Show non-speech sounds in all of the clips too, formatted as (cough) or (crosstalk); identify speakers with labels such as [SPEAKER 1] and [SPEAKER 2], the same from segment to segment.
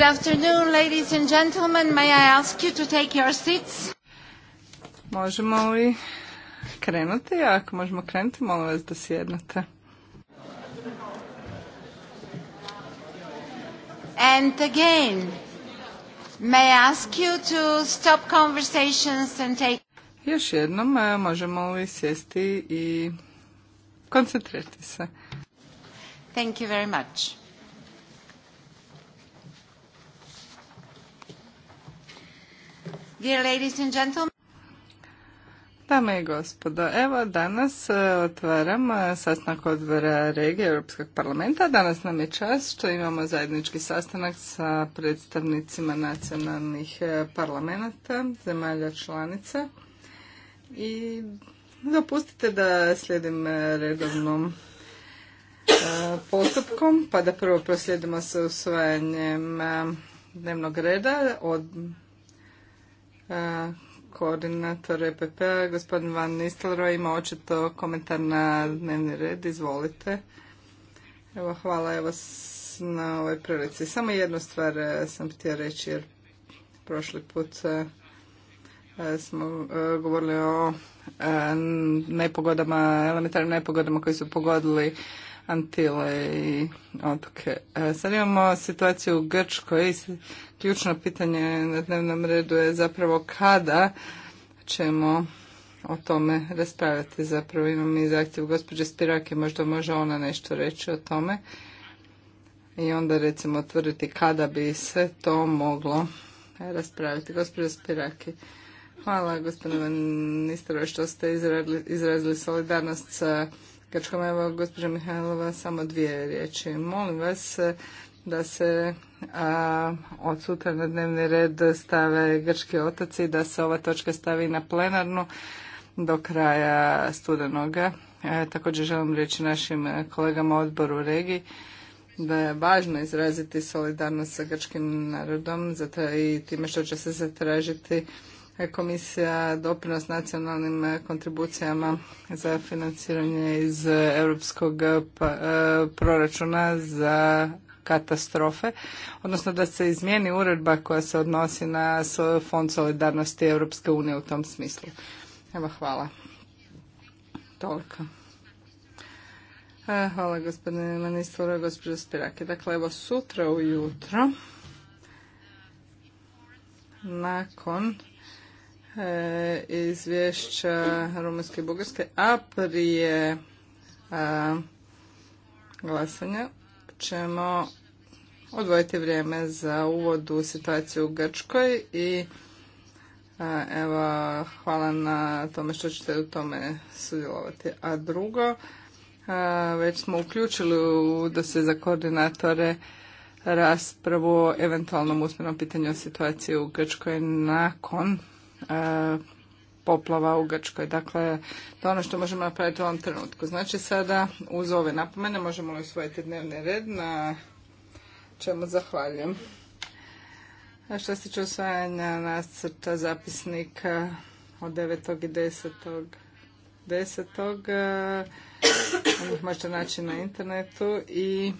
[SPEAKER 1] Good afternoon, ladies and gentlemen. May I ask you to take your seats?
[SPEAKER 2] Možemo li krenuti? Ako možemo krenuti, molim vas da sjednete. And again,
[SPEAKER 1] may I ask you to stop conversations and take...
[SPEAKER 2] Još jednom e, možemo li sjesti i koncentrirati se. Thank you very much. Dear ladies Dame i gospodo, evo danas e, otvaram e, sastanak odbora regije Europskog parlamenta. Danas nam je čast što imamo zajednički sastanak sa predstavnicima nacionalnih e, parlamenta, zemalja članica. I dopustite da slijedim redovnom postupkom, pa da prvo proslijedimo sa usvajanjem dnevnog reda od E, koordinator EPP-a, gospodin Van Nistelrooy, ima očito komentar na dnevni red. Izvolite. Evo, hvala evo na ovoj prilici. Samo jednu stvar e, sam htio reći, jer prošli put e, smo govorili o nepogodama, elementarnim nepogodama koji su pogodili Antile i otoke. Sad imamo situaciju u Grčkoj ključno pitanje na dnevnom redu je zapravo kada ćemo o tome raspravljati. Zapravo imam i zahtjev gospođe Spirake, možda može ona nešto reći o tome i onda recimo otvoriti kada bi se to moglo raspraviti. Gospođa Spiraki, hvala gospodine ministre što ste izrazili solidarnost sa Grčkom. Evo, gospođa Mihajlova, samo dvije riječi. Molim vas da se a, od sutra na dnevni red stave grčki otoci da se ova točka stavi na plenarnu do kraja studenoga. E, također želim reći našim kolegama odboru regiji da je važno izraziti solidarnost sa grčkim narodom zato i time što će se zatražiti komisija doprinos nacionalnim kontribucijama za financiranje iz europskog pa, e, proračuna za katastrofe, odnosno da se izmijeni uredba koja se odnosi na Fond solidarnosti Europske unije u tom smislu. Evo, hvala. Toliko. E, hvala gospodine ministru, gospođo Spirake. Dakle, evo sutra ujutro nakon e, izvješća Rumunjske i Bugarske, a prije e, glasanja ćemo odvojiti vrijeme za uvod u situaciju u Grčkoj i evo hvala na tome što ćete u tome sudjelovati. A drugo, već smo uključili u da se za koordinatore raspravu o eventualnom usmjernom pitanju o situaciji u Grčkoj nakon poplava u Grčkoj. Dakle, to je ono što možemo napraviti u ovom trenutku. Znači sada uz ove napomene možemo li usvojiti dnevni red na čemu zahvaljujem. A što se tiče usvajanja nacrta zapisnika od 9. i 10. 10. Eh, možete naći na internetu i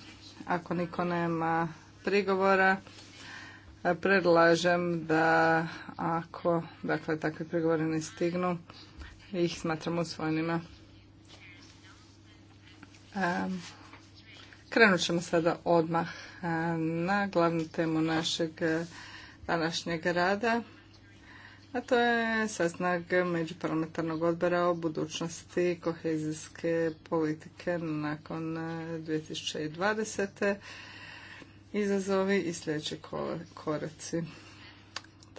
[SPEAKER 2] ako niko nema prigovora, eh, predlažem da ako dakle, takvi pregovori ne stignu, ih smatramo usvojenima. Krenut ćemo sada odmah na glavnu temu našeg e, današnjeg rada, a to je sastanak Međuparlamentarnog odbora o budućnosti kohezijske politike nakon 2020. E, Izazovi i sljedeći koraci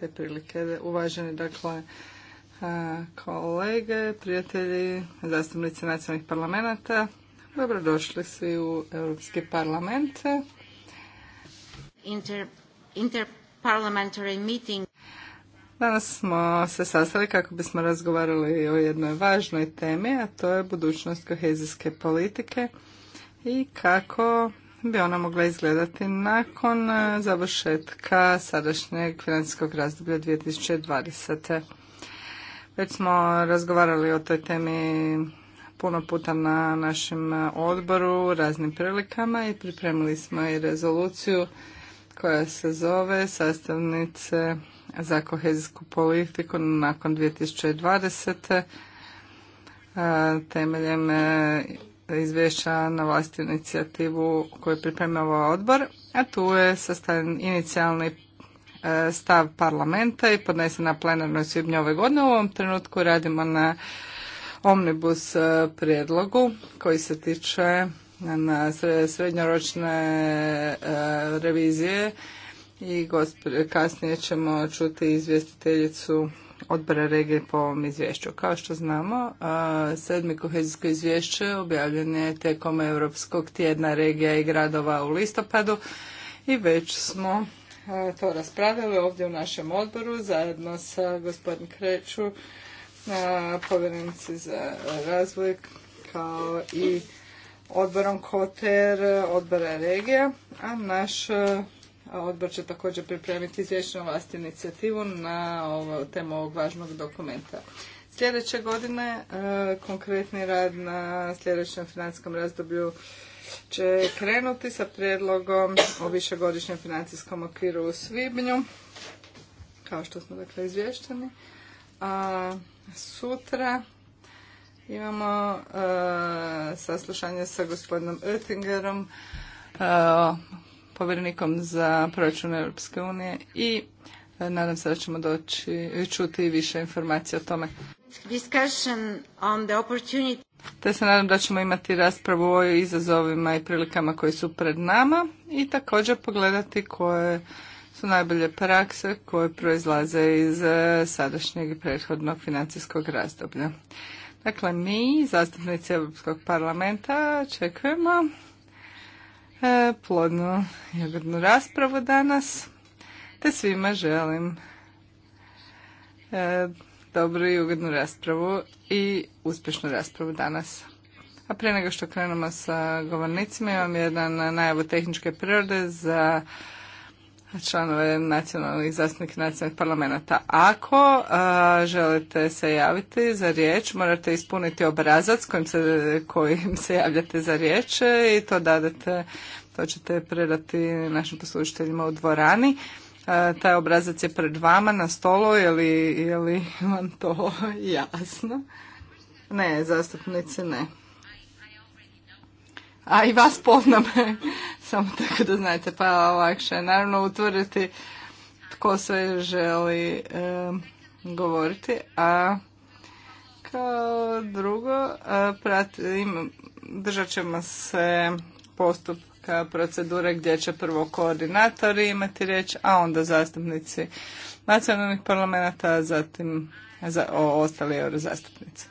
[SPEAKER 2] te prilike uvaženi dakle kolege, prijatelji, zastupnici nacionalnih parlamenta. Dobrodošli svi u Europski parlament.
[SPEAKER 1] Inter, meeting.
[SPEAKER 2] Danas smo se sastali kako bismo razgovarali o jednoj važnoj temi, a to je budućnost kohezijske politike i kako bi ona mogla izgledati nakon e, završetka sadašnjeg financijskog razdoblja 2020. Već smo razgovarali o toj temi puno puta na našem odboru, raznim prilikama i pripremili smo i rezoluciju koja se zove sastavnice za kohezijsku politiku nakon 2020. E, temeljem e, izvješća na vlastitu inicijativu koju je pripremio ovaj odbor, a tu je sastavljen inicijalni e, stav parlamenta i podnesen na plenarnoj svibnju ove godine. U ovom trenutku radimo na omnibus e, prijedlogu koji se tiče na srednjoročne e, revizije i kasnije ćemo čuti izvjestiteljicu odbora regije po ovom izvješću. Kao što znamo, sedmi kohezijsko izvješće objavljen je tijekom Europskog tjedna regija i gradova u listopadu i već smo to raspravili ovdje u našem odboru zajedno sa gospodin Kreću, povjerenici za razvoj kao i odborom Koter, odbora regija, a naš Odbor će također pripremiti izvješće na inicijativu na temu ovog važnog dokumenta. Sljedeće godine e, konkretni rad na sljedećem financijskom razdoblju će krenuti sa prijedlogom o višegodišnjem financijskom okviru u svibnju, kao što smo dakle izvješteni. A sutra imamo e, saslušanje sa gospodinom Oettingerom e, povjerenikom za proračun Europske unije i e, nadam se da ćemo doći čuti više informacija o tome. Te se nadam da ćemo imati raspravu o izazovima i prilikama koji su pred nama i također pogledati koje su najbolje prakse koje proizlaze iz e, sadašnjeg i prethodnog financijskog razdoblja. Dakle, mi, zastupnici Europskog parlamenta, čekujemo E, plodnu ugodnu raspravu danas, te svima želim e, dobru i ugodnu raspravu i uspješnu raspravu danas. A prije nego što krenemo sa govornicima, imam jedan najavu tehničke prirode za članove nacionalnih zastupnika nacionalnih parlamenta. Ako želite se javiti za riječ, morate ispuniti obrazac kojim se, se javljate za riječ i to dadete, to ćete predati našim poslušiteljima u dvorani. taj obrazac je pred vama na stolu, je li, vam to (laughs) jasno? Ne, zastupnici ne. A i vas poznam samo (laughs) tako da znate, pa lakše je naravno utvoriti tko sve želi govoriti, a kao drugo e, držat ćemo se postupka procedure gdje će prvo koordinatori imati riječ, a onda zastupnici nacionalnih parlamenta, a zatim za, o, ostali eurozastupnici.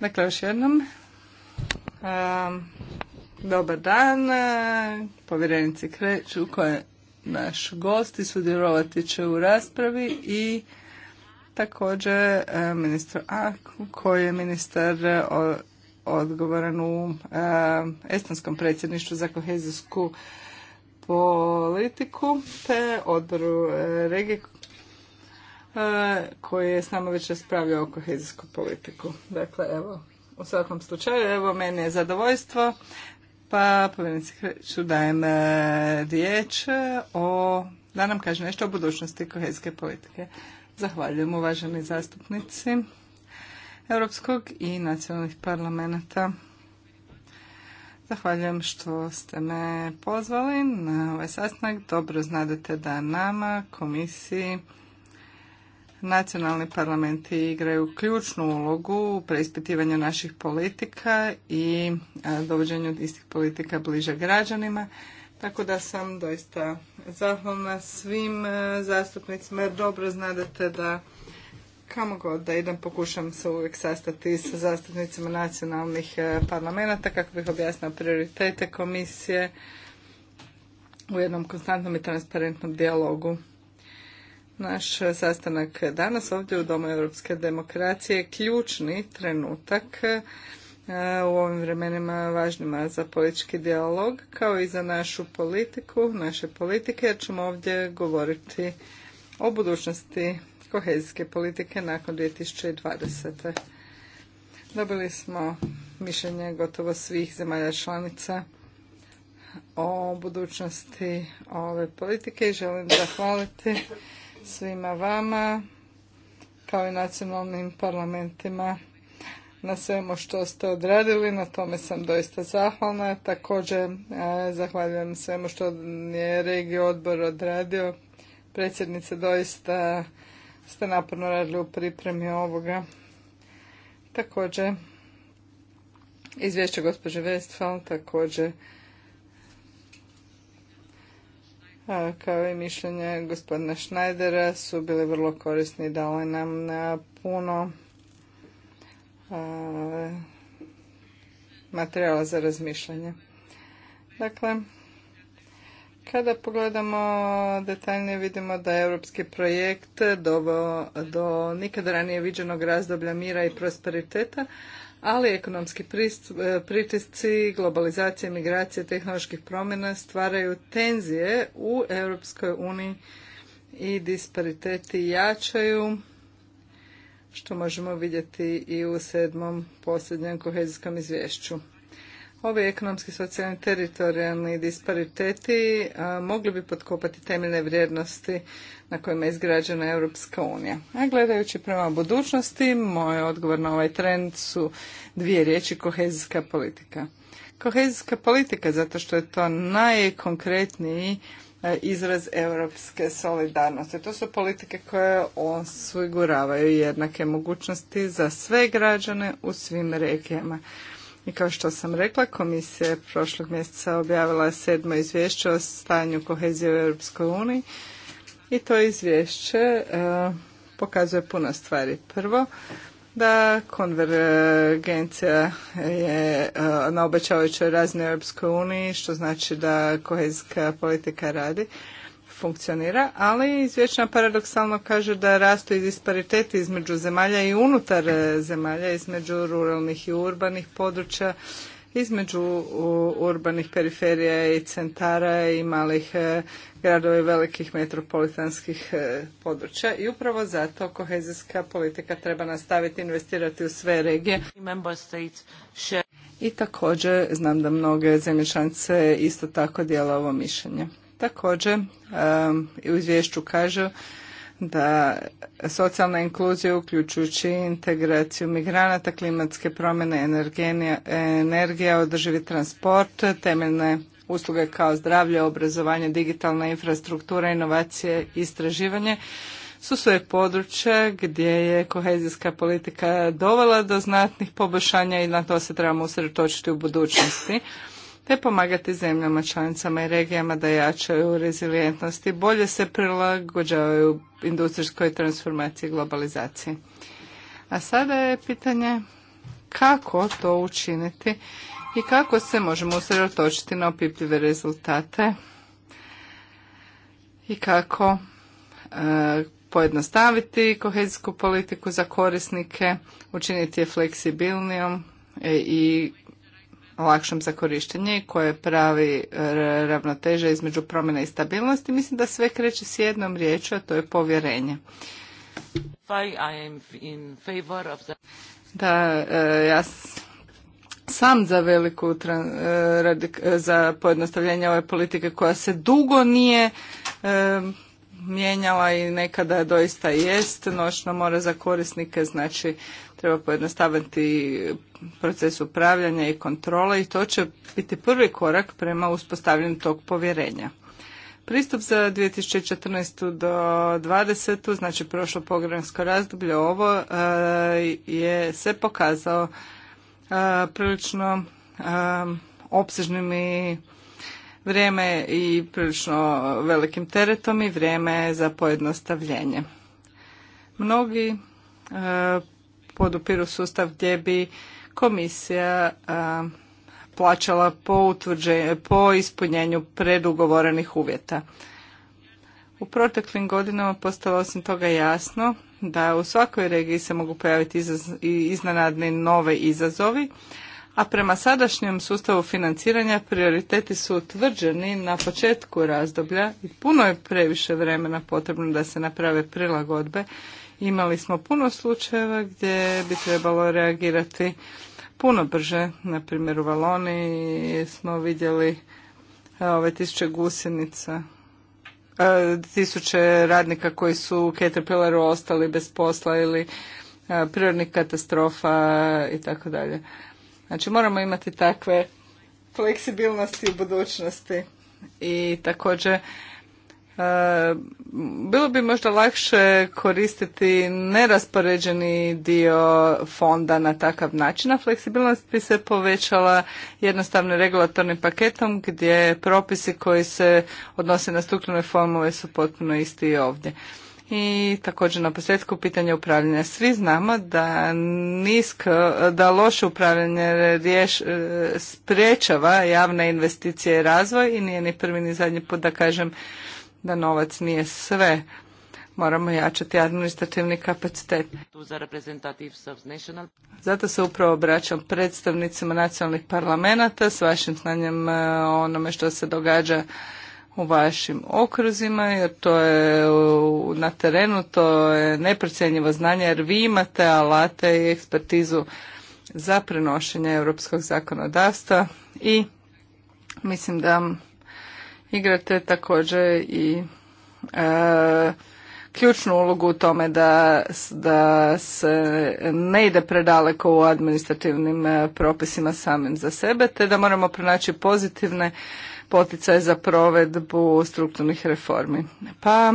[SPEAKER 2] Dakle, još jednom. Dobar dan, e, povjerenici Kreću koja je naš gost i sudjelovati će u raspravi i također e, ministar Aku koji je ministar e, odgovoran u estonskom predsjedništvu za kohezijsku politiku te odboru regije koji je s nama već raspravljao o kohezijsku politiku. Dakle, evo, u svakom slučaju, evo, meni je zadovoljstvo pa povjednici Kreću dajem e, riječ e, o, da nam kaže nešto o budućnosti kohezijske politike. Zahvaljujem uvaženi zastupnici Europskog i nacionalnih parlamenta. Zahvaljujem što ste me pozvali na ovaj sastanak. Dobro znadete da nama, komisiji, nacionalni parlamenti igraju ključnu ulogu u preispitivanju naših politika i dovođenju istih politika bliže građanima. Tako da sam doista zahvalna svim zastupnicima jer dobro znadete da kamo god da idem pokušam se uvijek sastati sa zastupnicima nacionalnih parlamenta kako bih objasnila prioritete komisije u jednom konstantnom i transparentnom dijalogu. Naš sastanak danas ovdje u Domu Europske demokracije je ključni trenutak e, u ovim vremenima važnima za politički dijalog kao i za našu politiku, naše politike jer ćemo ovdje govoriti o budućnosti kohezijske politike nakon 2020. Dobili smo mišljenje gotovo svih zemalja članica o budućnosti ove politike i želim zahvaliti svima vama kao i nacionalnim parlamentima na svemu što ste odradili, na tome sam doista zahvalna. Također e, zahvaljujem svemu što je regio odbor odradio. Predsjednice, doista ste naporno radili u pripremi ovoga. Također, izvješće gospođe Westfall, također kao i mišljenje gospodina Schneidera su bili vrlo korisni i dali nam na e, puno e, materijala za razmišljanje. Dakle, kada pogledamo detaljnije vidimo da je europski projekt doveo do nikada ranije viđenog razdoblja mira i prosperiteta, ali ekonomski e, pritisci, globalizacija, migracije, tehnoloških promjena stvaraju tenzije u Europskoj uniji i dispariteti jačaju, što možemo vidjeti i u sedmom posljednjem kohezijskom izvješću. Ovi ekonomski, socijalni, teritorijalni dispariteti mogli bi potkopati temeljne vrijednosti na kojima je izgrađena Europska unija. A gledajući prema budućnosti, moj odgovor na ovaj trend su dvije riječi kohezijska politika. Kohezijska politika zato što je to najkonkretniji e, izraz europske solidarnosti. To su politike koje osiguravaju jednake mogućnosti za sve građane u svim regijama. I kao što sam rekla, komisija je prošlog mjeseca objavila sedmo izvješće o stanju kohezije u Europskoj uniji i to izvješće e, pokazuje puno stvari. Prvo, da konvergencija je e, na obećavajućoj razini Europskoj uniji, što znači da kohezijska politika radi funkcionira, ali izvješća paradoksalno kaže da rastu i dispariteti između zemalja i unutar e, zemalja, između ruralnih i urbanih područja, između urbanih periferija i centara i malih e, gradova i velikih metropolitanskih e, područja i upravo zato kohezijska politika treba nastaviti investirati u sve regije. I također znam da mnoge zemlje članice isto tako dijela ovo mišljenje. Također, u izvješću kažu da socijalna inkluzija uključujući integraciju migranata, klimatske promjene, energija, održivi transport, temeljne usluge kao zdravlje, obrazovanje, digitalna infrastruktura, inovacije, istraživanje su sve područja gdje je kohezijska politika dovela do znatnih poboljšanja i na to se trebamo usredotočiti u budućnosti te pomagati zemljama, članicama i regijama da jačaju rezilijentnost i bolje se prilagođavaju industrijskoj transformaciji i globalizaciji. A sada je pitanje kako to učiniti i kako se možemo usredotočiti na opipljive rezultate i kako e, pojednostaviti kohezijsku politiku za korisnike, učiniti je fleksibilnijom e, i lakšom za korištenje i koje pravi e, ravnoteža između promjena i stabilnosti, mislim da sve kreće s jednom riječju, a to je povjerenje. Da, e, ja sam za veliku e, za pojednostavljenje ove politike koja se dugo nije mijenjala i nekada doista jest noćno mora za korisnike, znači treba pojednostaviti proces upravljanja i kontrole i to će biti prvi korak prema uspostavljanju tog povjerenja. Pristup za 2014. do 2020. znači prošlo programsko razdoblje ovo e, je se pokazao e, prilično e, opsežnim i vrijeme i prilično velikim teretom i vrijeme za pojednostavljenje. Mnogi podupiru sustav gdje bi komisija plaćala po, utvrđe, po ispunjenju predugovorenih uvjeta. U proteklim godinama postalo osim toga jasno da u svakoj regiji se mogu pojaviti izaz, iznenadni nove izazovi, a prema sadašnjem sustavu financiranja prioriteti su utvrđeni na početku razdoblja i puno je previše vremena potrebno da se naprave prilagodbe Imali smo puno slučajeva gdje bi trebalo reagirati puno brže. Na primjer u Valoniji smo vidjeli e, ove tisuće gusenica, e, tisuće radnika koji su u Caterpillaru ostali bez posla ili e, prirodnih katastrofa i tako dalje. Znači moramo imati takve fleksibilnosti u budućnosti i također E, bilo bi možda lakše koristiti neraspoređeni dio fonda na takav način, a fleksibilnost bi se povećala jednostavnim regulatornim paketom gdje propisi koji se odnose na strukturne fondove su potpuno isti i ovdje. I također na posljedku pitanje upravljanja. Svi znamo da nisko, da loše upravljanje e, sprječava javne investicije i razvoj i nije ni prvi ni zadnji put da kažem da novac nije sve. Moramo jačati administrativni kapacitet. Zato se upravo obraćam predstavnicima nacionalnih parlamenta s vašim znanjem eh, onome što se događa u vašim okruzima, jer to je na terenu, to je neprocjenjivo znanje, jer vi imate alate i ekspertizu za prenošenje europskog zakonodavstva i mislim da igrate također i e, ključnu ulogu u tome da, da se ne ide predaleko u administrativnim e, propisima samim za sebe, te da moramo pronaći pozitivne poticaje za provedbu strukturnih reformi. Pa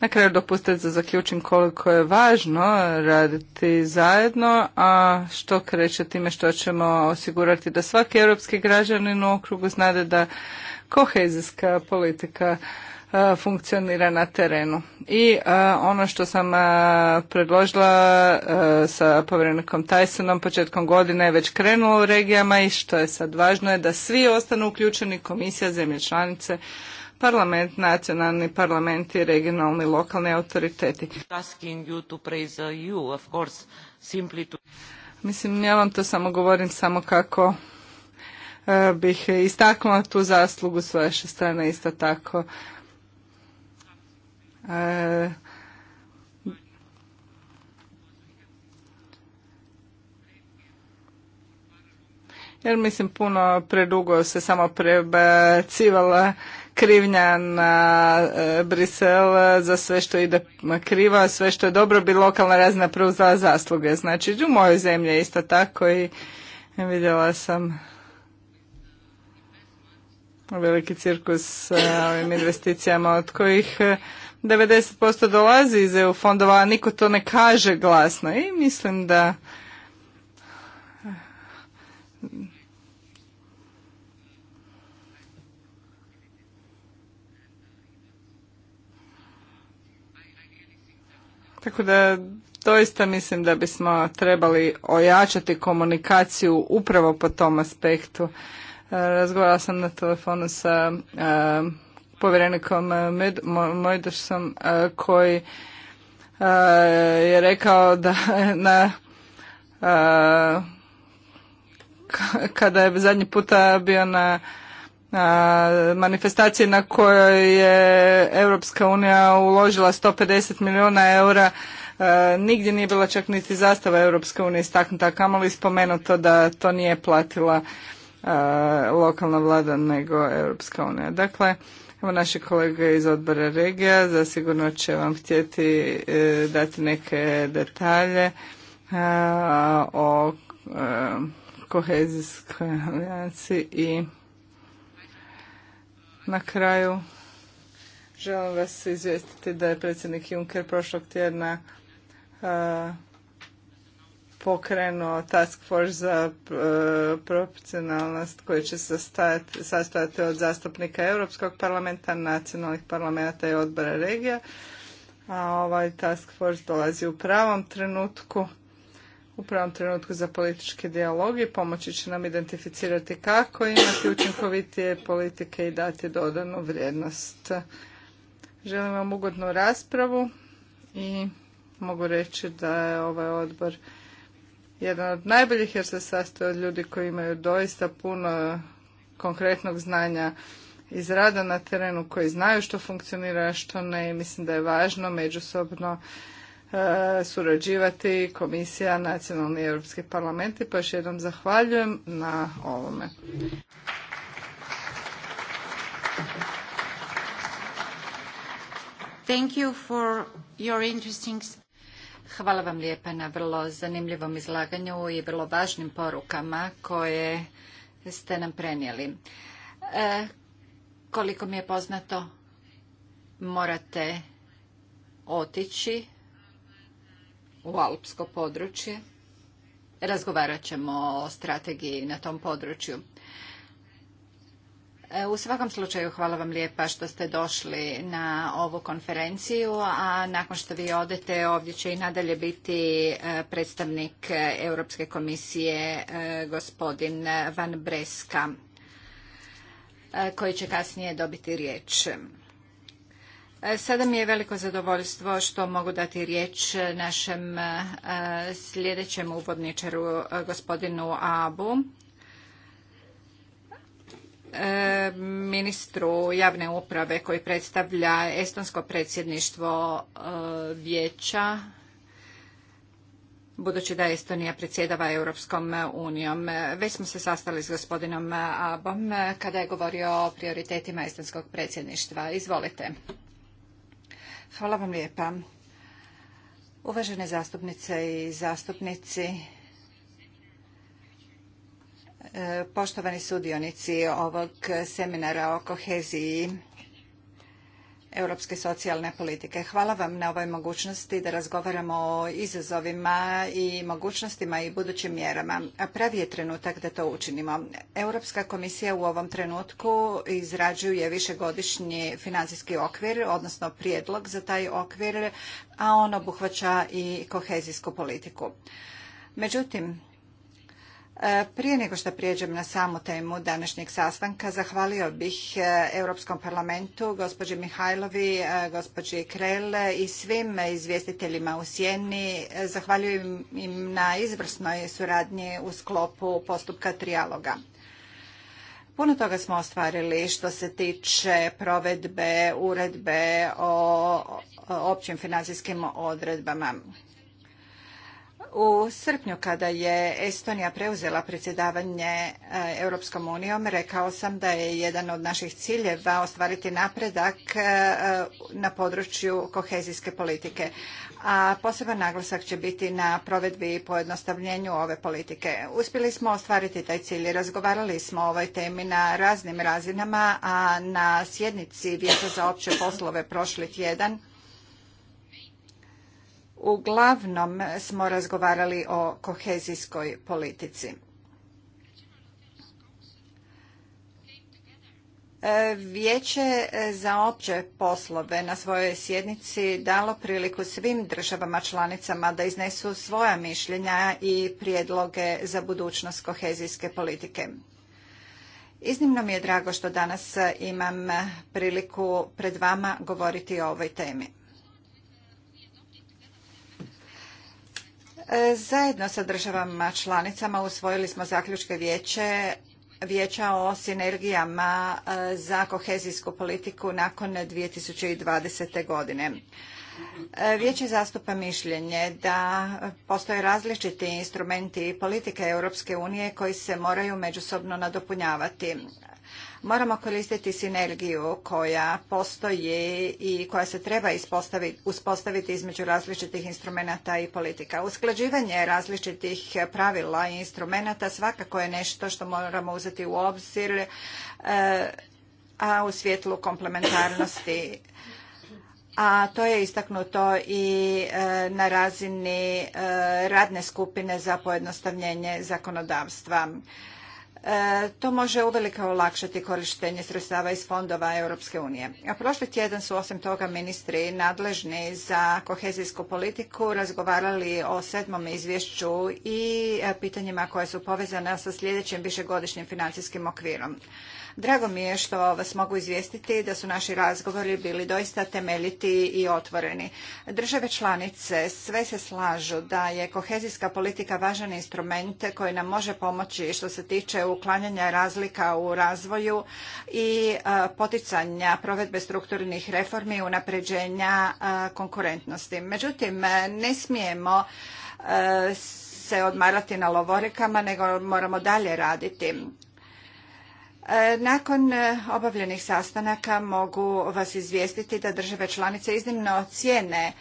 [SPEAKER 2] na kraju dopustite da zaključim koliko je važno raditi zajedno, a što kreće time što ćemo osigurati da svaki europski građanin u okrugu znade da kohezijska politika e, funkcionira na terenu. I e, ono što sam e, predložila sa povjerenikom Tysonom početkom godine je već krenulo u regijama i što je sad važno je da svi ostanu uključeni komisija, zemlje članice, parlament, nacionalni parlamenti i regionalni lokalni autoriteti. Uh, Mislim, ja vam to samo govorim samo kako E, bih istaknula tu zaslugu s vaše strane isto tako. E, jer mislim puno predugo se samo prebacivala krivnja na e, Brisel za sve što ide krivo, sve što je dobro bi lokalna razina preuzela zasluge. Znači u mojoj zemlji isto tako i vidjela sam veliki cirkus sa eh, ovim investicijama od kojih 90% eh, dolazi iz EU fondova, a niko to ne kaže glasno. I mislim da Tako da doista mislim da bismo trebali ojačati komunikaciju upravo po tom aspektu. Razgovarala sam na telefonu sa e, povjerenikom Mojdašom e, koji e, je rekao da (laughs) na kada je zadnji puta bio na manifestaciji na kojoj je Europska unija uložila 150 milijuna eura nigdje nije bila čak niti zastava Europske unije istaknuta, kamoli spomenuto da to nije platila E, lokalna vlada nego Europska unija. Dakle, evo naši kolege iz odbora regija zasigurno će vam htjeti e, dati neke detalje e, o kohezijskoj alijanci i na kraju želim vas izvijestiti da je predsjednik Juncker prošlog tjedna pokrenuo task force za e, proporcionalnost koji će se sastojati od zastupnika Europskog parlamenta, nacionalnih parlamenta i odbora regija. A ovaj task force dolazi u pravom trenutku u pravom trenutku za politički dijalog i pomoći će nam identificirati kako imati učinkovitije politike i dati dodanu vrijednost. Želim vam ugodnu raspravu i mogu reći da je ovaj odbor jedan od najboljih jer se sastoji od ljudi koji imaju doista puno konkretnog znanja iz rada na terenu, koji znaju što funkcionira, što ne i mislim da je važno međusobno e, surađivati komisija, nacionalni i europski parlamenti, pa još jednom zahvaljujem na ovome.
[SPEAKER 1] Thank you for your interesting Hvala vam lijepa na
[SPEAKER 3] vrlo zanimljivom izlaganju i vrlo važnim porukama koje ste nam prenijeli. E, koliko mi je poznato, morate otići u alpsko područje. Razgovarat ćemo o strategiji na tom području. E, u svakom slučaju hvala vam lijepa što ste došli na ovu konferenciju, a nakon što vi odete ovdje će i nadalje biti e, predstavnik Europske komisije e, gospodin Van Breska koji će kasnije dobiti riječ. Sada mi je veliko zadovoljstvo što mogu dati riječ našem sljedećem uvodničaru, gospodinu Abu, E, ministru javne uprave koji predstavlja estonsko predsjedništvo e, vijeća budući da Estonija predsjedava Europskom unijom. Već smo se sastali s gospodinom Abom kada je govorio o prioritetima estonskog predsjedništva. Izvolite. Hvala vam lijepa. Uvažene zastupnice i zastupnici, poštovani sudionici ovog seminara o koheziji europske socijalne politike. Hvala vam na ovoj mogućnosti da razgovaramo o izazovima i mogućnostima i budućim mjerama. Pravi je trenutak da to učinimo. Europska komisija u ovom trenutku izrađuje višegodišnji financijski okvir, odnosno prijedlog za taj okvir, a on obuhvaća i kohezijsku politiku. Međutim, E, prije nego što prijeđem na samu temu današnjeg sastanka, zahvalio bih e, Europskom parlamentu, gospođi Mihajlovi, e, gospođi krele i svim izvjestiteljima u Sjeni. Zahvaljujem im na izvrsnoj suradnji u sklopu postupka trijaloga. Puno toga smo ostvarili što se tiče provedbe uredbe o općim financijskim odredbama. U srpnju kada je Estonija preuzela predsjedavanje e, Europskom unijom, rekao sam da je jedan od naših ciljeva ostvariti napredak e, na području kohezijske politike. A poseban naglasak će biti na provedbi i pojednostavljenju ove politike. Uspjeli smo ostvariti taj cilj i razgovarali smo o ovoj temi na raznim razinama, a na sjednici Vijeća za opće poslove prošli tjedan Uglavnom smo razgovarali o kohezijskoj politici. Vijeće za opće poslove na svojoj sjednici dalo priliku svim državama članicama da iznesu svoja mišljenja i prijedloge za budućnost kohezijske politike. Iznimno mi je drago što danas imam priliku pred vama govoriti o ovoj temi. E, zajedno sa državama članicama usvojili smo zaključke vijeće vijeća o sinergijama e, za kohezijsku politiku nakon 2020. godine. E, vijeće zastupa mišljenje da postoje različiti instrumenti i politike Europske unije koji se moraju međusobno nadopunjavati. Moramo koristiti sinergiju koja postoji i koja se treba uspostaviti između različitih instrumenata i politika. Usklađivanje različitih pravila i instrumenata svakako je nešto što moramo uzeti u obzir e, a u svjetlu komplementarnosti a to je istaknuto i e, na razini e, radne skupine za pojednostavljenje zakonodavstva. E, to može uvelike olakšati korištenje sredstava iz fondova Europske unije. A prošli tjedan su osim toga ministri nadležni za kohezijsku politiku razgovarali o sedmom izvješću i e, pitanjima koja su povezana sa sljedećim višegodišnjim financijskim okvirom. Drago mi je što vas mogu izvijestiti da su naši razgovori bili doista temeljiti i otvoreni. Države članice sve se slažu da je kohezijska politika važan instrument koji nam može pomoći što se tiče uklanjanja razlika u razvoju i e, poticanja provedbe strukturnih reformi i unapređenja e, konkurentnosti. Međutim, ne smijemo e, se odmarati na lovorikama, nego moramo dalje raditi. E, nakon e, obavljenih sastanaka mogu vas izvijestiti da države članice iznimno cijene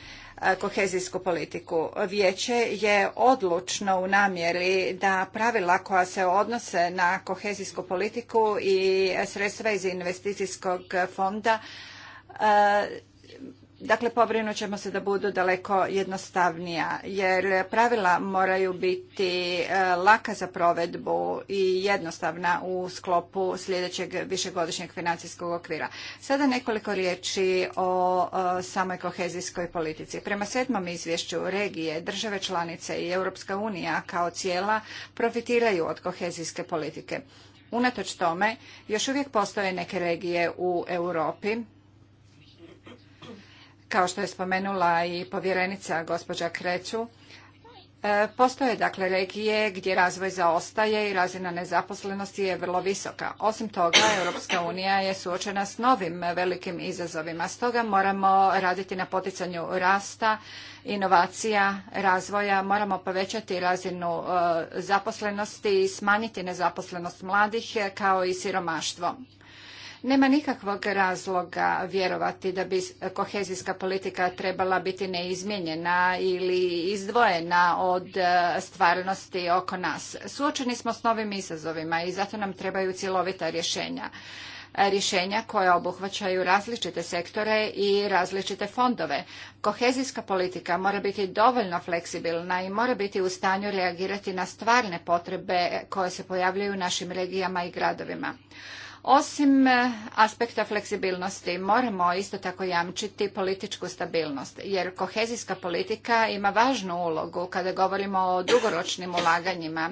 [SPEAKER 3] e, kohezijsku politiku. Vijeće je odlučno u namjeri da pravila koja se odnose na kohezijsku politiku i sredstva iz investicijskog fonda Dakle, pobrinut ćemo se da budu daleko jednostavnija, jer pravila moraju biti e, laka za provedbu i jednostavna u sklopu sljedećeg višegodišnjeg financijskog okvira. Sada nekoliko riječi o e, samoj kohezijskoj politici. Prema sedmom izvješću regije, države članice i Europska unija kao cijela profitiraju od kohezijske politike. Unatoč tome, još uvijek postoje neke regije u Europi, kao što je spomenula i povjerenica gospođa Kreću, e, Postoje dakle regije gdje razvoj zaostaje i razina nezaposlenosti je vrlo visoka. Osim toga, Europska unija je suočena s novim velikim izazovima. Stoga moramo raditi na poticanju rasta, inovacija, razvoja. Moramo povećati razinu e, zaposlenosti i smanjiti nezaposlenost mladih e, kao i siromaštvo. Nema nikakvog razloga vjerovati da bi kohezijska politika trebala biti neizmjenjena ili izdvojena od e, stvarnosti oko nas. Suočeni smo s novim izazovima i zato nam trebaju cjelovita rješenja e, rješenja koja obuhvaćaju različite sektore i različite fondove. Kohezijska politika mora biti dovoljno fleksibilna i mora biti u stanju reagirati na stvarne potrebe koje se pojavljaju u našim regijama i gradovima. Osim e, aspekta fleksibilnosti moramo isto tako jamčiti političku stabilnost jer kohezijska politika ima važnu ulogu kada govorimo o dugoročnim ulaganjima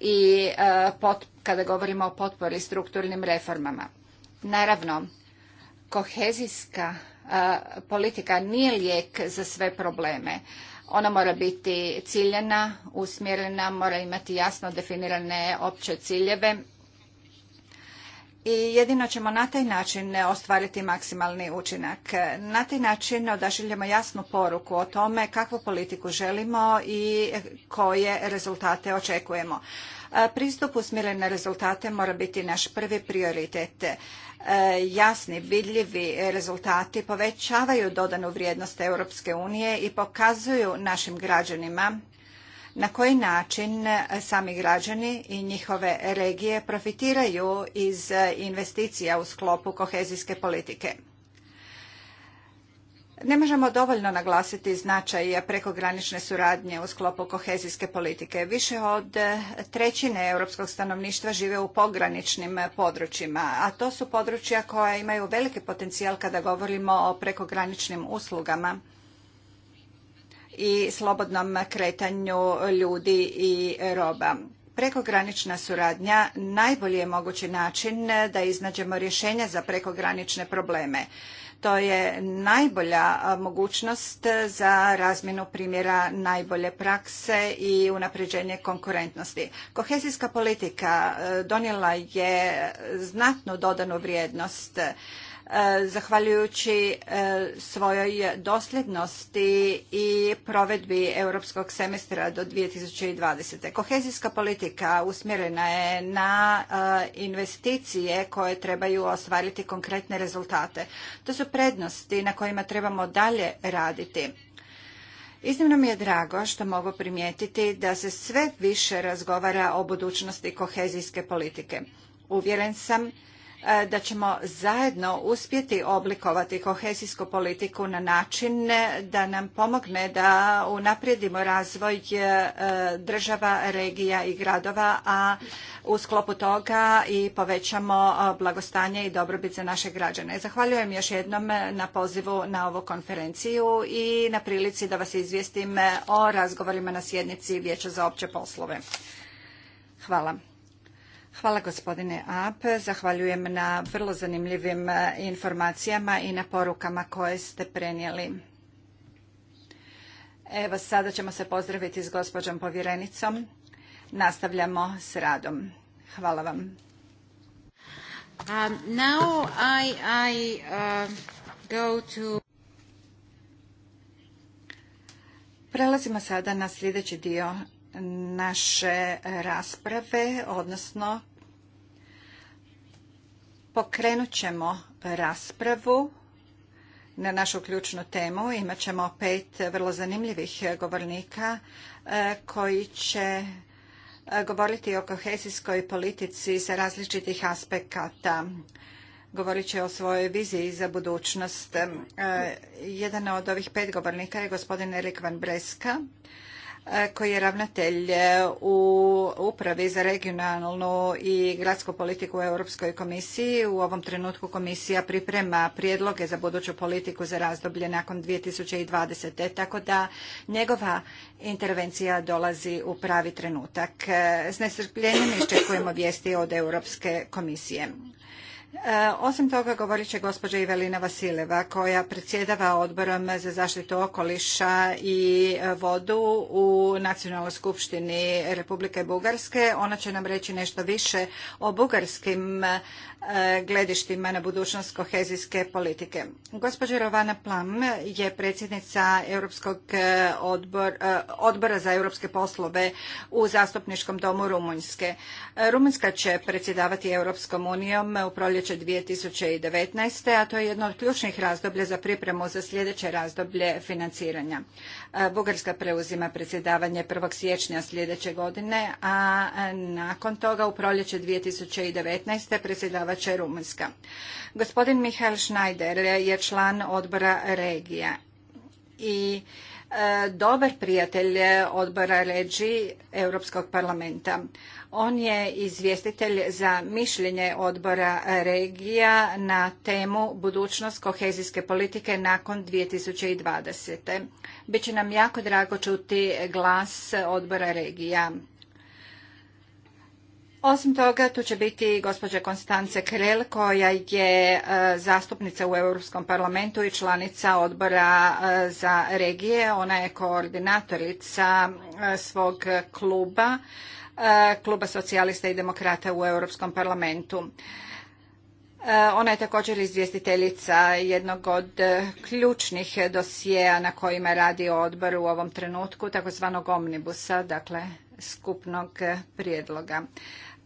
[SPEAKER 3] i e, kada govorimo o potpori strukturnim reformama. Naravno, kohezijska e, politika nije lijek za sve probleme. Ona mora biti ciljena, usmjerena, mora imati jasno definirane opće ciljeve i jedino ćemo na taj način ostvariti maksimalni učinak. Na taj način odašiljemo jasnu poruku o tome kakvu politiku želimo i koje rezultate očekujemo. E, pristup usmjeren na rezultate mora biti naš prvi prioritet. E, jasni, vidljivi rezultati povećavaju dodanu vrijednost Europske unije i pokazuju našim građanima na koji način e, sami građani i njihove regije profitiraju iz e, investicija u sklopu kohezijske politike. Ne možemo dovoljno naglasiti značaj prekogranične suradnje u sklopu kohezijske politike. Više od e, trećine europskog stanovništva žive u pograničnim područjima, a to su područja koja imaju veliki potencijal kada govorimo o prekograničnim uslugama i slobodnom kretanju ljudi i roba. Prekogranična suradnja najbolji je mogući način da iznađemo rješenja za prekogranične probleme. To je najbolja mogućnost za razmjenu primjera najbolje prakse i unapređenje konkurentnosti. Kohezijska politika e, donijela je znatnu dodanu vrijednost E, zahvaljujući e, svojoj dosljednosti i provedbi europskog semestra do 2020. Kohezijska politika usmjerena je na e, investicije koje trebaju ostvariti konkretne rezultate. To su prednosti na kojima trebamo dalje raditi. Iznimno mi je drago što mogu primijetiti da se sve više razgovara o budućnosti kohezijske politike. Uvjeren sam E, da ćemo zajedno uspjeti oblikovati kohezijsku politiku na način e, da nam pomogne da unaprijedimo razvoj e, država, regija i gradova, a u sklopu toga i povećamo blagostanje i dobrobit za naše građane. Zahvaljujem još jednom na pozivu na ovu konferenciju i na prilici da vas izvijestim o razgovorima na sjednici Vijeća za opće poslove. Hvala. Hvala gospodine Ap. Zahvaljujem na vrlo zanimljivim e, informacijama i na porukama koje ste prenijeli. Evo sada ćemo se pozdraviti s gospođom povjerenicom. Nastavljamo s radom. Hvala vam.
[SPEAKER 1] Um, uh, Prelazimo sada na sljedeći dio
[SPEAKER 3] naše rasprave, odnosno pokrenut ćemo raspravu na našu ključnu temu. Imat ćemo pet vrlo zanimljivih govornika e, koji će e, govoriti o kohezijskoj politici sa različitih aspekata. Govorit će o svojoj viziji za budućnost. E, jedan od ovih pet govornika je gospodin Erik Van Breska E, koji je ravnatelj e, u Upravi za regionalnu i gradsku politiku u Europskoj komisiji. U ovom trenutku komisija priprema prijedloge za buduću politiku za razdoblje nakon 2020. Tako da njegova intervencija dolazi u pravi trenutak. E, s nestrpljenjem iščekujemo vijesti od Europske komisije. Eh, osim toga govorit će gospođa Ivelina Vasileva koja predsjedava odborom za zaštitu okoliša i vodu u Nacionalnoj skupštini Republike Bugarske. Ona će nam reći nešto više o bugarskim E, gledištima na budućnost kohezijske politike. Gospođa Rovana Plam je predsjednica Europskog e, e, odbora za europske poslove u zastupničkom domu Rumunjske. Rumunjska će predsjedavati Europskom unijom u proljeće 2019. a to je jedno od ključnih razdoblja za pripremu za sljedeće razdoblje financiranja. Bugarska preuzima predsjedavanje 1. siječnja sljedeće godine, a nakon toga u proljeće 2019. predsjedava Slovačka i Rumunjska. Gospodin Mihael Schneider je član odbora regija i e, dobar prijatelj odbora regiji Europskog parlamenta. On je izvjestitelj za mišljenje odbora regija na temu budućnost kohezijske politike nakon 2020. Biće nam jako drago čuti glas odbora regija osim toga, tu će biti gospođa Konstance Krel, koja je e, zastupnica u Europskom parlamentu i članica odbora e, za regije. Ona je koordinatorica e, svog kluba, kluba socijalista i demokrata u Europskom parlamentu. Ona je također izvjestiteljica jednog od ključnih dosijeja na kojima radi odbor u ovom trenutku, takozvanog omnibusa, dakle skupnog prijedloga.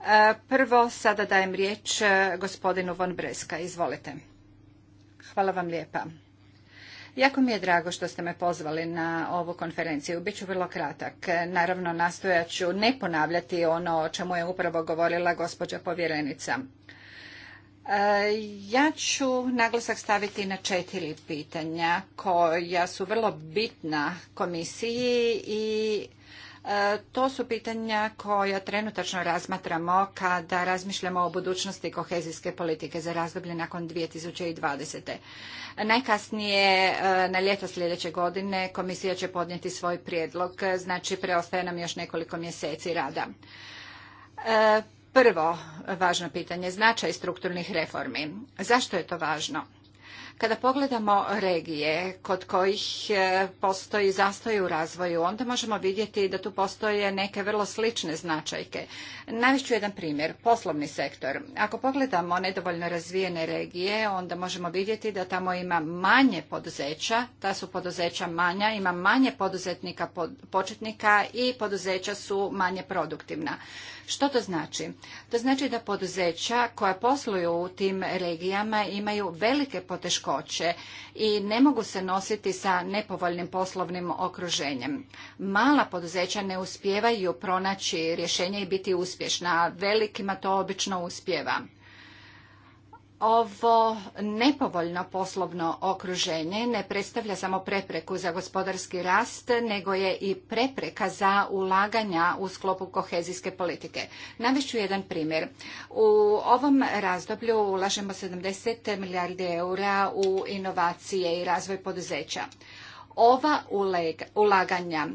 [SPEAKER 3] E, prvo sada dajem riječ e, gospodinu Von Breska. Izvolite. Hvala vam lijepa. Jako mi je drago što ste me pozvali na ovu konferenciju. Biću vrlo kratak. E, naravno, nastojaću ću ne ponavljati ono o čemu je upravo govorila gospođa povjerenica. Ja ću naglasak staviti na četiri pitanja koja su vrlo bitna komisiji i E, to su pitanja koja trenutačno razmatramo kada razmišljamo o budućnosti kohezijske politike za razdoblje nakon 2020. Najkasnije e, na ljeto sljedeće godine komisija će podnijeti svoj prijedlog, znači preostaje nam još nekoliko mjeseci rada. E, prvo važno pitanje, značaj strukturnih reformi. Zašto je to važno? Kada pogledamo regije kod kojih e, postoji zastoj u razvoju, onda možemo vidjeti da tu postoje neke vrlo slične značajke. ću jedan primjer, poslovni sektor. Ako pogledamo nedovoljno razvijene regije, onda možemo vidjeti da tamo ima manje poduzeća, ta su poduzeća manja, ima manje poduzetnika početnika i poduzeća su manje produktivna. Što to znači? To znači da poduzeća koja posluju u tim regijama imaju velike poteškoće teškoće i ne mogu se nositi sa nepovoljnim poslovnim okruženjem. Mala poduzeća ne uspijevaju pronaći rješenje i biti uspješna, a velikima to obično uspjeva ovo nepovoljno poslovno okruženje ne predstavlja samo prepreku za gospodarski rast, nego je i prepreka za ulaganja u sklopu kohezijske politike. Navešću jedan primjer. U ovom razdoblju ulažemo 70 milijardi eura u inovacije i razvoj poduzeća. Ova ulaganja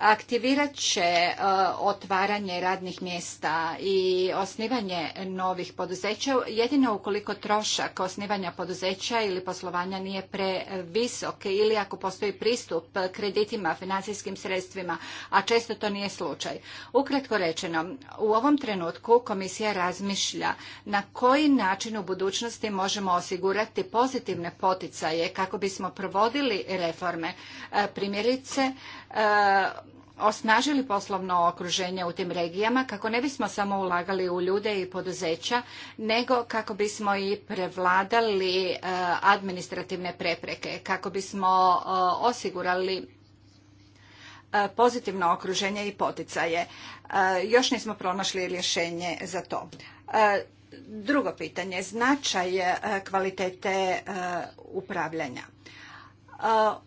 [SPEAKER 3] aktivirat će e, otvaranje radnih mjesta i osnivanje novih poduzeća jedino ukoliko trošak osnivanja poduzeća ili poslovanja nije previsok ili ako postoji pristup kreditima, financijskim sredstvima, a često to nije slučaj. Ukratko rečeno, u ovom trenutku komisija razmišlja na koji način u budućnosti možemo osigurati pozitivne poticaje kako bismo provodili reforme. E, primjerice, e, osnažili poslovno okruženje u tim regijama kako ne bismo samo ulagali u ljude i poduzeća, nego kako bismo i prevladali e, administrativne prepreke, kako bismo e, osigurali e, pozitivno okruženje i poticaje. Još nismo pronašli rješenje za to. Drugo pitanje, značaj kvalitete upravljanja.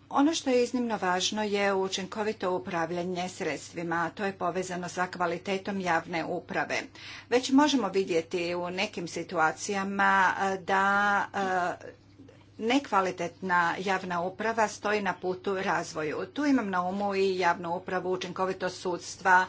[SPEAKER 3] Ono što je iznimno važno je učinkovito upravljanje sredstvima, a to je povezano sa kvalitetom javne uprave. Već možemo vidjeti u nekim situacijama da nekvalitetna javna uprava stoji na putu razvoju. Tu imam na umu i javnu upravu, učinkovitost sudstva,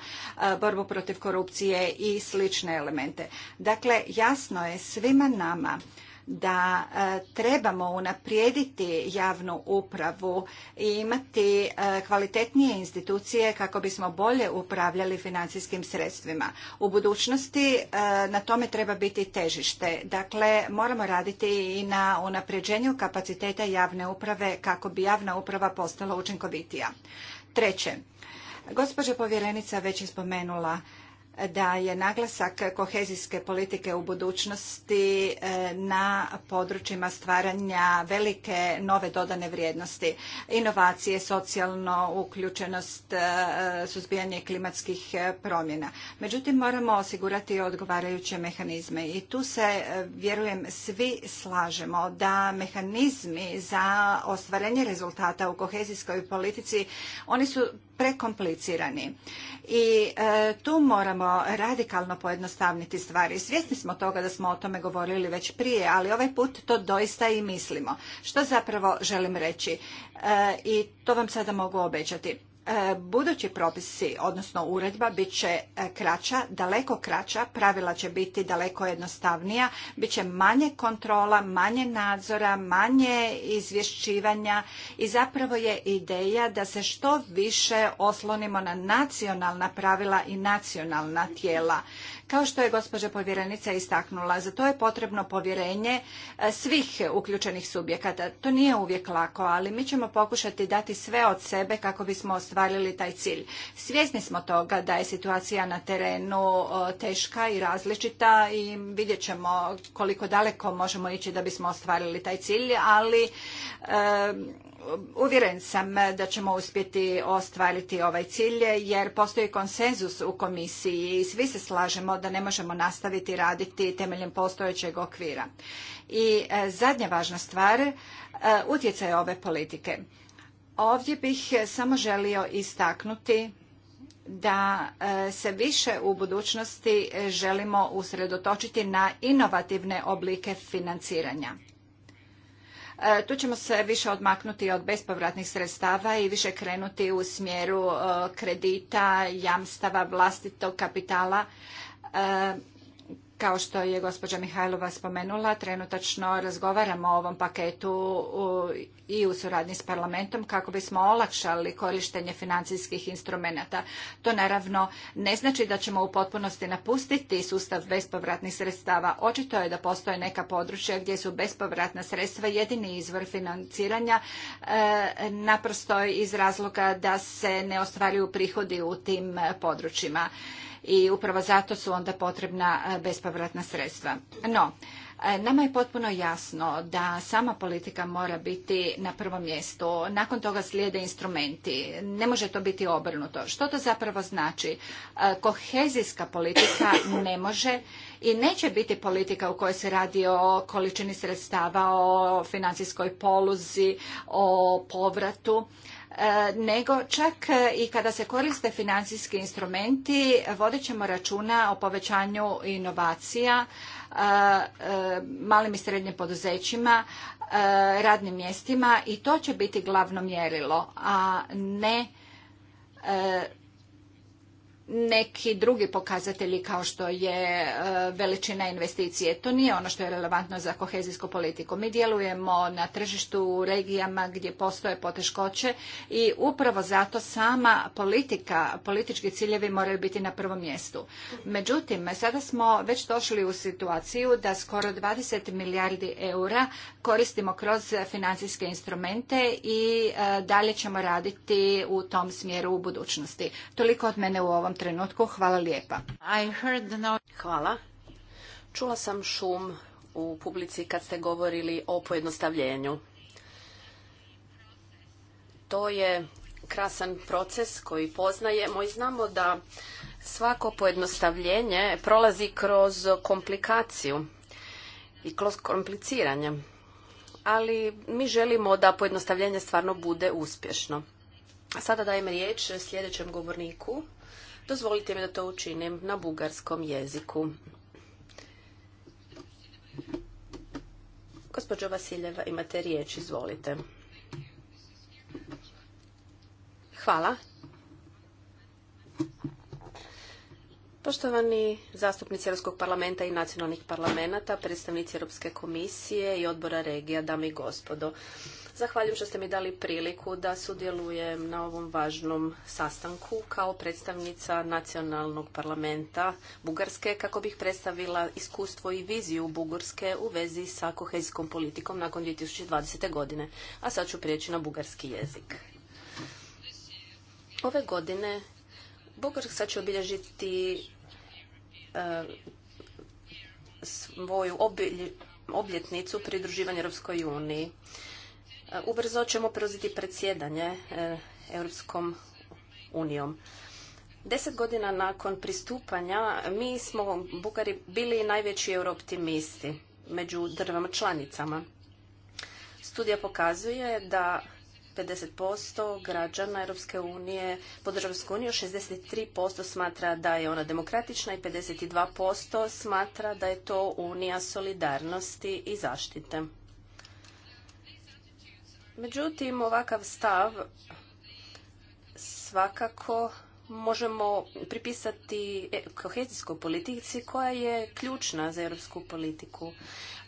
[SPEAKER 3] borbu protiv korupcije i slične elemente. Dakle, jasno je svima nama da e, trebamo unaprijediti javnu upravu i imati e, kvalitetnije institucije kako bismo bolje upravljali financijskim sredstvima. U budućnosti e, na tome treba biti težište. Dakle, moramo raditi i na unapređenju kapaciteta javne uprave kako bi javna uprava postala učinkovitija. Treće, gospođa povjerenica već je spomenula da je naglasak kohezijske politike u budućnosti e, na područjima stvaranja velike nove dodane vrijednosti. Inovacije, socijalno uključenost, e, suzbijanje klimatskih e, promjena. Međutim, moramo osigurati odgovarajuće mehanizme i tu se, vjerujem, svi slažemo da mehanizmi za ostvarenje rezultata u kohezijskoj politici, oni su prekomplicirani i e, tu moramo radikalno pojednostavniti stvari. Svjesni smo toga da smo o tome govorili već prije, ali ovaj put to doista i mislimo. Što zapravo želim reći e, i to vam sada mogu obećati. E, budući propisi, odnosno uredba, bit će e, kraća, daleko kraća, pravila će biti daleko jednostavnija, bit će manje kontrola, manje nadzora, manje izvješćivanja i zapravo je ideja da se što više oslonimo na nacionalna pravila i nacionalna tijela. Kao što je gospođa povjerenica istaknula, za to je potrebno povjerenje e, svih uključenih subjekata. To nije uvijek lako, ali mi ćemo pokušati dati sve od sebe kako bismo ostvarili taj cilj. Svjesni smo toga da je situacija na terenu teška i različita i vidjet ćemo koliko daleko možemo ići da bismo ostvarili taj cilj, ali e, Uvjeren sam da ćemo uspjeti ostvariti ovaj cilj jer postoji konsenzus u komisiji i svi se slažemo da ne možemo nastaviti raditi temeljem postojećeg okvira. I e, zadnja važna stvar, e, utjecaj ove politike. Ovdje bih samo želio istaknuti da e, se više u budućnosti želimo usredotočiti na inovativne oblike financiranja. E, tu ćemo se više odmaknuti od bespovratnih sredstava i više krenuti u smjeru e, kredita, jamstava, vlastitog kapitala e, kao što je gospođa Mihajlova spomenula, trenutačno razgovaramo o ovom paketu i u suradnji s parlamentom kako bismo olakšali korištenje financijskih instrumenata. To naravno ne znači da ćemo u potpunosti napustiti sustav bespovratnih sredstava. Očito je da postoje neka područja gdje su bespovratna sredstva jedini izvor financiranja e, naprosto iz razloga da se ne ostvaruju prihodi u tim područjima i upravo zato su onda potrebna e, bespovratna sredstva. No, e, Nama je potpuno jasno da sama politika mora biti na prvom mjestu. Nakon toga slijede instrumenti. Ne može to biti obrnuto. Što to zapravo znači? E, kohezijska politika ne može i neće biti politika u kojoj se radi o količini sredstava, o financijskoj poluzi, o povratu. E, nego čak e, i kada se koriste financijski instrumenti vodit ćemo računa o povećanju inovacija e, malim i srednjim poduzećima, radnim mjestima i to će biti glavno mjerilo, a ne neki drugi pokazatelji kao što je e, veličina investicije. To nije ono što je relevantno za kohezijsku politiku. Mi djelujemo na tržištu u regijama gdje postoje poteškoće i upravo zato sama politika, politički ciljevi moraju biti na prvom mjestu. Međutim, sada smo već došli u situaciju da skoro 20 milijardi eura koristimo kroz financijske instrumente i e, dalje ćemo raditi u tom smjeru u budućnosti. Toliko od mene u ovom ovom
[SPEAKER 4] trenutku. Hvala lijepa. Hvala. Čula sam šum u publici kad ste govorili o pojednostavljenju. To je krasan proces koji poznajemo i znamo da svako pojednostavljenje prolazi kroz komplikaciju i kroz kompliciranje. Ali mi želimo da pojednostavljenje stvarno bude uspješno. Sada dajem riječ sljedećem govorniku. Dozvolite mi da to učinim na bugarskom jeziku. Gospođo Vasiljeva, imate riječ, izvolite. Hvala. Poštovani zastupnici Europskog parlamenta i nacionalnih parlamenta, predstavnici Europske komisije i odbora regija, dame i gospodo. Zahvaljujem što ste mi dali priliku da sudjelujem na ovom važnom sastanku kao predstavnica nacionalnog parlamenta Bugarske kako bih predstavila iskustvo i viziju Bugarske u vezi sa kohezijskom politikom nakon 2020. godine. A sad ću prijeći na bugarski jezik. Ove godine Bugarska će obilježiti e, svoju obljetnicu pridruživanja Europskoj uniji. E, ubrzo ćemo preuzeti predsjedanje e, Europskom unijom. Deset godina nakon pristupanja mi smo Bugari bili najveći eurooptimisti među državama članicama. Studija pokazuje da 50% građana Europske unije podržava Europsku uniju, 63% smatra da je ona demokratična i 52% smatra da je to unija solidarnosti i zaštite. Međutim, ovakav stav svakako možemo pripisati e, kohezijskoj politici koja je ključna za europsku politiku.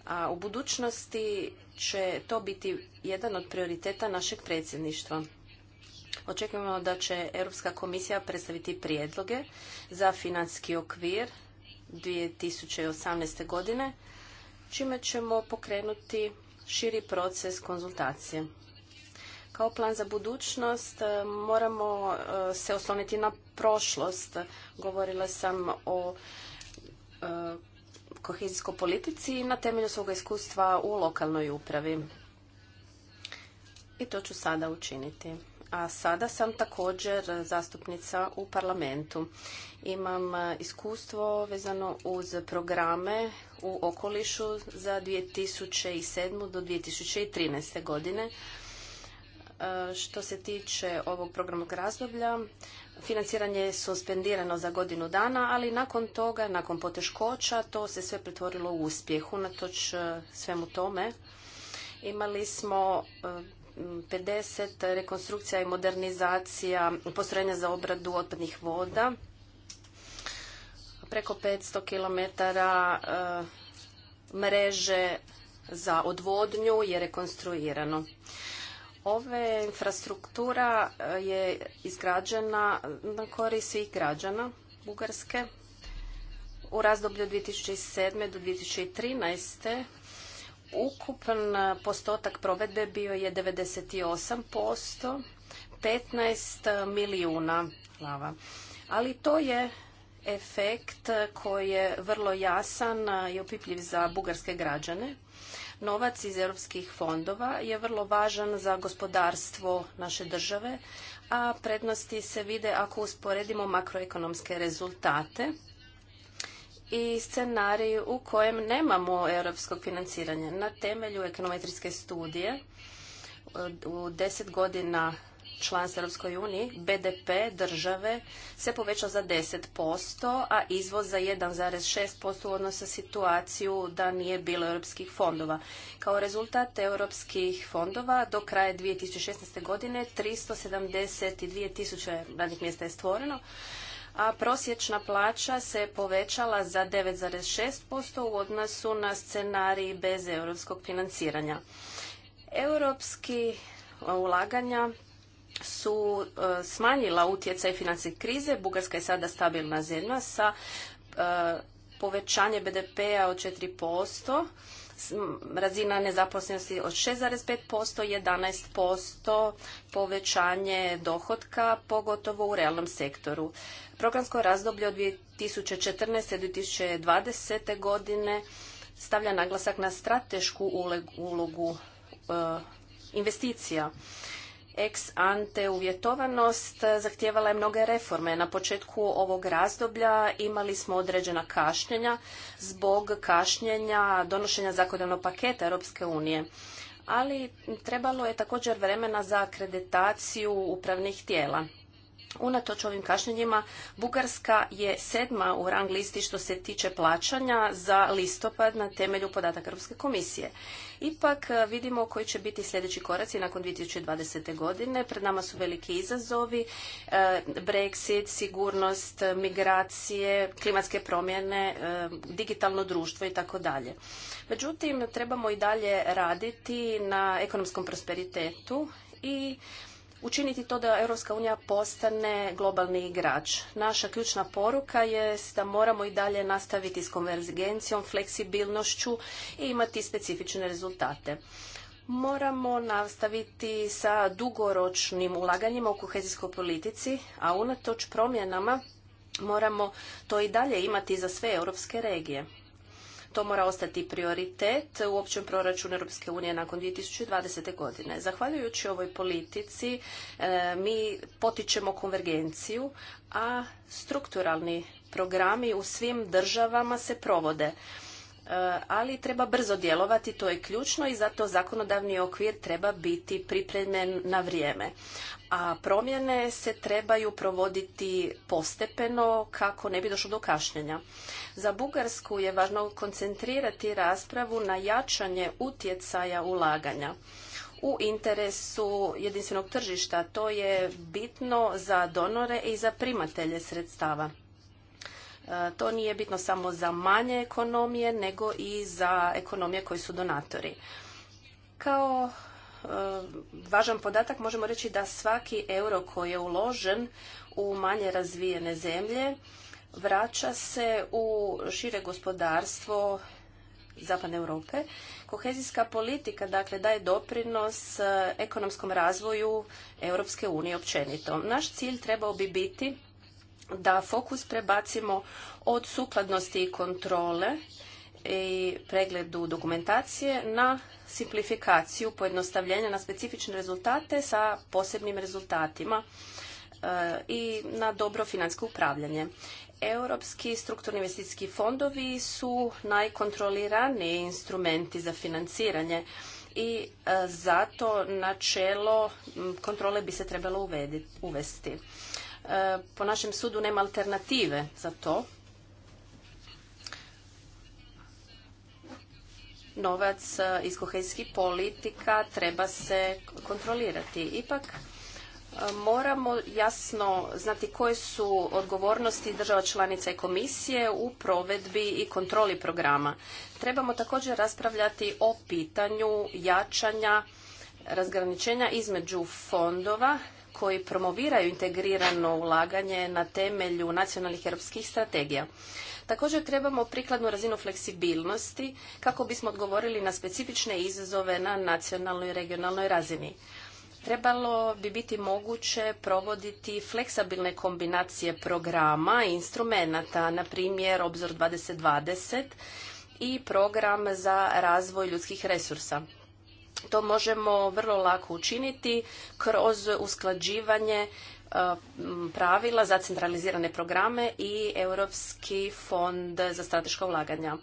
[SPEAKER 4] A u budućnosti će to biti jedan od prioriteta našeg predsjedništva. Očekujemo da će Europska komisija predstaviti prijedloge za financijski okvir 2018. godine, čime ćemo pokrenuti širi proces konzultacije. Kao plan za budućnost e, moramo e, se osloniti na prošlost. Govorila sam o e, kohezijskoj politici na temelju svog iskustva u lokalnoj upravi. I to ću sada učiniti a sada sam također zastupnica u parlamentu. Imam e, iskustvo vezano uz programe u okolišu za 2007. do 2013. godine. E, što se tiče ovog programnog razdoblja, financiranje je suspendirano za godinu dana, ali nakon toga, nakon poteškoća, to se sve pretvorilo u uspjeh. Unatoč e, svemu tome, imali smo 50 rekonstrukcija i modernizacija postrojenja za obradu otpadnih voda, preko 500 km e, mreže za odvodnju je rekonstruirano. Ove infrastruktura e, je izgrađena na korist svih građana Bugarske. U razdoblju 2007. do 2013 ukupan postotak provedbe bio je 98%, 15 milijuna lava. Ali to je efekt koji je vrlo jasan i opipljiv za bugarske građane. Novac iz europskih fondova je vrlo važan za gospodarstvo naše države, a prednosti se vide ako usporedimo makroekonomske rezultate i scenarij u kojem nemamo europskog financiranja. Na temelju ekonometrijske studije u deset godina članstva Europskoj uniji BDP države se povećao za 10%, a izvoz za 1,6% u odnosu na situaciju da nije bilo europskih fondova. Kao rezultat europskih fondova do kraja 2016. godine 372 tisuće radnih mjesta je stvoreno, a prosječna plaća se povećala za 9,6% u odnosu na scenarij bez europskog financiranja. Europski ulaganja su e, smanjila utjecaj financijske krize. Bugarska je sada stabilna zemlja sa e, povećanje BDP-a od 4%, razina nezaposlenosti od 6,5%, 11% povećanje dohotka, pogotovo u realnom sektoru. Programsko razdoblje od 2014. do 2020. godine stavlja naglasak na stratešku ulogu e, investicija. Ex ante uvjetovanost zahtijevala je mnoge reforme. Na početku ovog razdoblja imali smo određena kašnjenja zbog kašnjenja donošenja zakonodavnog paketa Europske unije. Ali trebalo je također vremena za akreditaciju upravnih tijela. Unatoč ovim kašnjenjima, Bugarska je sedma u rang listi što se tiče plaćanja za listopad na temelju podataka Europske komisije. Ipak e, vidimo koji će biti sljedeći koraci nakon 2020. godine. Pred nama su veliki izazovi, e, Brexit, sigurnost, migracije, klimatske promjene, e, digitalno društvo i tako dalje. Međutim, trebamo i dalje raditi na ekonomskom prosperitetu i učiniti to da Europska unija postane globalni igrač. Naša ključna poruka je da moramo i dalje nastaviti s konvergencijom, fleksibilnošću i imati specifične rezultate. Moramo nastaviti sa dugoročnim ulaganjima u kohezijskoj politici, a unatoč promjenama moramo to i dalje imati za sve europske regije to mora ostati prioritet u općem proračunu Europske unije nakon 2020. godine. Zahvaljujući ovoj politici e, mi potičemo konvergenciju, a strukturalni programi u svim državama se provode. Eh, ali treba brzo djelovati, to je ključno i zato zakonodavni okvir treba biti pripremljen na vrijeme. A promjene se trebaju provoditi postepeno kako ne bi došlo do kašnjenja. Za Bugarsku je važno koncentrirati raspravu na jačanje utjecaja ulaganja u interesu jedinstvenog tržišta. To je bitno za donore i za primatelje sredstava. E, to nije bitno samo za manje ekonomije, nego i za ekonomije koji su donatori. Kao e, važan podatak možemo reći da svaki euro koji je uložen u manje razvijene zemlje vraća se u šire gospodarstvo Zapadne Europe. Kohezijska politika dakle daje doprinos e, ekonomskom razvoju Europske unije općenito. Naš cilj trebao bi biti da fokus prebacimo od sukladnosti i kontrole i pregledu dokumentacije na simplifikaciju, pojednostavljenja na specifične rezultate sa posebnim rezultatima eh, i na dobro financijsko upravljanje. Europski strukturni investicijski fondovi su najkontroliraniji instrumenti za financiranje i eh, zato načelo kontrole bi se trebalo uvesti po našem sudu nema alternative za to. Novac e, iz kohezijskih politika treba se kontrolirati. Ipak e, moramo jasno znati koje su odgovornosti država članica i komisije u provedbi i kontroli programa. Trebamo također raspravljati o pitanju jačanja razgraničenja između fondova koji promoviraju integrirano ulaganje na temelju nacionalnih europskih strategija. Također trebamo prikladnu razinu fleksibilnosti kako bismo odgovorili na specifične izazove na nacionalnoj i regionalnoj razini. Trebalo bi biti moguće provoditi fleksibilne kombinacije programa i instrumenata, na primjer Obzor 2020 i program za razvoj ljudskih resursa to možemo vrlo lako učiniti kroz usklađivanje e, pravila za centralizirane programe i Europski fond za strateška ulaganja.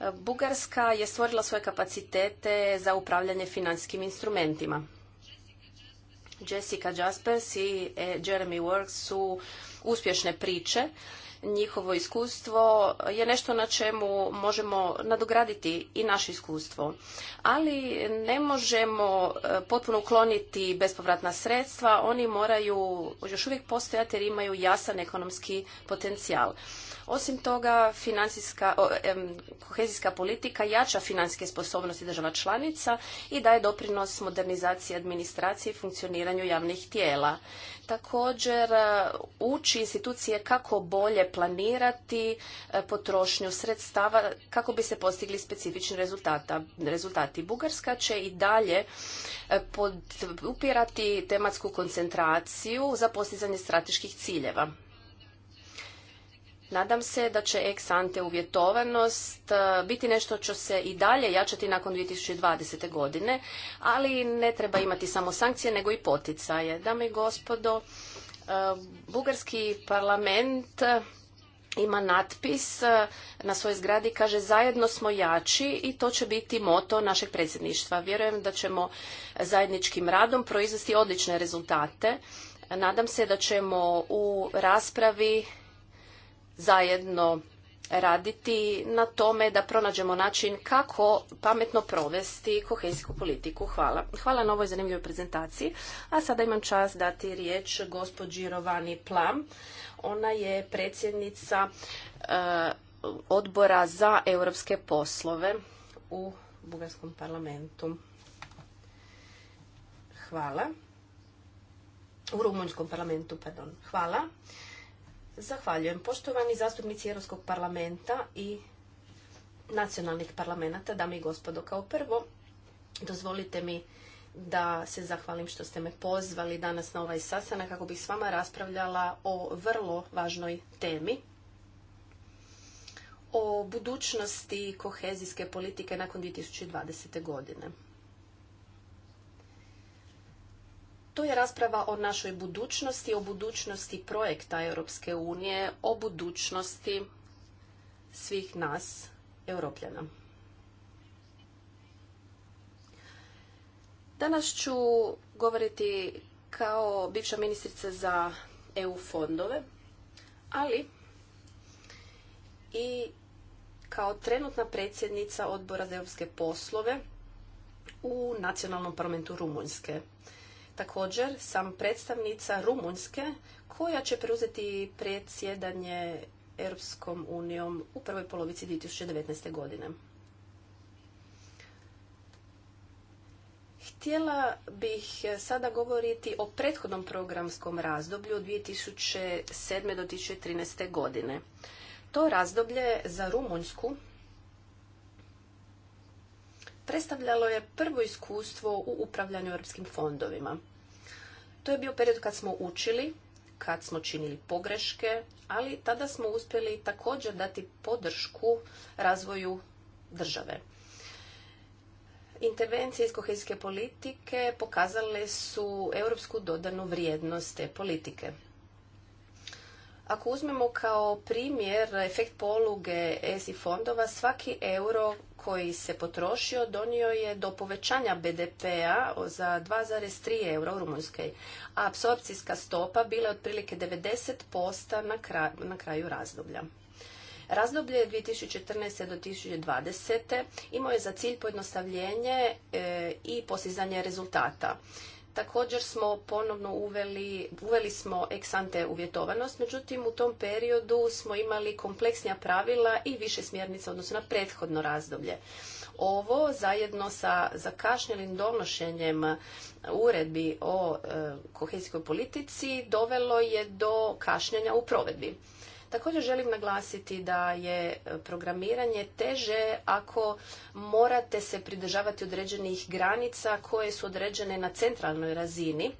[SPEAKER 4] E, Bugarska je stvorila svoje kapacitete za upravljanje financijskim instrumentima. Jessica Jaspers i e, Jeremy Works su uspješne priče njihovo iskustvo je nešto na čemu možemo nadograditi i naše iskustvo. Ali ne možemo e, potpuno ukloniti bespovratna sredstva, oni moraju još uvijek postojati jer imaju jasan ekonomski potencijal. Osim toga, financijska, kohezijska politika jača financijske sposobnosti država članica i daje doprinos modernizaciji administracije i funkcioniranju javnih tijela. Također, e, uči institucije kako bolje planirati e, potrošnju sredstava kako bi se postigli specifični rezultati. Bugarska će i dalje e, upirati tematsku koncentraciju za postizanje strateških ciljeva. Nadam se da će ex ante uvjetovanost e, biti nešto će se i dalje jačati nakon 2020. godine, ali ne treba imati samo sankcije nego i poticaje. Dame i gospodo, Bugarski parlament ima natpis e, na svojoj zgradi, kaže zajedno smo jači i to će biti moto našeg predsjedništva. Vjerujem da ćemo zajedničkim radom proizvesti odlične rezultate. Nadam se da ćemo u raspravi zajedno raditi na tome da pronađemo način kako pametno provesti kohezijsku politiku. Hvala. Hvala na ovoj zanimljivoj prezentaciji. A sada imam čas dati riječ gospođi Rovani Plam. Ona je predsjednica e, odbora za europske poslove u Bugarskom parlamentu. Hvala. U Rumunjskom parlamentu, pardon. Hvala. Zahvaljujem. Poštovani zastupnici Europskog parlamenta i nacionalnih parlamenta, dame i gospodo, kao prvo, dozvolite mi da se zahvalim što ste me pozvali danas na ovaj sastanak kako bih s vama raspravljala o vrlo važnoj temi o budućnosti kohezijske politike nakon 2020. godine. To je rasprava o našoj budućnosti, o budućnosti projekta Europske unije, o budućnosti svih nas, europljana. Danas ću govoriti kao bivša ministrica za EU fondove, ali i kao trenutna predsjednica odbora za europske poslove u nacionalnom parlamentu Rumunjske. Također sam predstavnica Rumunjske koja će preuzeti predsjedanje Europskom unijom u prvoj polovici 2019. godine. Htjela bih sada govoriti o prethodnom programskom razdoblju od 2007. do 2013. godine. To razdoblje za Rumunjsku predstavljalo je prvo iskustvo u upravljanju europskim fondovima. To je bio period kad smo učili, kad smo činili pogreške, ali tada smo uspjeli također dati podršku razvoju države. Intervencije iz kohezijske politike pokazale su europsku dodanu vrijednost te politike. Ako uzmemo kao primjer efekt poluge ESI fondova, svaki euro koji se potrošio donio je do povećanja BDP-a za 2,3 euro u Rumunjskoj, a apsorpcijska stopa bila je otprilike 90% na kraju razdoblja. Razdoblje 2014. do 2020. imao je za cilj pojednostavljenje e, i postizanje rezultata. Također smo ponovno uveli, uveli smo ex ante uvjetovanost, međutim u tom periodu smo imali kompleksnija pravila i više smjernica odnosno na prethodno razdoblje. Ovo zajedno sa zakašnjelim donošenjem uredbi o e, kohezijskoj politici dovelo je do kašnjenja u provedbi. Također želim naglasiti da je e, programiranje teže ako morate se pridržavati određenih granica koje su određene na centralnoj razini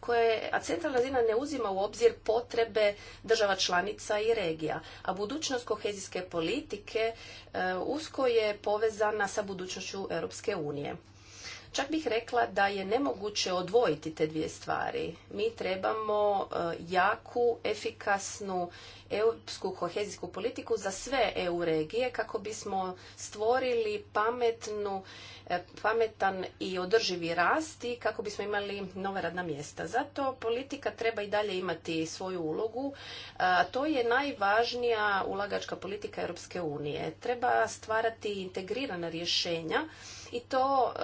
[SPEAKER 4] koje, a centralna razina ne uzima u obzir potrebe država članica i regija. A budućnost kohezijske politike e, usko je povezana sa budućnošću Europske unije. Čak bih rekla da je nemoguće odvojiti te dvije stvari. Mi trebamo e, jaku, efikasnu europsku kohezijsku politiku za sve EU regije kako bismo stvorili pametnu, e, pametan i održivi rast i kako bismo imali nova radna mjesta. Zato politika treba i dalje imati svoju ulogu. E, to je najvažnija ulagačka politika Europske unije. Treba stvarati integrirana rješenja i to e,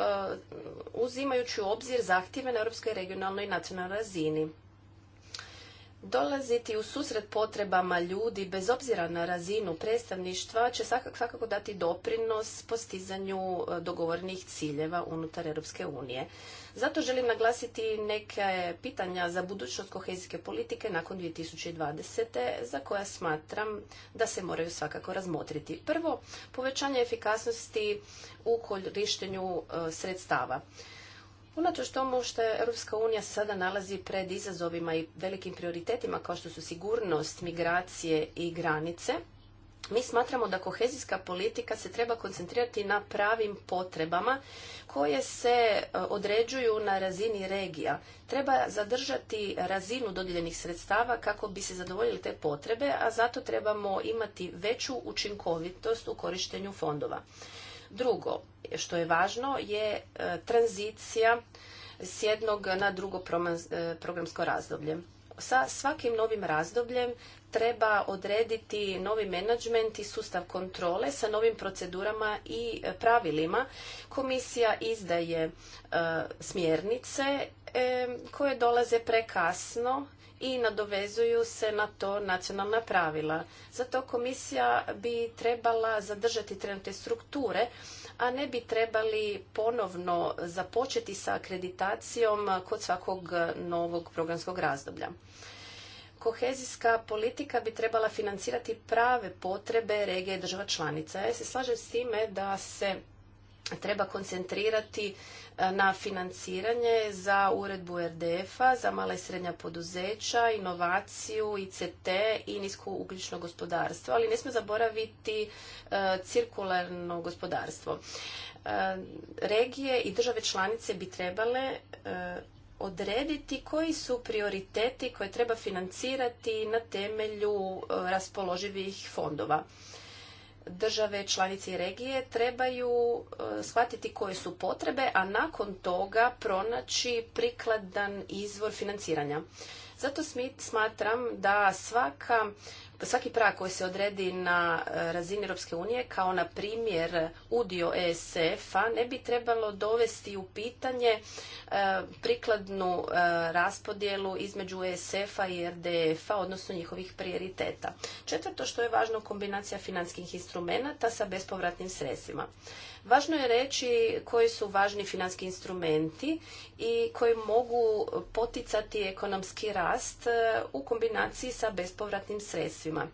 [SPEAKER 4] uzimajući u obzir zahtjeve na europskoj regionalnoj i nacionalnoj razini dolaziti u susret potrebama ljudi bez obzira na razinu predstavništva će svakako dati doprinos postizanju e, dogovornih ciljeva unutar Europske unije. Zato želim naglasiti neke pitanja za budućnost kohezijske politike nakon 2020. za koja smatram da se moraju svakako razmotriti. Prvo, povećanje efikasnosti u korištenju e, sredstava. Unatoč tomu što je Europska unija sada nalazi pred izazovima i velikim prioritetima kao što su sigurnost, migracije i granice, mi smatramo da kohezijska politika se treba koncentrirati na pravim potrebama koje se e, određuju na razini regija. Treba zadržati razinu dodijeljenih sredstava kako bi se zadovoljili te potrebe, a zato trebamo imati veću učinkovitost u korištenju fondova. Drugo, što je važno, je e, tranzicija s jednog na drugo e, programsko razdoblje. Sa svakim novim razdobljem treba odrediti novi menadžment i sustav kontrole sa novim procedurama i e, pravilima. Komisija izdaje smjernice koje dolaze prekasno i nadovezuju se na to nacionalna pravila. Zato komisija bi trebala zadržati trenutne strukture, a ne bi trebali ponovno započeti sa akreditacijom kod svakog novog programskog razdoblja. Kohezijska politika bi trebala financirati prave potrebe regije i država članica. Ja se slažem s time da se treba koncentrirati e, na financiranje za uredbu RDF-a, za mala i srednja poduzeća, inovaciju, ICT i nisko ugljično gospodarstvo, ali ne smije zaboraviti e, cirkularno gospodarstvo. E, regije i države članice bi trebale odrediti koji su prioriteti koje treba financirati na temelju raspoloživih fondova države, članice i regije trebaju e, shvatiti koje su potrebe, a nakon toga pronaći prikladan izvor financiranja. Zato smatram da svaka svaki prag koji se odredi na e, razini Europske unije, kao na primjer udio ESF-a, ne bi trebalo dovesti u pitanje e, prikladnu e, raspodjelu između ESF-a i RDF-a, odnosno njihovih prioriteta. Četvrto što je važno, kombinacija financijskih instrumenata sa bespovratnim sredstvima. Važno je reći koji su važni finanski instrumenti i koji mogu poticati ekonomski rast e, u kombinaciji sa bespovratnim sredstvima.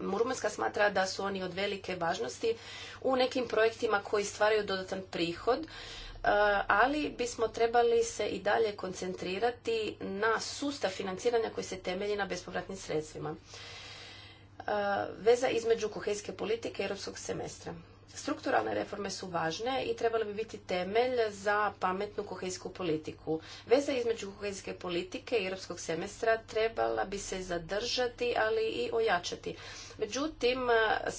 [SPEAKER 4] Murmanska smatra da su oni od velike važnosti u nekim projektima koji stvaraju dodatan prihod, e, ali bismo trebali se i dalje koncentrirati na sustav financiranja koji se temelji na bespovratnim sredstvima. E, veza između kohezijske politike i europskog semestra. Strukturalne reforme su važne i trebale bi biti temelj za pametnu kohezijsku politiku. Veza između kohezijske politike i europskog semestra trebala bi se zadržati, ali i ojačati. Međutim,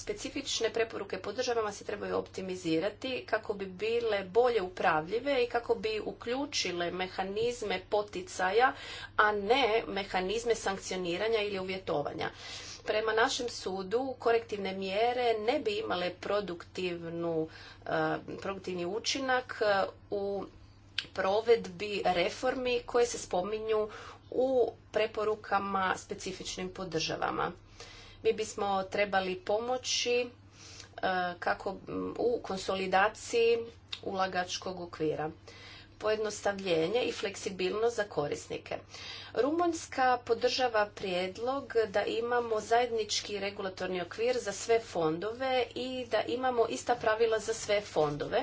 [SPEAKER 4] specifične preporuke po državama se trebaju optimizirati kako bi bile bolje upravljive i kako bi uključile mehanizme poticaja, a ne mehanizme sankcioniranja ili uvjetovanja prema našem sudu korektivne mjere ne bi imale produktivnu, e, produktivni učinak e, u provedbi reformi koje se spominju u preporukama specifičnim podržavama. Mi bismo trebali pomoći e, kako u konsolidaciji ulagačkog okvira pojednostavljenje i fleksibilnost za korisnike. Rumunjska podržava prijedlog da imamo zajednički regulatorni okvir za sve fondove i da imamo ista pravila za sve fondove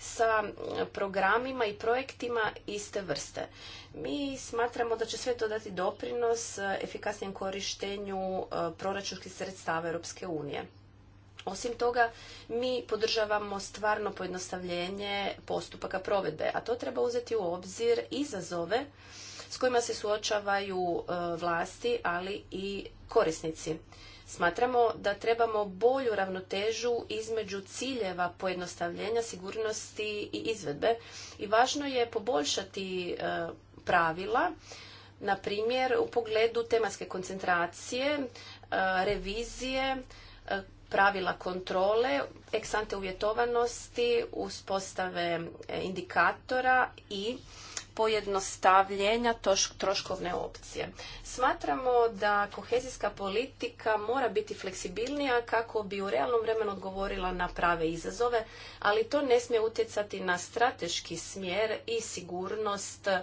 [SPEAKER 4] sa programima i projektima iste vrste. Mi smatramo da će sve to dati doprinos efikasnijem korištenju e, proračunskih sredstava Europske unije. Osim toga, mi podržavamo stvarno pojednostavljenje postupaka provedbe, a to treba uzeti u obzir izazove s kojima se suočavaju e, vlasti, ali i korisnici. Smatramo da trebamo bolju ravnotežu između ciljeva pojednostavljenja sigurnosti i izvedbe i važno je poboljšati e, pravila, na primjer u pogledu tematske koncentracije, e, revizije, pravila kontrole, eksante uvjetovanosti, uspostave e, indikatora i pojednostavljenja troškovne opcije. Smatramo da kohezijska politika mora biti fleksibilnija kako bi u realnom vremenu odgovorila na prave izazove, ali to ne smije utjecati na strateški smjer i sigurnost e,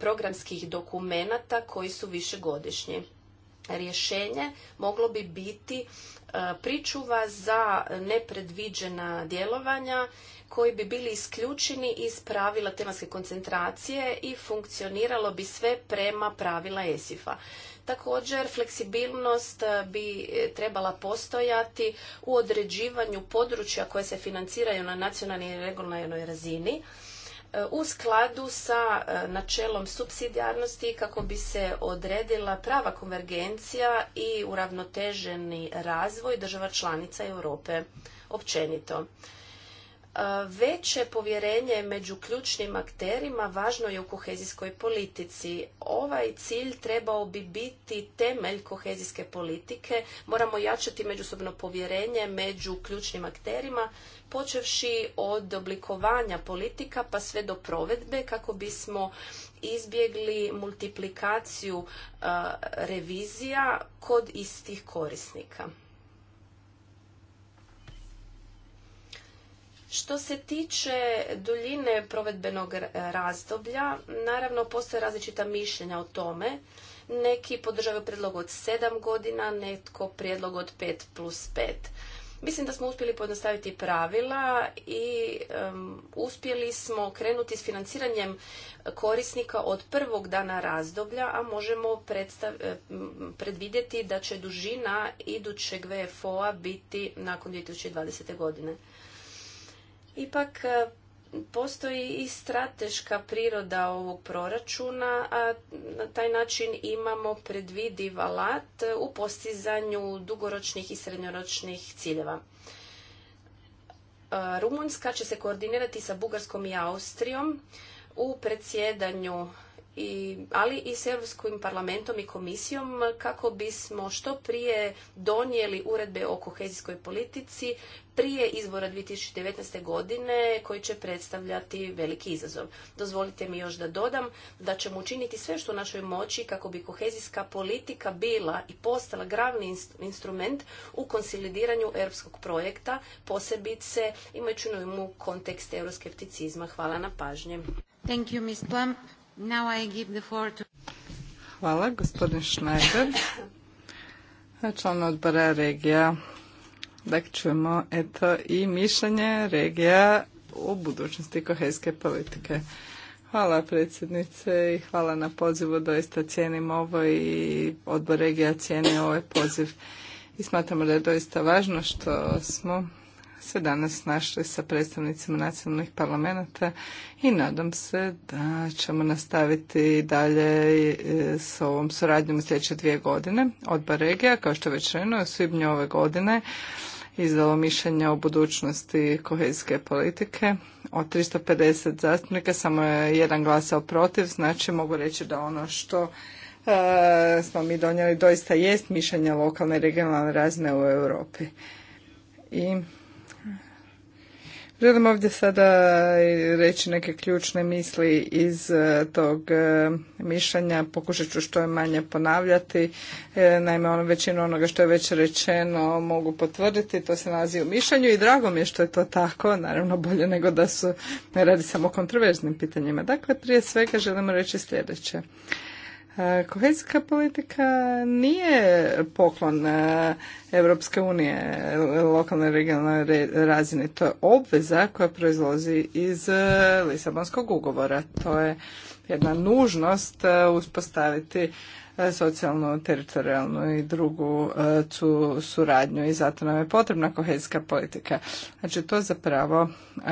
[SPEAKER 4] programskih dokumenata koji su višegodišnji rješenje moglo bi biti e, pričuva za nepredviđena djelovanja koji bi bili isključeni iz pravila tematske koncentracije i funkcioniralo bi sve prema pravila ESIF-a. Također, fleksibilnost e, bi e, trebala postojati u određivanju područja koje se financiraju na nacionalnoj i regionalnoj razini E, u skladu sa e, načelom subsidijarnosti kako bi se odredila prava konvergencija i uravnoteženi razvoj država članica Europe općenito veće povjerenje među ključnim akterima važno je u kohezijskoj politici. Ovaj cilj trebao bi biti temelj kohezijske politike. Moramo jačati međusobno povjerenje među ključnim akterima, počevši od oblikovanja politika pa sve do provedbe kako bismo izbjegli multiplikaciju revizija kod istih korisnika. Što se tiče duljine provedbenog razdoblja, naravno postoje različita mišljenja o tome. Neki podržavaju prijedlog od 7 godina, netko prijedlog od 5 plus 5. Mislim da smo uspjeli pojednostaviti pravila i uspjeli smo krenuti s financiranjem korisnika od prvog dana razdoblja, a možemo e, predvidjeti da će dužina idućeg VFO-a biti nakon 2020. godine. Ipak e, postoji i strateška priroda ovog proračuna, a na taj način imamo predvidiv alat e, u postizanju dugoročnih i srednjoročnih ciljeva. E, Rumunjska će se koordinirati sa Bugarskom i Austrijom u predsjedanju i, ali i s Europskim parlamentom i komisijom kako bismo što prije donijeli uredbe o kohezijskoj politici prije izbora 2019. godine koji će predstavljati veliki izazov. Dozvolite mi još da dodam da ćemo učiniti sve što u našoj moći kako bi kohezijska politika bila i postala glavni instrument u konsolidiranju europskog projekta, posebice imajući u kontekst euroskepticizma. Hvala na pažnje.
[SPEAKER 2] Hvala, gospodin Schneider, član odbora regija. Dakle, čujemo eto i mišljenje regija u budućnosti kohezijske politike. Hvala predsjednice i hvala na pozivu. Doista cijenim ovo i odbor regija cijeni ovaj poziv. I smatramo da je doista važno što smo se danas našli sa predstavnicima nacionalnih parlamenta i nadam se da ćemo nastaviti dalje e, s ovom suradnjom sljedeće dvije godine. odba regija, kao što već reno, u svibnju ove godine izdalo mišljenje o budućnosti kohezijske politike. Od 350 zastupnika samo je jedan glasao protiv, znači mogu reći da ono što e, smo mi donijeli doista jest mišljenje lokalne i regionalne razine u Europi. I Želim ovdje sada reći neke ključne misli iz e, tog e, mišljenja. Pokušat ću što je manje ponavljati. E, naime, ono, većinu onoga što je već rečeno mogu potvrditi. To se nalazi u mišljenju i drago mi je što je to tako. Naravno, bolje nego da se ne radi samo o kontroverznim pitanjima. Dakle, prije svega želimo reći sljedeće. E, kohezijska politika nije poklon Europske unije lokalne i regionalnoj razini. To je obveza koja proizlazi iz e, Lisabonskog ugovora. To je jedna nužnost e, uspostaviti socijalnu, teritorijalnu i drugu suradnju i zato nam je potrebna kohezijska politika. Znači to zapravo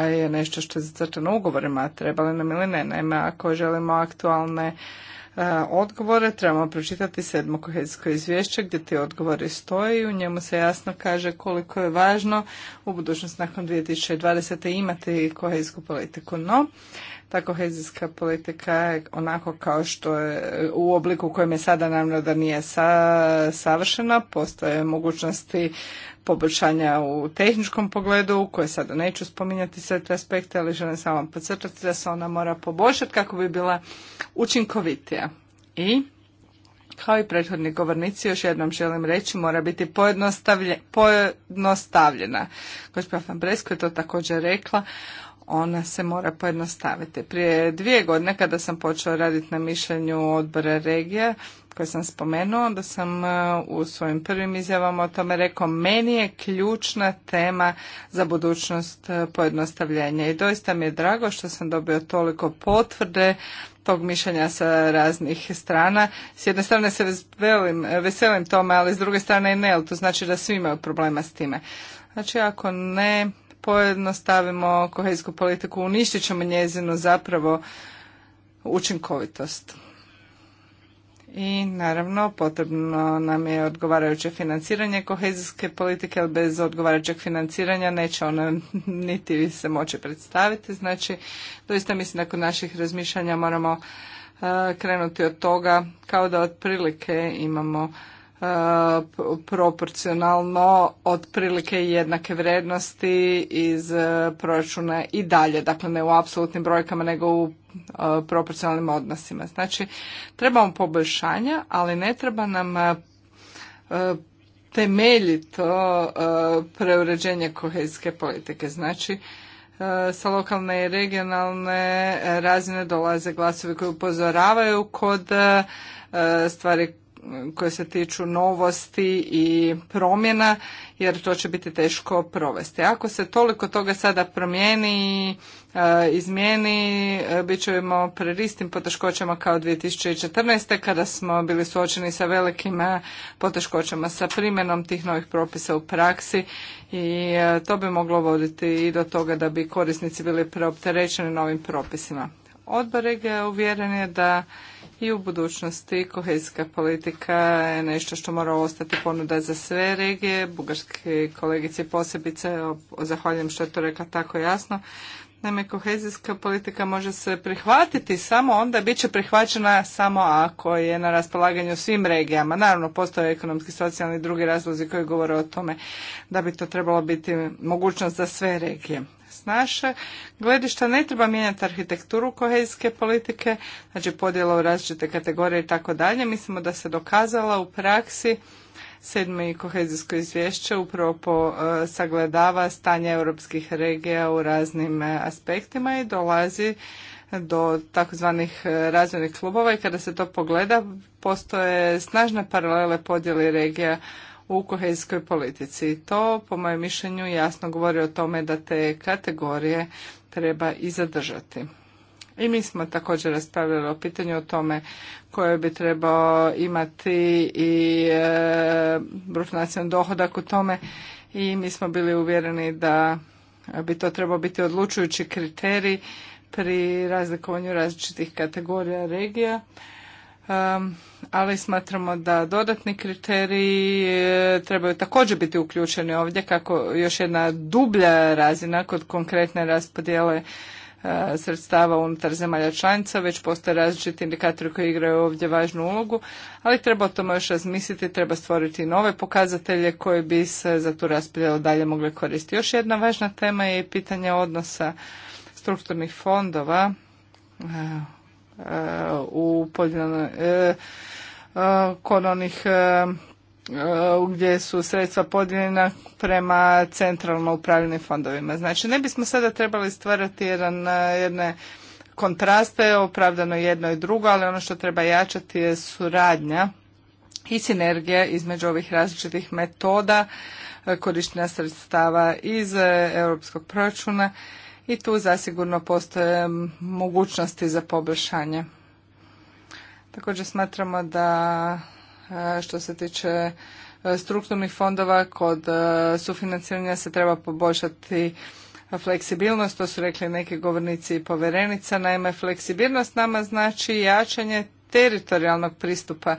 [SPEAKER 2] je nešto što je zacrtano ugovorima, li nam ili ne. Naime, ako želimo aktualne E, odgovore, trebamo pročitati sedmo kohezijsko izvješće gdje ti odgovori stoje i u njemu se jasno kaže koliko je važno u budućnosti nakon 2020. imati kohezijsku politiku. No, ta kohezijska politika je onako kao što je u obliku u kojem je sada naravno da nije savršena, postoje mogućnosti poboljšanja u tehničkom pogledu, koje sada neću spominjati sve te aspekte, ali želim samo podcrtati da se ona mora poboljšati kako bi bila učinkovitija. I kao i prethodni govornici, još jednom želim reći, mora biti pojednostavljena. Gospođa Fambresko je to također rekla ona se mora pojednostaviti. Prije dvije godine kada sam počela raditi na mišljenju odbora regija koje sam spomenuo, onda sam e, u svojim prvim izjavama o tome rekao meni je ključna tema za budućnost e, pojednostavljenja i doista mi je drago što sam dobio toliko potvrde tog mišljenja sa raznih strana. S jedne strane se veselim, veselim tome, ali s druge strane i ne, ali to znači da svi imaju problema s time. Znači ako ne pojednostavimo kohezijsku politiku, uništit ćemo njezinu zapravo učinkovitost. I naravno potrebno nam je odgovarajuće financiranje kohezijske politike, ali bez odgovarajućeg financiranja neće ona niti se moći predstaviti. Znači, doista mislim da kod naših razmišljanja moramo e, krenuti od toga kao da otprilike imamo E, proporcionalno otprilike jednake vrednosti iz e, proračuna i dalje, dakle ne u apsolutnim brojkama nego u e, proporcionalnim odnosima. Znači trebamo poboljšanja, ali ne treba nam temeljito preuređenje kohezijske politike. Znači sa lokalne i regionalne razine dolaze glasovi koji upozoravaju kod stvari koje se tiču novosti i promjena jer to će biti teško provesti. Ako se toliko toga sada promijeni i e, izmijeni, e, bit ćemo pred istim poteškoćama kao 2014. kada smo bili suočeni sa velikim e, poteškoćama sa primjenom tih novih propisa u praksi i to bi moglo voditi i do toga da bi korisnici bili preopterećeni novim propisima. Odbor je uvjeren je da i u budućnosti kohezijska politika je nešto što mora ostati ponuda za sve regije. Bugarski kolegici posebice zahvaljujem što je to rekla tako jasno. Naime, kohezijska politika može se prihvatiti samo onda, bit će prihvaćena samo ako je na raspolaganju svim regijama. Naravno, postoje ekonomski, socijalni i drugi razlozi koji govore o tome da bi to trebalo biti mogućnost za sve regije naše gledišta ne treba mijenjati arhitekturu kohezijske politike, znači podjela u različite kategorije i tako dalje. Mislimo da se dokazala u praksi sedmi kohezijsko izvješće upravo po, e, sagledava stanje europskih regija u raznim e, aspektima i dolazi do takozvanih e, razvojnih klubova i kada se to pogleda postoje snažne paralele podjeli regija u kohezijskoj politici. to, po mojem mišljenju, jasno govori o tome da te kategorije treba i zadržati. I mi smo također raspravljali o pitanju o tome koje bi trebao imati i e, nacionalni dohodak u tome i mi smo bili uvjereni da bi to trebao biti odlučujući kriterij pri razlikovanju različitih kategorija regija ali smatramo da dodatni kriteriji e, trebaju također biti uključeni ovdje kako još jedna dublja razina kod konkretne raspodjele e, sredstava unutar zemalja članica, već postoje različiti indikatori koji igraju ovdje važnu ulogu, ali treba o tome još razmisliti, treba stvoriti nove pokazatelje koji bi se za tu raspodjelu dalje mogli koristiti. Još jedna važna tema je pitanje odnosa strukturnih fondova e, u e, e, kod onih e, gdje su sredstva podijeljena prema centralno upravljenim fondovima. Znači ne bismo sada trebali stvarati jedan, jedne kontraste, opravdano jedno i drugo, ali ono što treba jačati je suradnja i sinergija između ovih različitih metoda korištenja sredstava iz europskog proračuna i tu zasigurno postoje mogućnosti za poboljšanje. Također smatramo da e, što se tiče e, strukturnih fondova kod e, sufinanciranja se treba poboljšati fleksibilnost, to su rekli neki govornici i poverenica. Naime, fleksibilnost nama znači jačanje teritorijalnog pristupa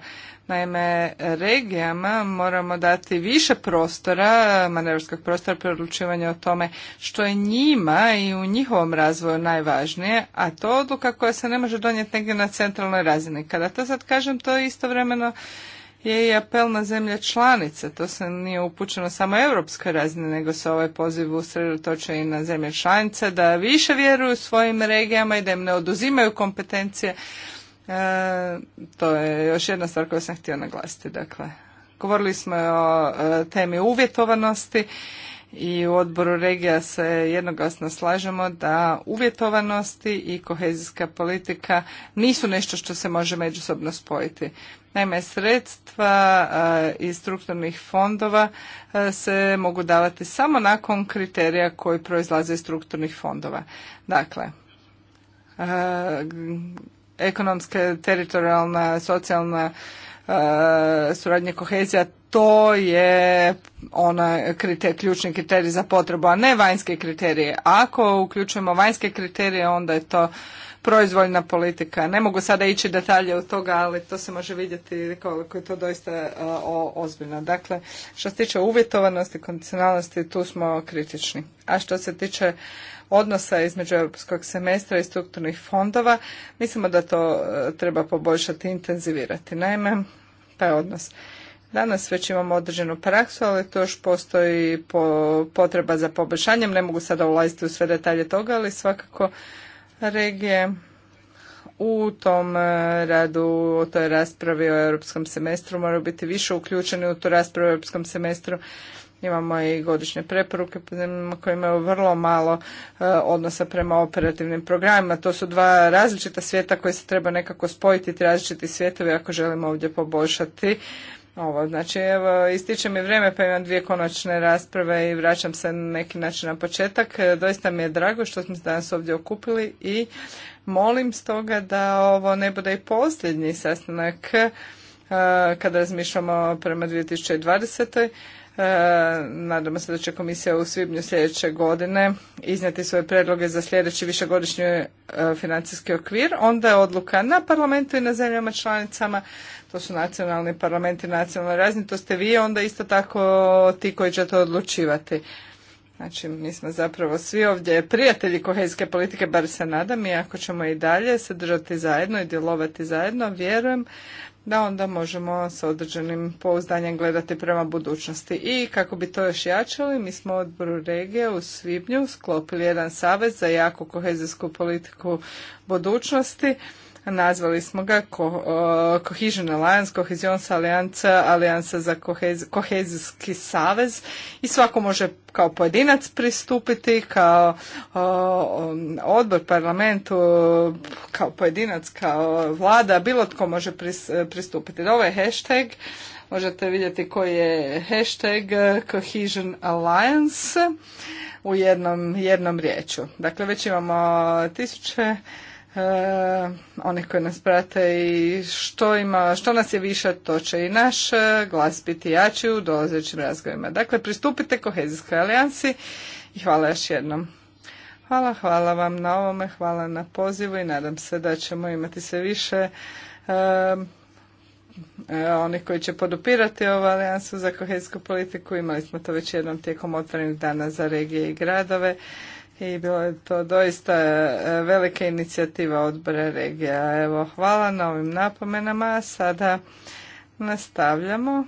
[SPEAKER 2] Naime, regijama moramo dati više prostora, manevarskog prostora preodlučivanja o tome što je njima i u njihovom razvoju najvažnije, a to odluka koja se ne može donijeti negdje na centralnoj razini. Kada to sad kažem, to je istovremeno je i apel na zemlje članice. To se nije upućeno samo europskoj razini, nego se ovaj poziv usredotočio i na zemlje članice da više vjeruju svojim regijama i da im ne oduzimaju kompetencije E, to je još jedna stvar koju sam htio naglasiti. Dakle, govorili smo o e, temi uvjetovanosti i u odboru regija se jednoglasno slažemo da uvjetovanosti i kohezijska politika nisu nešto što se može međusobno spojiti. Naime, sredstva e, iz strukturnih fondova se mogu davati samo nakon kriterija koji proizlaze iz strukturnih fondova. Dakle, ekonomska, teritorijalna, socijalna e, suradnje kohezija, to je ona kriter, ključni kriterij za potrebu, a ne vanjske kriterije. Ako uključujemo vanjske kriterije, onda je to proizvoljna politika. Ne mogu sada ići detalje od toga, ali to se može vidjeti koliko je to doista e, o, ozbiljno. Dakle, što se tiče uvjetovanosti, kondicionalnosti, tu smo kritični. A što se tiče odnosa između europskog semestra i strukturnih fondova, mislimo da to e, treba poboljšati i intenzivirati. Naime, taj odnos. Danas već imamo određenu praksu, ali to još postoji potreba za poboljšanjem. Ne mogu sada ulaziti u sve detalje toga, ali svakako regije u tom e, radu, o toj raspravi o europskom semestru moraju biti više uključeni u tu raspravu o europskom semestru Imamo i godišnje preporuke koje imaju vrlo malo e, odnosa prema operativnim programima. To su dva različita svijeta koje se treba nekako spojiti, različiti svijetovi ako želimo ovdje poboljšati ovo. Znači, evo, ističe mi vrijeme pa imam dvije konačne rasprave i vraćam se na neki način na početak. E, doista mi je drago što smo se danas ovdje okupili i molim stoga da ovo ne bude i posljednji sastanak e, kada razmišljamo prema 2020. E, nadamo se da će komisija u svibnju sljedeće godine iznijeti svoje predloge za sljedeći višegodišnji e, financijski okvir. Onda je odluka na parlamentu i na zemljama članicama, to su nacionalni parlamenti, nacionalni razni, to ste vi onda isto tako ti koji ćete odlučivati. Znači, mi smo zapravo svi ovdje prijatelji kohezijske politike, bar se nadam, i ako ćemo i dalje se držati zajedno i djelovati zajedno, vjerujem da onda možemo s određenim pouzdanjem gledati prema budućnosti. I kako bi to još jačali, mi smo u odboru regije u Svibnju sklopili jedan savez za jaku kohezijsku politiku budućnosti Nazvali smo ga Cohesion Alliance, Cohesions Alliance, Alijansa za kohezijski savez i svako može kao pojedinac pristupiti, kao odbor parlamentu, kao pojedinac, kao vlada, bilo tko može pris, pristupiti. Ovo je hashtag, možete vidjeti koji je hashtag Cohesion Alliance u jednom, jednom riječu. Dakle, već imamo tisuće E, onih koji nas prate i što, ima, što nas je više, to će i naš e, glas biti jači u dolazećim razgovorima. Dakle, pristupite Kohezijskoj alijansi i hvala još jednom. Hvala, hvala vam na ovome, hvala na pozivu i nadam se da ćemo imati sve više e, onih koji će podupirati ovu alijansu za kohezijsku politiku. Imali smo to već jednom tijekom otvorenih dana za regije i gradove i bilo je to doista e, velika inicijativa odbora regija. Evo, hvala na ovim napomenama. Sada nastavljamo.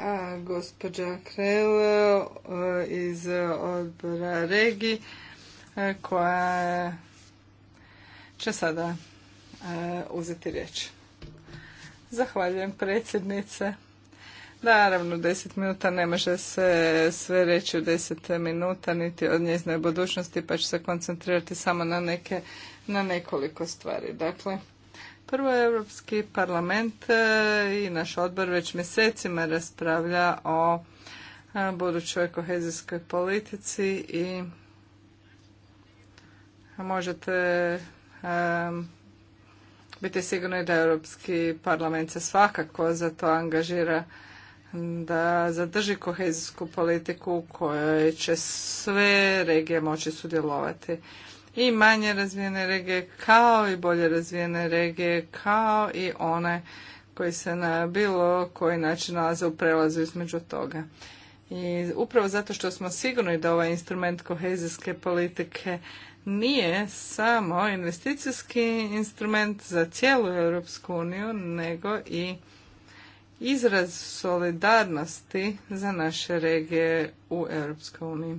[SPEAKER 2] A, gospođa Krel e, iz odbora regiji e, koja će sada uzeti riječ. Zahvaljujem predsjednice. Naravno, deset minuta ne može se sve reći u deset minuta, niti od njezinoj budućnosti, pa ću se koncentrirati samo na, neke, na nekoliko stvari. Dakle, prvo Europski parlament e, i naš odbor već mjesecima raspravlja o e, budućoj kohezijskoj politici i možete e, biti sigurni da Europski parlament se svakako za to angažira da zadrži kohezijsku politiku u kojoj će sve regije moći sudjelovati. I manje razvijene regije kao i bolje razvijene regije kao i one koji se na bilo koji način nalaze u prelazu između toga. I upravo zato što smo sigurni da ovaj instrument kohezijske politike nije samo investicijski instrument za cijelu Europsku uniju, nego i izraz solidarnosti za naše regije u Europskoj uniji.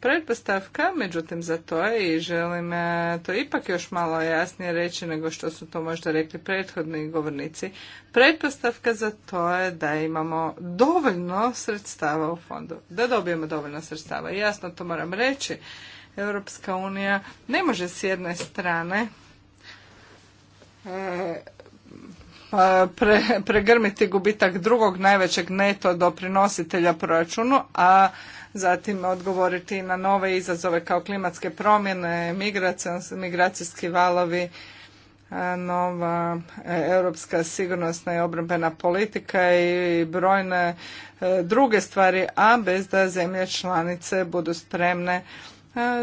[SPEAKER 2] Pretpostavka, međutim, za to je i želim e, to ipak još malo jasnije reći nego što su to možda rekli prethodni govornici. Pretpostavka za to je da imamo dovoljno sredstava u fondu, da dobijemo dovoljno sredstava. Jasno to moram reći. Europska unija ne može s jedne strane e, pre, pregrmiti gubitak drugog najvećeg neto doprinositelja proračunu, a zatim odgovoriti na nove izazove kao klimatske promjene, migracijski valovi, nova e, europska sigurnosna i obrambena politika i brojne e, druge stvari, a bez da zemlje članice budu spremne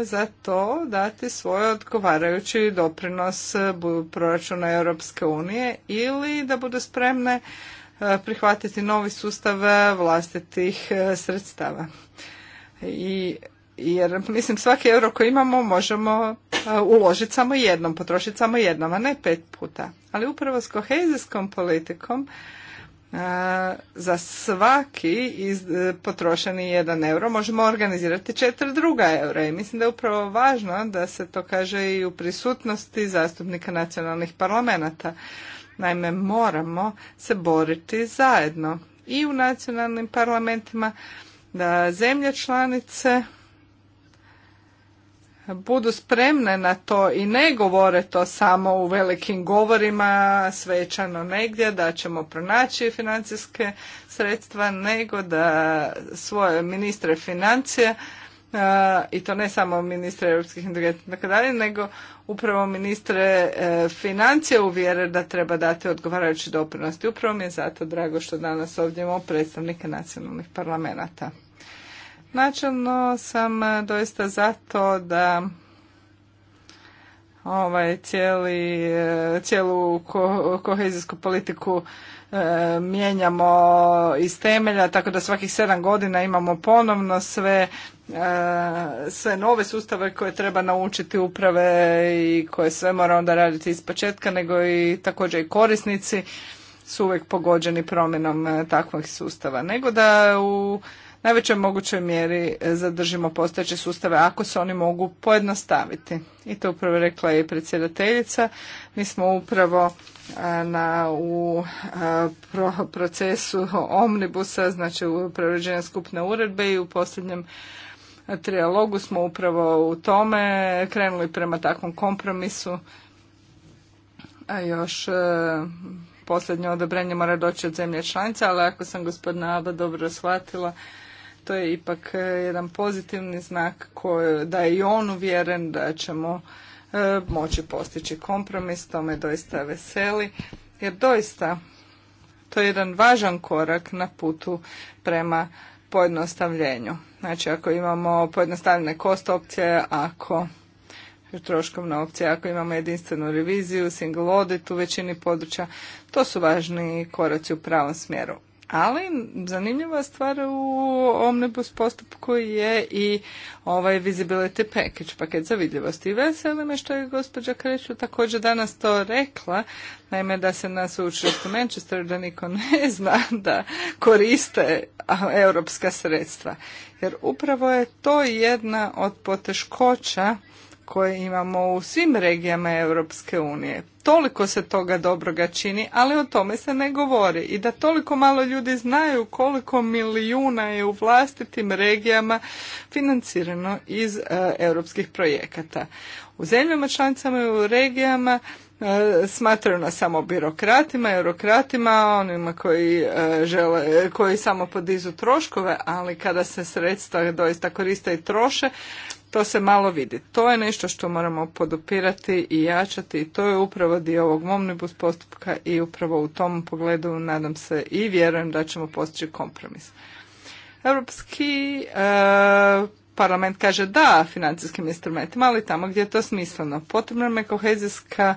[SPEAKER 2] za to dati svoj odgovarajući doprinos e, proračuna Europske unije ili da budu spremne e, prihvatiti novi sustav e, vlastitih sredstava. I jer mislim svaki euro koji imamo možemo uložiti samo jednom, potrošiti samo jednom, a ne pet puta. Ali upravo s kohezijskom politikom za svaki iz, e, potrošeni jedan euro možemo organizirati četiri druga eura i mislim da je upravo važno da se to kaže i u prisutnosti zastupnika nacionalnih parlamenata. Naime, moramo se boriti zajedno i u nacionalnim parlamentima da zemlje članice budu spremne na to i ne govore to samo u velikim govorima svečano negdje da ćemo pronaći financijske sredstva nego da svoje ministre financije e, i to ne samo ministre europskih integracija tako nego upravo ministre e, financije uvjere da treba dati odgovarajući doprinos. I upravo mi je zato drago što danas ovdje imamo predstavnike nacionalnih parlamenta. Načelno sam e, doista zato da ovaj cijeli, e, cijelu ko, kohezijsku politiku e, mijenjamo iz temelja, tako da svakih sedam godina imamo ponovno sve, sve nove sustave koje treba naučiti uprave i koje sve mora onda raditi iz početka, nego i također i korisnici su uvijek pogođeni promjenom takvih sustava. Nego da u najvećoj mogućoj mjeri e, zadržimo postojeće sustave ako se oni mogu pojednostaviti. I to upravo rekla je i predsjedateljica. Mi smo upravo e, na, u e, pro, procesu omnibusa, znači u preuređenju skupne uredbe i u posljednjem trijalogu smo upravo u tome krenuli prema takvom kompromisu. A još posljednje odobrenje mora doći od zemlje članice, ali ako sam gospodina Aba dobro shvatila, to je ipak e, jedan pozitivni znak koji, da je i on uvjeren da ćemo e, moći postići kompromis, to me doista veseli, jer doista to je jedan važan korak na putu prema pojednostavljenju. Znači ako imamo pojednostavljene kost opcije, ako troškovna opcija, ako imamo jedinstvenu reviziju, single audit u većini područja, to su važni koraci u pravom smjeru. Ali zanimljiva stvar u omnibus postupku je i ovaj visibility package, paket za vidljivost. I veseli me što je gospođa Kreću također danas to rekla, naime da se na sveučilištu Manchester da niko ne zna da koriste europska sredstva. Jer upravo je to jedna od poteškoća koje imamo u svim regijama Europske unije. Toliko se toga dobroga čini, ali o tome se ne govori. I da toliko malo ljudi znaju koliko milijuna je u vlastitim regijama financirano iz e, europskih projekata. U zemljama članicama i u regijama e, smatraju nas samo birokratima, eurokratima, onima koji, e, žele, koji samo podizu troškove, ali kada se sredstva doista koriste i troše, to se malo vidi. To je nešto što moramo podupirati i jačati i to je upravo dio ovog momnibus postupka i upravo u tom pogledu nadam se i vjerujem da ćemo postići kompromis. Europski e, parlament kaže da financijskim instrumentima, ali tamo gdje je to smisleno. Potrebna je kohezijska e,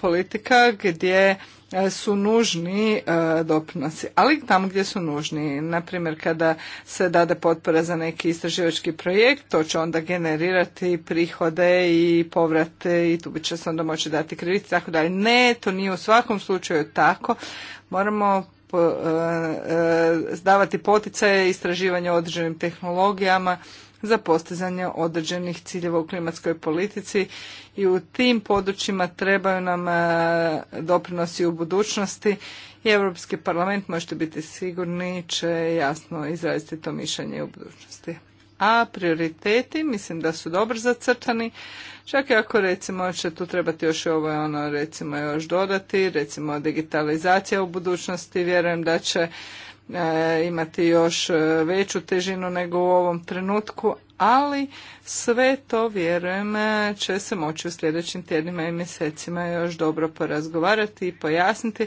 [SPEAKER 2] politika gdje E, su nužni e, doprinosi, ali tamo gdje su nužni. Naprimjer, kada se dade potpora za neki istraživački projekt, to će onda generirati prihode i povrate i tu će se onda moći dati kredit tako dalje. Ne, to nije u svakom slučaju tako. Moramo e, davati poticaje istraživanja određenim tehnologijama za postizanje određenih ciljeva u klimatskoj politici i u tim područjima trebaju nam e, doprinosi u budućnosti i Europski parlament, možete biti sigurni, će jasno izraziti to mišljenje u budućnosti. A prioriteti mislim da su dobro zacrtani, čak i ako recimo će tu trebati još ovo ono recimo još dodati, recimo digitalizacija u budućnosti, vjerujem da će E, imati još e, veću težinu nego u ovom trenutku, ali sve to vjerujem e, će se moći u sljedećim tjednima i mjesecima još dobro porazgovarati i pojasniti,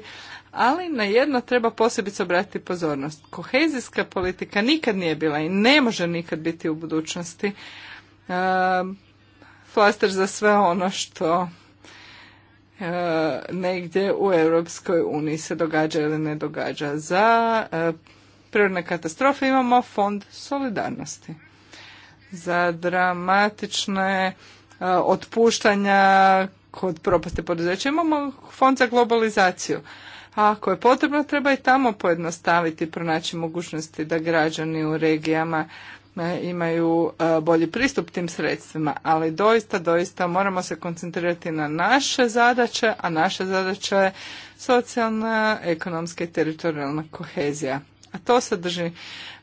[SPEAKER 2] ali na jedno treba posebice obratiti pozornost. Kohezijska politika nikad nije bila i ne može nikad biti u budućnosti flaster za sve ono što E, negdje u Europskoj uniji se događa ili ne događa. Za e, prirodne katastrofe imamo fond solidarnosti. Za dramatične e, otpuštanja kod propaste poduzeća imamo fond za globalizaciju. A ako je potrebno, treba i tamo pojednostaviti, pronaći mogućnosti da građani u regijama E, imaju e, bolji pristup tim sredstvima, ali doista, doista moramo se koncentrirati na naše zadaće, a naše zadaće je socijalna, ekonomska i teritorijalna kohezija. A to sadrži,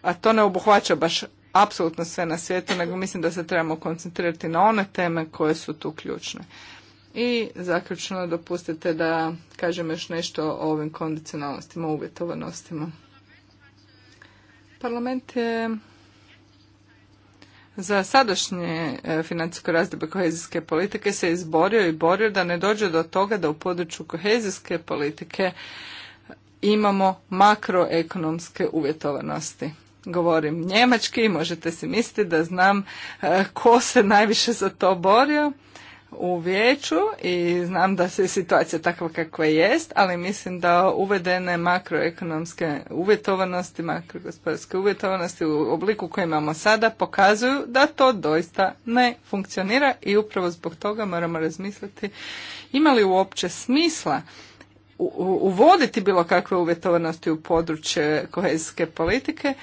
[SPEAKER 2] a to ne obuhvaća baš apsolutno sve na svijetu, nego mislim da se trebamo koncentrirati na one teme koje su tu ključne. I zaključno dopustite da kažem još nešto o ovim kondicionalnostima, uvjetovanostima. Parlament je za sadašnje e, financijsko razdoblje kohezijske politike se izborio i borio da ne dođe do toga da u području kohezijske politike imamo makroekonomske uvjetovanosti. Govorim njemački, možete si misliti da znam e, ko se najviše za to borio u vijeću i znam da se situacija takva kakva jest, ali mislim da uvedene makroekonomske uvjetovanosti, makrogospodarske uvjetovanosti u obliku koji imamo sada pokazuju da to doista ne funkcionira i upravo zbog toga moramo razmisliti ima li uopće smisla uvoditi bilo kakve uvjetovanosti u područje kohezijske politike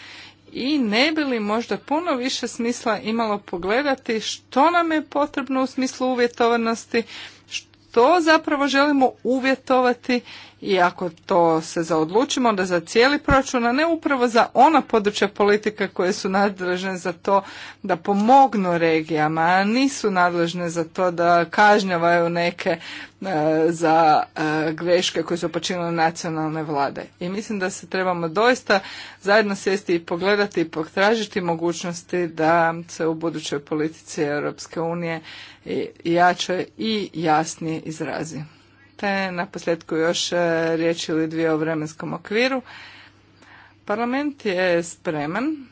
[SPEAKER 2] i ne bi li možda puno više smisla imalo pogledati što nam je potrebno u smislu uvjetovanosti, što zapravo želimo uvjetovati i ako to se zaodlučimo, onda za cijeli proračun, a ne upravo za ona područja politika koje su nadležne za to da pomognu regijama, a nisu nadležne za to da kažnjavaju neke e, za e, greške koje su počinile nacionalne vlade. I mislim da se trebamo doista zajedno sjesti i pogledati i potražiti mogućnosti da se u budućoj politici Europske unije jače i jasnije izrazi te na posljedku još e, riječ ili dvije o vremenskom okviru. Parlament je spreman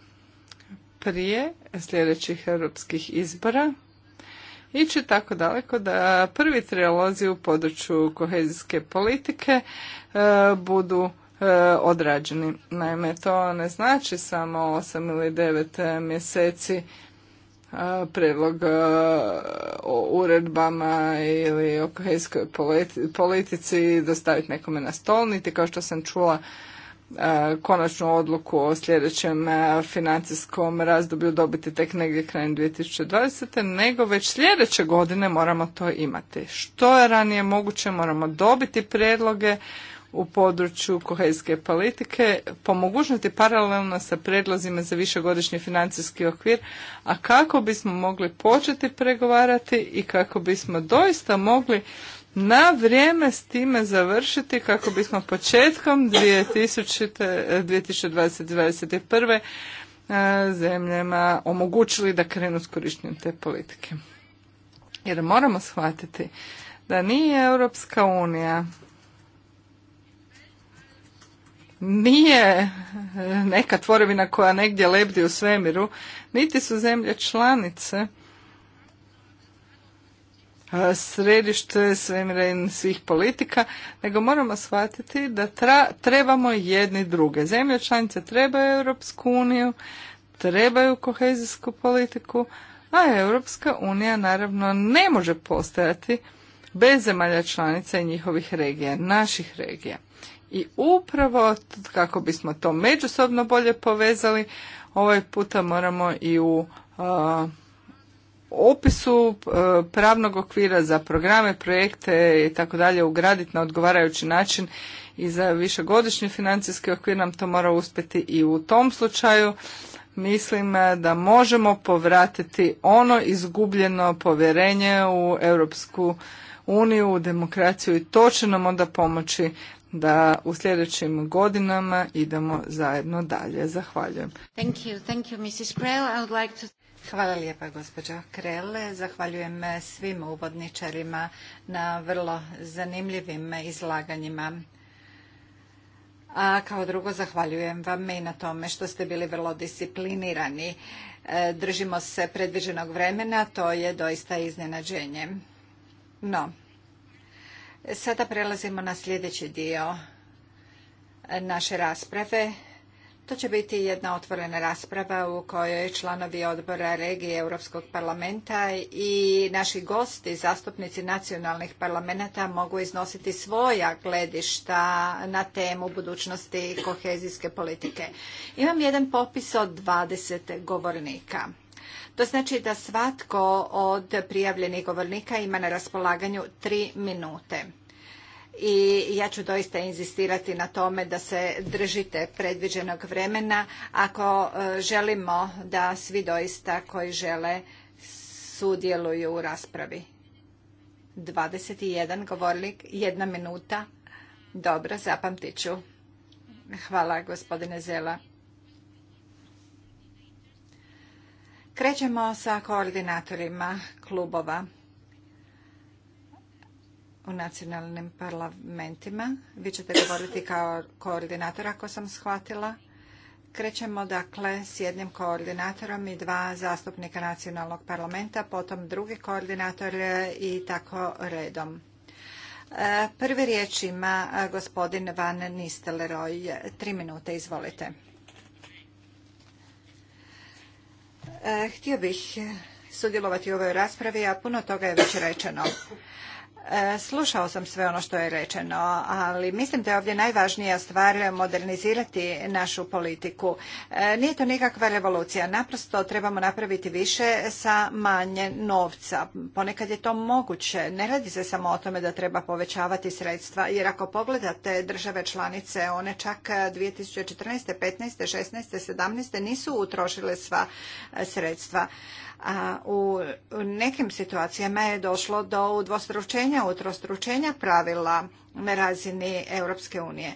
[SPEAKER 2] prije sljedećih europskih izbora ići tako daleko da prvi trialozi u području kohezijske politike e, budu e, odrađeni. Naime, to ne znači samo 8 ili 9 mjeseci predlog o uredbama ili o kohezijskoj politici dostaviti nekome na stol, niti kao što sam čula konačnu odluku o sljedećem financijskom razdoblju dobiti tek negdje krajem 2020. nego već sljedeće godine moramo to imati. Što je ranije moguće moramo dobiti predloge u području kohezijske politike po paralelno sa predlozima za višegodišnji financijski okvir, a kako bismo mogli početi pregovarati i kako bismo doista mogli na vrijeme s time završiti kako bismo početkom 2021. E, zemljama omogućili da krenu s korištenjem te politike. Jer moramo shvatiti da nije Europska unija nije eh, neka tvorevina koja negdje lebdi u svemiru, niti su zemlje članice eh, središte svemira svih politika, nego moramo shvatiti da tra, trebamo jedni druge. Zemlje članice trebaju Europsku uniju, trebaju kohezijsku politiku, a Europska unija naravno ne može postojati bez zemalja članica i njihovih regija, naših regija. I upravo kako bismo to međusobno bolje povezali, ovaj puta moramo i u opisu pravnog okvira za programe, projekte i tako dalje ugraditi na odgovarajući način i za višegodišnji financijski okvir nam to mora uspjeti i u tom slučaju mislim da možemo povratiti ono izgubljeno povjerenje u Europsku uniju, u demokraciju i to će nam onda pomoći da u sljedećim godinama idemo zajedno dalje. Zahvaljujem.
[SPEAKER 1] Thank you, Hvala
[SPEAKER 3] lijepa gospođa Krell. Zahvaljujem svim uvodničarima na vrlo zanimljivim izlaganjima. A kao drugo zahvaljujem vam i na tome što ste bili vrlo disciplinirani. E, držimo se predviđenog vremena, to je doista iznenađenje. No, Sada prelazimo na sljedeći dio naše rasprave. To će biti jedna otvorena rasprava u kojoj članovi odbora regije Europskog parlamenta i naši gosti, zastupnici nacionalnih parlamenta, mogu iznositi svoja gledišta na temu budućnosti kohezijske politike. Imam jedan popis od 20 govornika. To znači da svatko od prijavljenih govornika ima na raspolaganju tri minute. I ja ću doista inzistirati na tome da se držite predviđenog vremena ako e, želimo da svi doista koji žele sudjeluju u raspravi. 21 govornik, jedna minuta. Dobro, zapamtit ću. Hvala gospodine Zela. Krećemo sa koordinatorima klubova u nacionalnim parlamentima. Vi ćete govoriti kao koordinator ako sam shvatila. Krećemo dakle s jednim koordinatorom i dva zastupnika nacionalnog parlamenta, potom drugi koordinator i tako redom. E, prvi riječ ima e, gospodin Van Nistelrooy. Tri minute, izvolite. E, htio bih sudjelovati u ovoj raspravi, a puno toga je već rečeno. E, slušao sam sve ono što je rečeno, ali mislim da je ovdje najvažnija stvar modernizirati našu politiku. E, nije to nikakva revolucija, naprosto trebamo napraviti više sa manje novca. Ponekad je to moguće, ne radi se samo o tome da treba povećavati sredstva, jer ako pogledate države članice, one čak 2014. 15. 16. 17. nisu utrošile sva e, sredstva a u nekim situacijama je došlo do udvostručenja, utrostručenja pravila na razini Europske unije.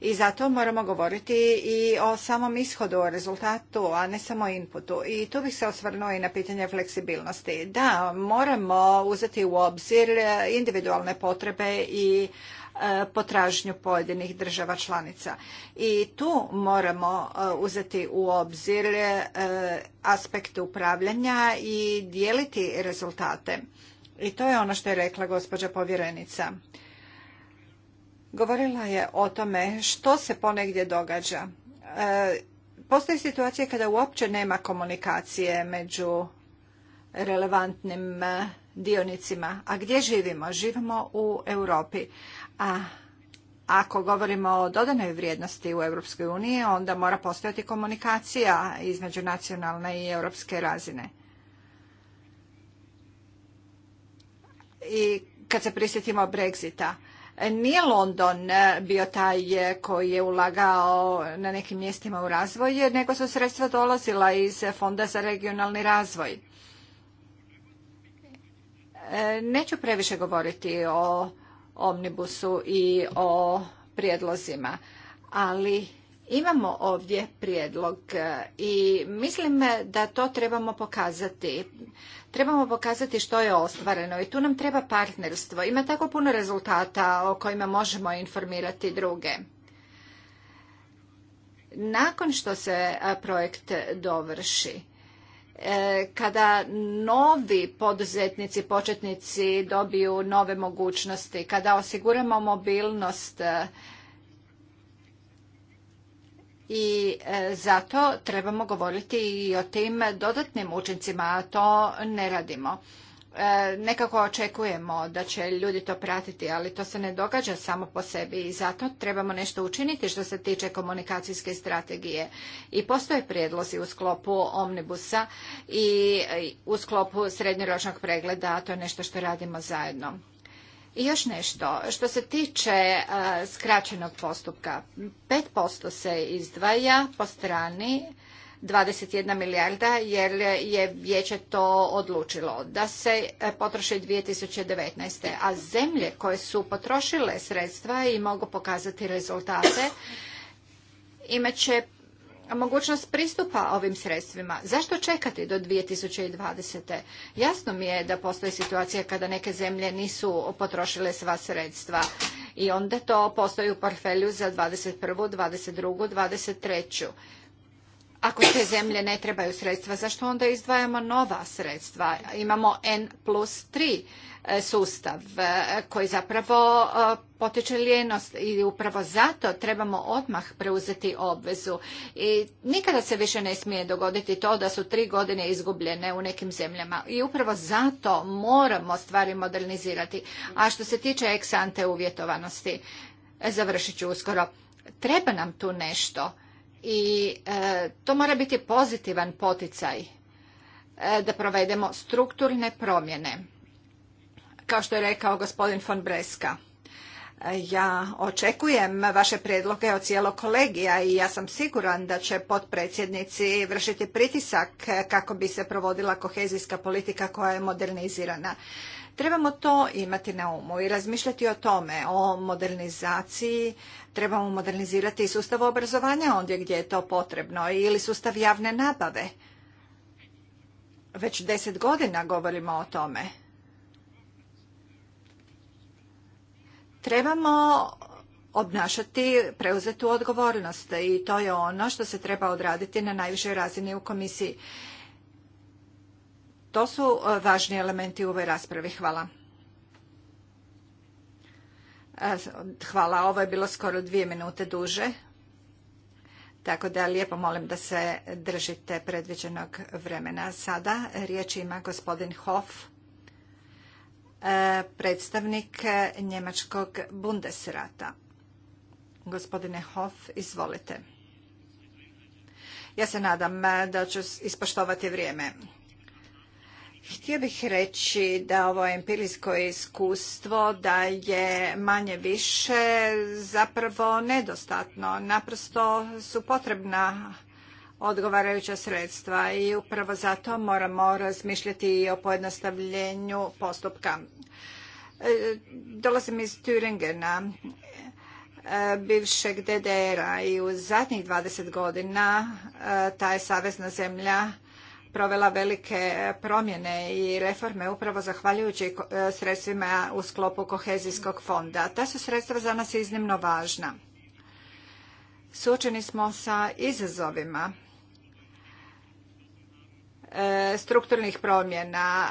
[SPEAKER 3] I zato moramo govoriti i o samom ishodu, o rezultatu, a ne samo inputu. I tu bih se osvrnuo i na pitanje fleksibilnosti. Da, moramo uzeti u obzir individualne potrebe i E, potražnju pojedinih država članica. I tu moramo e, uzeti u obzir e, aspekte upravljanja i dijeliti rezultate. I to je ono što je rekla gospođa povjerenica. Govorila je o tome što se ponegdje događa. Postoje situacije kada uopće nema komunikacije među relevantnim dionicima. A gdje živimo? Živimo u Europi. A ako govorimo o dodanoj vrijednosti u Europskoj uniji, onda mora postojati komunikacija između nacionalne i europske razine. I kad se prisjetimo Brexita, nije London bio taj koji je ulagao na nekim mjestima u razvoj, nego su sredstva dolazila iz Fonda za regionalni razvoj. E, neću previše govoriti o omnibusu i o prijedlozima. Ali imamo ovdje prijedlog e, i mislim da to trebamo pokazati. Trebamo pokazati što je ostvareno i tu nam treba partnerstvo. Ima tako puno rezultata o kojima možemo informirati druge. Nakon što se e, projekt dovrši, E, kada novi poduzetnici, početnici dobiju nove mogućnosti, kada osiguramo mobilnost e, i e, zato trebamo govoriti i o tim dodatnim učincima, a to ne radimo. E, nekako očekujemo da će ljudi to pratiti, ali to se ne događa samo po sebi i zato trebamo nešto učiniti što se tiče komunikacijske strategije. I postoje prijedlozi u sklopu omnibusa i u sklopu srednjoročnog pregleda, a to je nešto što radimo zajedno. I još nešto, što se tiče e, skraćenog postupka, 5% se izdvaja po strani 21 milijarda jer je vijeće to odlučilo da se potroši 2019. A zemlje koje su potrošile sredstva i mogu pokazati rezultate imat će mogućnost pristupa ovim sredstvima. Zašto čekati do 2020. Jasno mi je da postoji situacija kada neke zemlje nisu potrošile sva sredstva i onda to postoji u portfelju za 21., 22., 23. Ako te zemlje ne trebaju sredstva, zašto onda izdvajamo nova sredstva? Imamo N plus 3 e, sustav e, koji zapravo e, potiče lijenost i upravo zato trebamo odmah preuzeti obvezu. I nikada se više ne smije dogoditi to da su tri godine izgubljene u nekim zemljama. I upravo zato moramo stvari modernizirati. A što se tiče eksante uvjetovanosti, završit ću uskoro. Treba nam tu nešto i e, to mora biti pozitivan poticaj e, da provedemo strukturne promjene. Kao što je rekao gospodin von Breska, e, ja očekujem vaše predloge od cijelog kolegija i ja sam siguran da će potpredsjednici vršiti pritisak kako bi se provodila kohezijska politika koja je modernizirana. Trebamo to imati na umu i razmišljati o tome, o modernizaciji. Trebamo modernizirati i sustav obrazovanja ondje gdje je to potrebno ili sustav javne nabave. Već deset godina govorimo o tome. Trebamo obnašati preuzetu odgovornost i to je ono što se treba odraditi na najvišoj razini u komisiji. To su e, važni elementi u ovoj raspravi. Hvala. E, hvala, ovo je bilo skoro dvije minute duže. Tako da lijepo molim da se držite predviđenog vremena. Sada riječ ima gospodin Hof, e, predstavnik Njemačkog Bundesrata. Gospodine Hof, izvolite. Ja se nadam da ću ispoštovati vrijeme. Htio bih reći da ovo empirijsko iskustvo da je manje više zapravo nedostatno. Naprosto su potrebna odgovarajuća sredstva i upravo zato moramo razmišljati i o pojednostavljenju postupka. E, dolazim iz Thüringena, e, bivšeg DDR-a i u zadnjih 20 godina e, ta je savezna zemlja provela velike promjene i reforme upravo zahvaljujući e, sredstvima u sklopu kohezijskog fonda. Ta su sredstva za nas iznimno važna. Suočeni smo sa izazovima e, strukturnih promjena.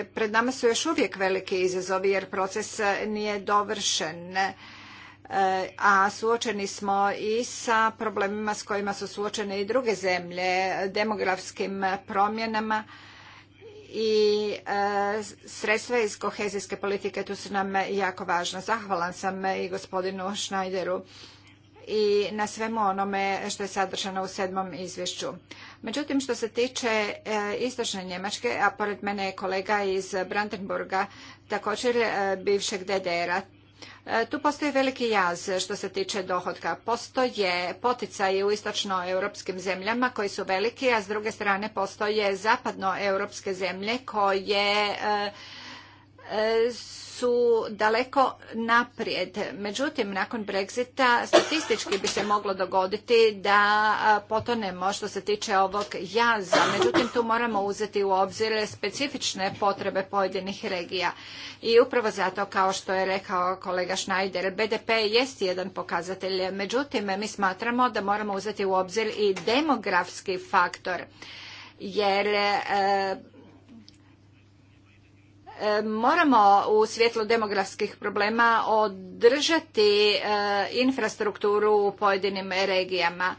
[SPEAKER 3] E, pred nama su još uvijek veliki izazovi jer proces nije dovršen E, a suočeni smo i sa problemima s kojima su suočene i druge zemlje, demografskim promjenama i e, sredstva iz kohezijske politike tu su nam jako važna. Zahvalan sam i gospodinu Schneideru i na svemu onome što je sadržano u sedmom izvješću. Međutim, što se tiče e, istočne Njemačke, a pored mene je kolega iz Brandenburga, također bivšeg DDR-a, E, tu postoji veliki jaz što se tiče dohodka. Postoje poticaji u istočnoeuropskim zemljama koji su veliki, a s druge strane postoje zapadnoeuropske zemlje koje su e, e, su daleko naprijed. Međutim, nakon Brexita statistički bi se moglo dogoditi da potonemo što se tiče ovog jaza. Međutim, tu moramo uzeti u obzir specifične potrebe pojedinih regija. I upravo zato, kao što je rekao kolega Schneider, BDP jest jedan pokazatelj. Međutim, mi smatramo da moramo uzeti u obzir i demografski faktor jer e, E, moramo u svjetlu demografskih problema održati e, infrastrukturu u pojedinim regijama.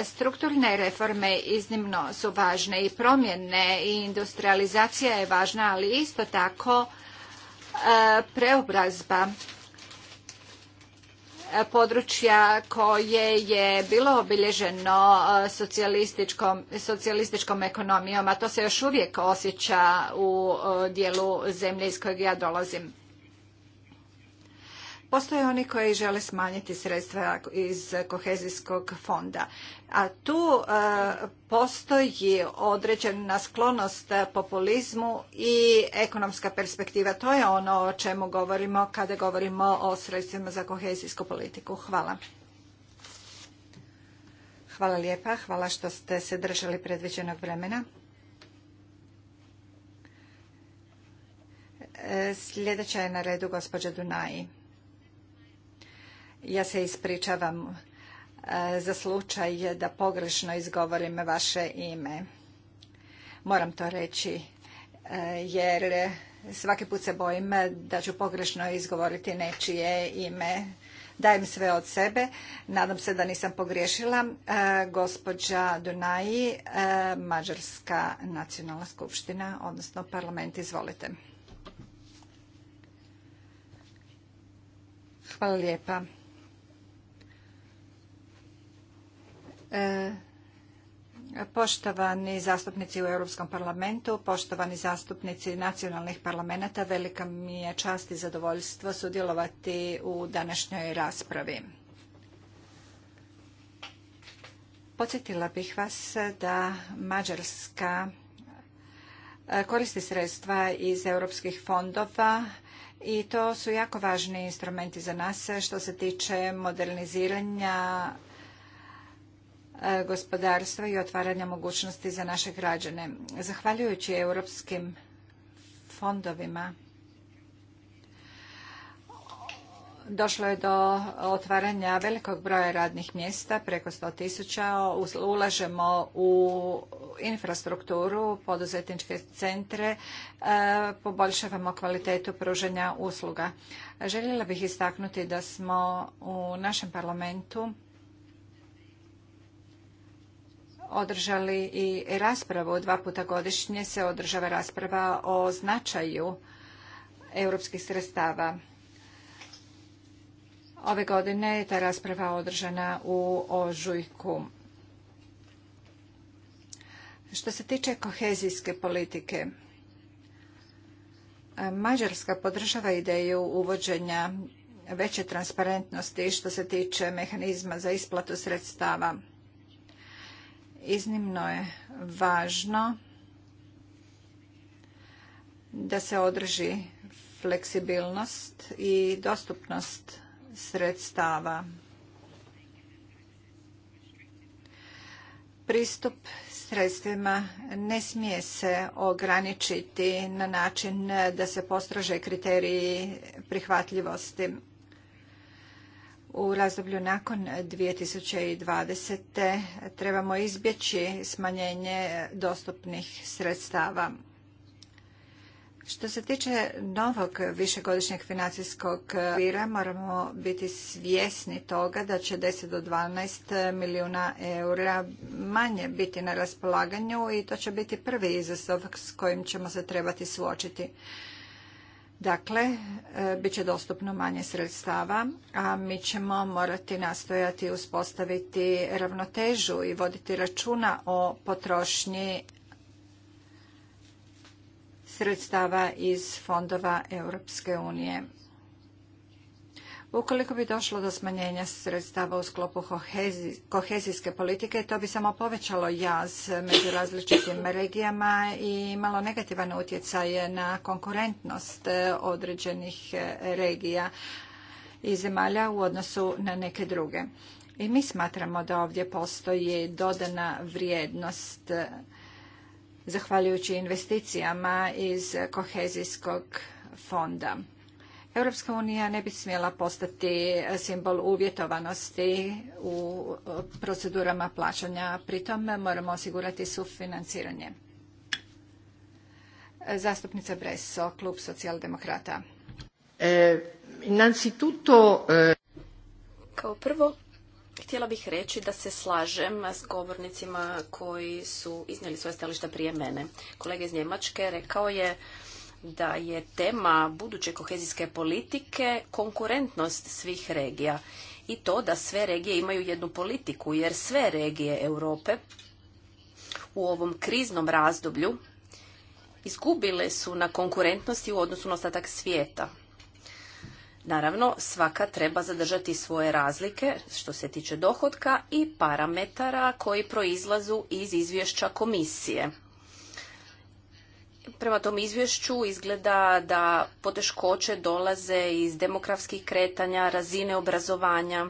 [SPEAKER 3] E, strukturne reforme iznimno su važne i promjene i industrializacija je važna, ali isto tako preobrazba E, područja koje je bilo obilježeno e, socijalističkom, ekonomijom, a to se još uvijek osjeća u e, dijelu zemlje iz kojeg ja dolazim. Postoje oni koji žele smanjiti sredstva iz kohezijskog fonda. A tu e, postoji određena sklonost populizmu i ekonomska perspektiva. To je ono o čemu govorimo kada govorimo o sredstvima za kohezijsku politiku. Hvala. Hvala lijepa. Hvala što ste se držali predviđenog vremena. E, sljedeća je na redu gospođa Dunaji. Ja se ispričavam e, za slučaj da pogrešno izgovorim vaše ime. Moram to reći e, jer svaki put se bojim da ću pogrešno izgovoriti nečije ime. Dajem sve od sebe. Nadam se da nisam pogriješila. E, gospođa Dunaji, Mađarska nacionalna skupština, odnosno parlament, izvolite. Hvala lijepa. E, poštovani zastupnici u Europskom parlamentu, poštovani zastupnici nacionalnih parlamenta, velika mi je čast i zadovoljstvo sudjelovati u današnjoj raspravi. Podsjetila bih vas da Mađarska e, koristi sredstva iz europskih fondova i to su jako važni instrumenti za nas što se tiče moderniziranja E, gospodarstva i otvaranja mogućnosti za naše građane. Zahvaljujući europskim fondovima došlo je do otvaranja velikog broja radnih mjesta, preko 100 tisuća. Ulažemo u infrastrukturu, poduzetničke centre, e, poboljšavamo kvalitetu pružanja usluga. Željela bih istaknuti da smo u našem parlamentu održali i raspravu. Dva puta godišnje se održava rasprava o značaju europskih sredstava. Ove godine je ta rasprava održana u Ožujku. Što se tiče kohezijske politike, Mađarska podržava ideju uvođenja veće transparentnosti što se tiče mehanizma za isplatu sredstava. Iznimno je važno da se održi fleksibilnost i dostupnost sredstava. Pristup sredstvima ne smije se ograničiti na način da se postrože kriteriji prihvatljivosti u razdoblju nakon 2020. trebamo izbjeći smanjenje dostupnih sredstava. Što se tiče novog višegodišnjeg financijskog okvira, moramo biti svjesni toga da će 10 do 12 milijuna eura manje biti na raspolaganju i to će biti prvi izazov s kojim ćemo se trebati suočiti. Dakle, e, bit će dostupno manje sredstava, a mi ćemo morati nastojati uspostaviti ravnotežu i voditi računa o potrošnji sredstava iz fondova Europske unije. Ukoliko bi došlo do smanjenja sredstava u sklopu kohezijske politike, to bi samo povećalo jaz među različitim regijama i imalo negativan utjecaj na konkurentnost e, određenih e, regija i zemalja u odnosu na neke druge. I mi smatramo da ovdje postoji dodana vrijednost e, zahvaljujući investicijama iz kohezijskog fonda. Europska unija ne bi smjela postati simbol uvjetovanosti u procedurama plaćanja. Pritom moramo osigurati sufinanciranje. Zastupnica Breso, klub socijaldemokrata. E, e,
[SPEAKER 4] Kao prvo, htjela bih reći da se slažem s govornicima koji su iznijeli svoje stajališta prije mene. Kolega iz Njemačke rekao je da je tema buduće kohezijske politike konkurentnost svih regija i to da sve regije imaju jednu politiku, jer sve regije Europe u ovom kriznom razdoblju izgubile su na konkurentnosti u odnosu na ostatak svijeta. Naravno, svaka treba zadržati svoje razlike što se tiče dohodka i parametara koji proizlazu iz izvješća komisije. Prema tom izvješću izgleda da poteškoće dolaze iz demografskih kretanja, razine obrazovanja.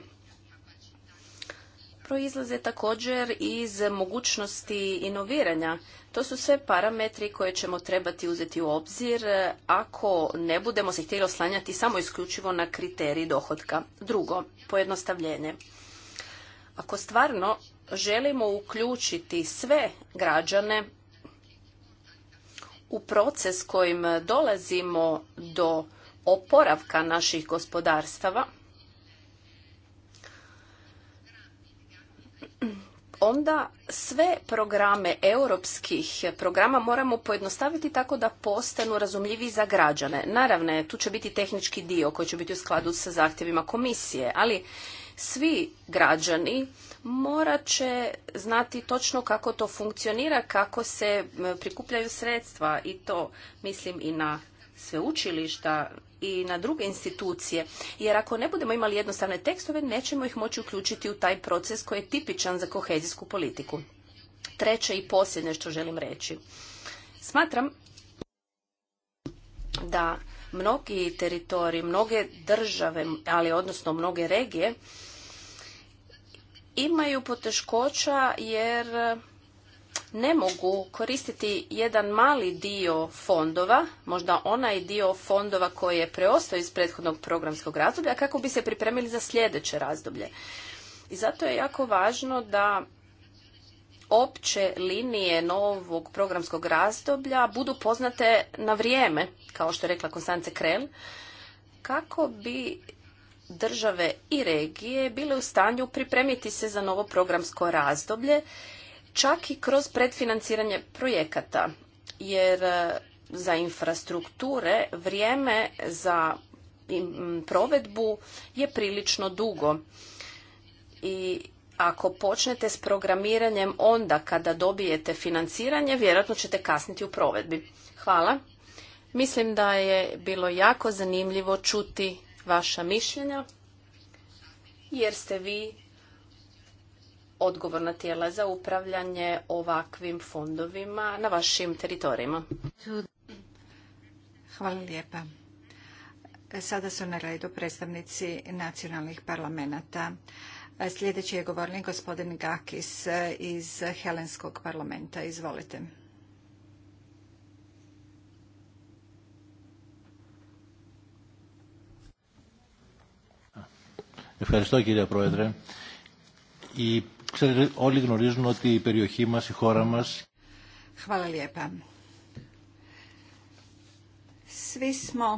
[SPEAKER 4] Proizlaze također iz mogućnosti inoviranja. To su sve parametri koje ćemo trebati uzeti u obzir ako ne budemo se htjeli oslanjati samo isključivo na kriterij dohodka. Drugo, pojednostavljenje. Ako stvarno želimo uključiti sve građane u proces kojim dolazimo do oporavka naših gospodarstava, onda sve programe europskih programa moramo pojednostaviti tako da postanu razumljivi za građane. Naravno, tu će biti tehnički dio koji će biti u skladu sa zahtjevima komisije, ali svi građani morat će znati točno kako to funkcionira, kako se prikupljaju sredstva i to mislim i na sveučilišta i na druge institucije. Jer ako ne budemo imali jednostavne tekstove, nećemo ih moći uključiti u taj proces koji je tipičan za kohezijsku politiku. Treće i posljednje što želim reći. Smatram da mnogi teritoriji, mnoge države, ali odnosno mnoge regije, imaju poteškoća jer ne mogu koristiti jedan mali dio fondova, možda onaj dio fondova koji je preostao iz prethodnog programskog razdoblja, kako bi se pripremili za sljedeće razdoblje. I zato je jako važno da opće linije novog programskog razdoblja budu poznate na vrijeme, kao što je rekla Konstance Krell, kako bi države i regije bile u stanju pripremiti se za novo programsko razdoblje, čak i kroz predfinanciranje projekata, jer e, za infrastrukture vrijeme za provedbu je prilično dugo. I ako počnete s programiranjem onda kada dobijete financiranje, vjerojatno ćete kasniti u provedbi. Hvala. Mislim da je bilo jako zanimljivo čuti vaša mišljenja jer ste vi odgovorna tijela za upravljanje ovakvim fondovima na vašim teritorijima.
[SPEAKER 3] Hvala lijepa. Sada su na redu predstavnici nacionalnih parlamenta. Sljedeći je govornik gospodin Gakis iz Helenskog parlamenta. Izvolite.
[SPEAKER 1] Ευχαριστώ κύριε Πρόεδρε. I, ξέρετε, όλοι γνωρίζουν ότι η περιοχή μας, η χώρα μας...
[SPEAKER 3] Hvala lijepa. Svi smo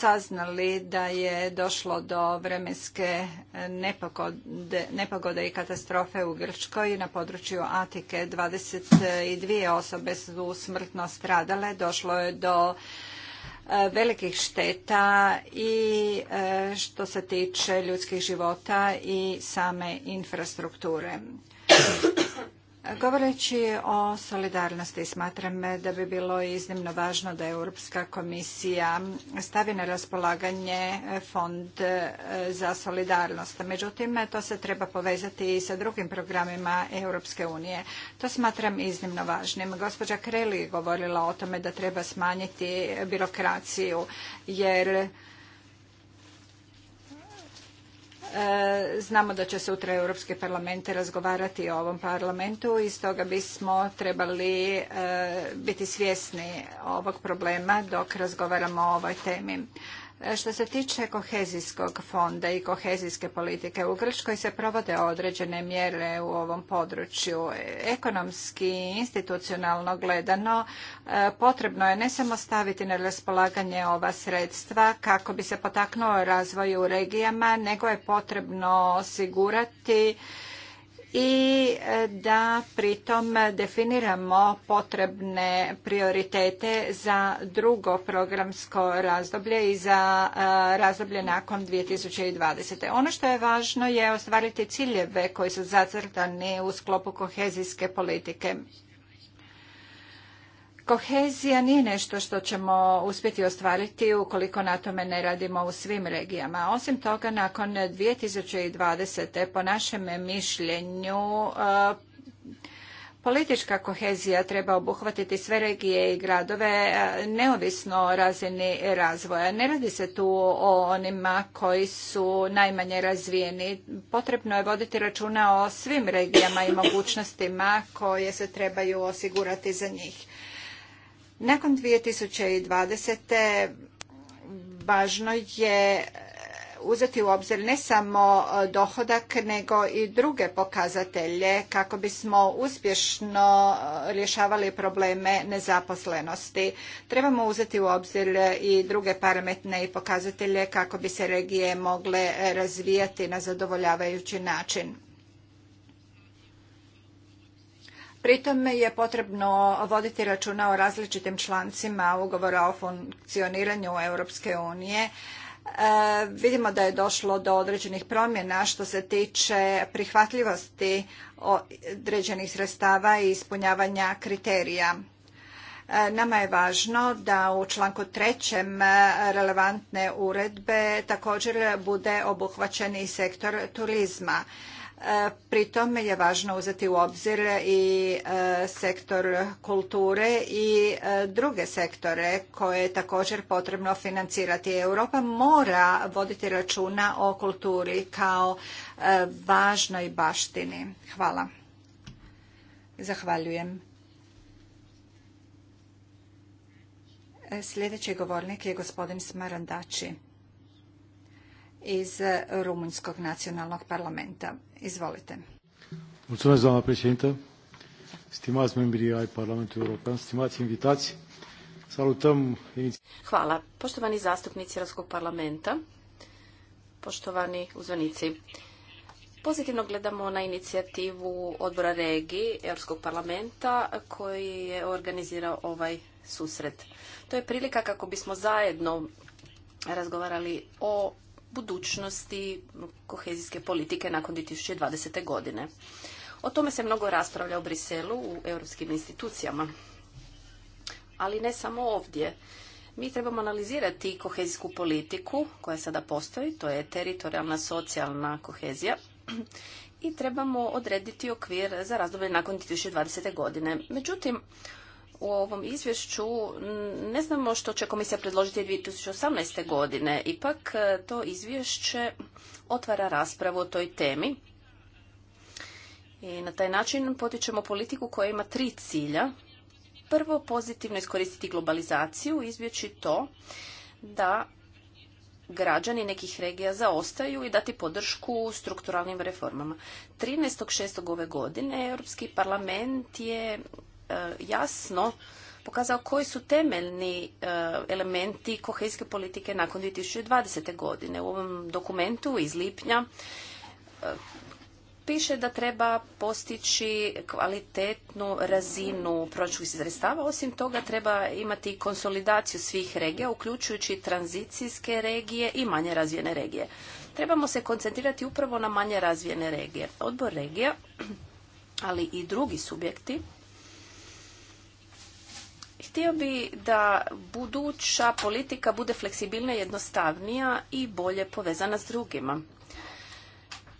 [SPEAKER 3] saznali da je došlo do vremenske e, nepogode, nepogode i katastrofe u Grčkoj na području Atike. 22 osobe su smrtno stradale. Došlo je do E, velikih šteta i e, što se tiče ljudskih života i same infrastrukture. Govoreći o solidarnosti smatram da bi bilo iznimno važno da Europska komisija stavi na raspolaganje fond e, za solidarnost. Međutim, to se treba povezati i sa drugim programima Europske unije. To smatram iznimno važnim. Gospođa Kreli govorila o tome da treba smanjiti birokraciju jer E, znamo da će sutra Europski parlament razgovarati o ovom parlamentu i stoga bismo trebali e, biti svjesni ovog problema dok razgovaramo o ovoj temi. Što se tiče kohezijskog fonda i kohezijske politike, u Grčkoj se provode određene mjere u ovom području. Ekonomski i institucionalno gledano e, potrebno je ne samo staviti na raspolaganje ova sredstva kako bi se potaknuo razvoj u regijama, nego je potrebno osigurati i e, da pritom definiramo potrebne prioritete za drugo programsko razdoblje i za e, razdoblje nakon 2020. Ono što je važno je ostvariti ciljeve koji su zacrtani u sklopu kohezijske politike Kohezija nije nešto što ćemo uspjeti ostvariti ukoliko na tome ne radimo u svim regijama. Osim toga, nakon 2020. po našem mišljenju e, Politička kohezija treba obuhvatiti sve regije i gradove e, neovisno o razini razvoja. Ne radi se tu o onima koji su najmanje razvijeni. Potrebno je voditi računa o svim regijama i mogućnostima koje se trebaju osigurati za njih. Nakon 2020. važno je eh, uzeti u obzir ne samo eh, dohodak nego i druge pokazatelje kako bismo uspješno eh, rješavali probleme nezaposlenosti. Trebamo uzeti u obzir i druge parametne i pokazatelje kako bi se regije mogle razvijati na zadovoljavajući način. Pri tome je potrebno voditi računa o različitim člancima ugovora o funkcioniranju Europske unije. E, vidimo da je došlo do određenih promjena što se tiče prihvatljivosti određenih sredstava i ispunjavanja kriterija. E, nama je važno da u članku trećem relevantne uredbe također bude obuhvaćen i sektor turizma. Pri tome je važno uzeti u obzir i e, sektor kulture i e, druge sektore koje je također potrebno financirati. Europa mora voditi računa o kulturi kao e, važnoj baštini. Hvala. Zahvaljujem. Sljedeći govornik je gospodin Smarandači iz Rumunjskog nacionalnog parlamenta.
[SPEAKER 4] Izvolite.
[SPEAKER 1] Mulțumesc, doamna stimați membrii ai Parlamentului European, stimați invitați, salutăm...
[SPEAKER 4] Hvala. Poštovani zastupnici Europskog parlamenta, poštovani uzvanici, Pozitivno gledamo na inicijativu odbora regiji Europskog parlamenta koji je organizirao ovaj susret. To je prilika kako bismo zajedno razgovarali o budućnosti kohezijske politike nakon 2020. godine. O tome se mnogo raspravlja u Briselu, u europskim institucijama. Ali ne samo ovdje. Mi trebamo analizirati kohezijsku politiku koja sada postoji, to je teritorijalna socijalna kohezija, i trebamo odrediti okvir za razdoblje nakon 2020. godine. Međutim, u ovom izvješću ne znamo što će komisija predložiti 2018. godine. Ipak e, to izvješće otvara raspravu o toj temi. I na taj način potičemo politiku koja ima tri cilja. Prvo, pozitivno iskoristiti globalizaciju, izbjeći to da građani nekih regija zaostaju i dati podršku strukturalnim reformama. 13.6. ove godine Europski parlament je E, jasno pokazao koji su temeljni e, elementi kohezijske politike nakon 2020. godine. U ovom dokumentu iz lipnja e, piše da treba postići kvalitetnu razinu proračunskih sredstava. Osim toga treba imati konsolidaciju svih regija, uključujući tranzicijske regije i manje razvijene regije. Trebamo se koncentrirati upravo na manje razvijene regije. Odbor regija, (clears throat) ali i drugi subjekti Htio bi da buduća politika bude fleksibilnija, jednostavnija i bolje povezana s drugima.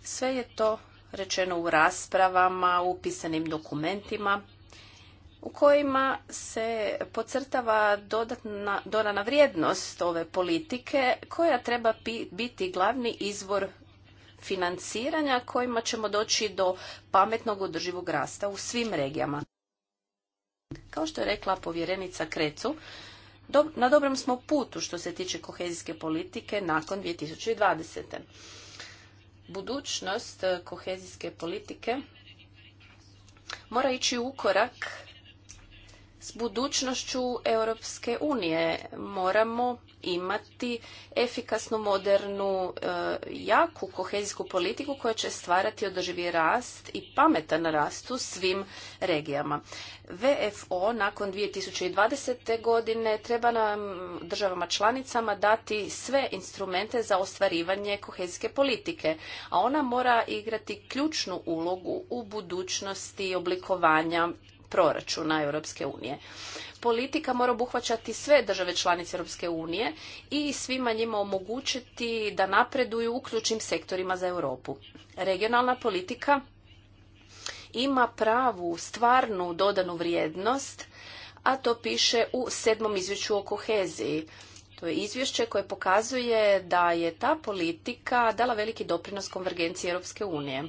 [SPEAKER 4] Sve je to rečeno u raspravama, u pisanim dokumentima u kojima se podcrtava dodatna, dodana vrijednost ove politike koja treba biti glavni izvor financiranja kojima ćemo doći do pametnog održivog rasta u svim regijama. Kao što je rekla povjerenica Krecu, na dobrom smo putu što se tiče kohezijske politike nakon 2020. Budućnost eh, kohezijske politike mora ići u korak s budućnošću Europske unije. Moramo imati efikasnu, modernu, e, jaku kohezijsku politiku koja će stvarati održivi rast i pametan rast u svim regijama. VFO nakon 2020. godine treba nam državama članicama dati sve instrumente za ostvarivanje kohezijske politike, a ona mora igrati ključnu ulogu u budućnosti oblikovanja proračuna Europske unije. Politika mora obuhvaćati sve države članice Europske unije i svima njima omogućiti da napreduju u ključnim sektorima za Europu. Regionalna politika ima pravu, stvarnu dodanu vrijednost, a to piše u sedmom izvješću o koheziji. To je izvješće koje pokazuje da je ta politika dala veliki doprinos konvergenciji Europske unije.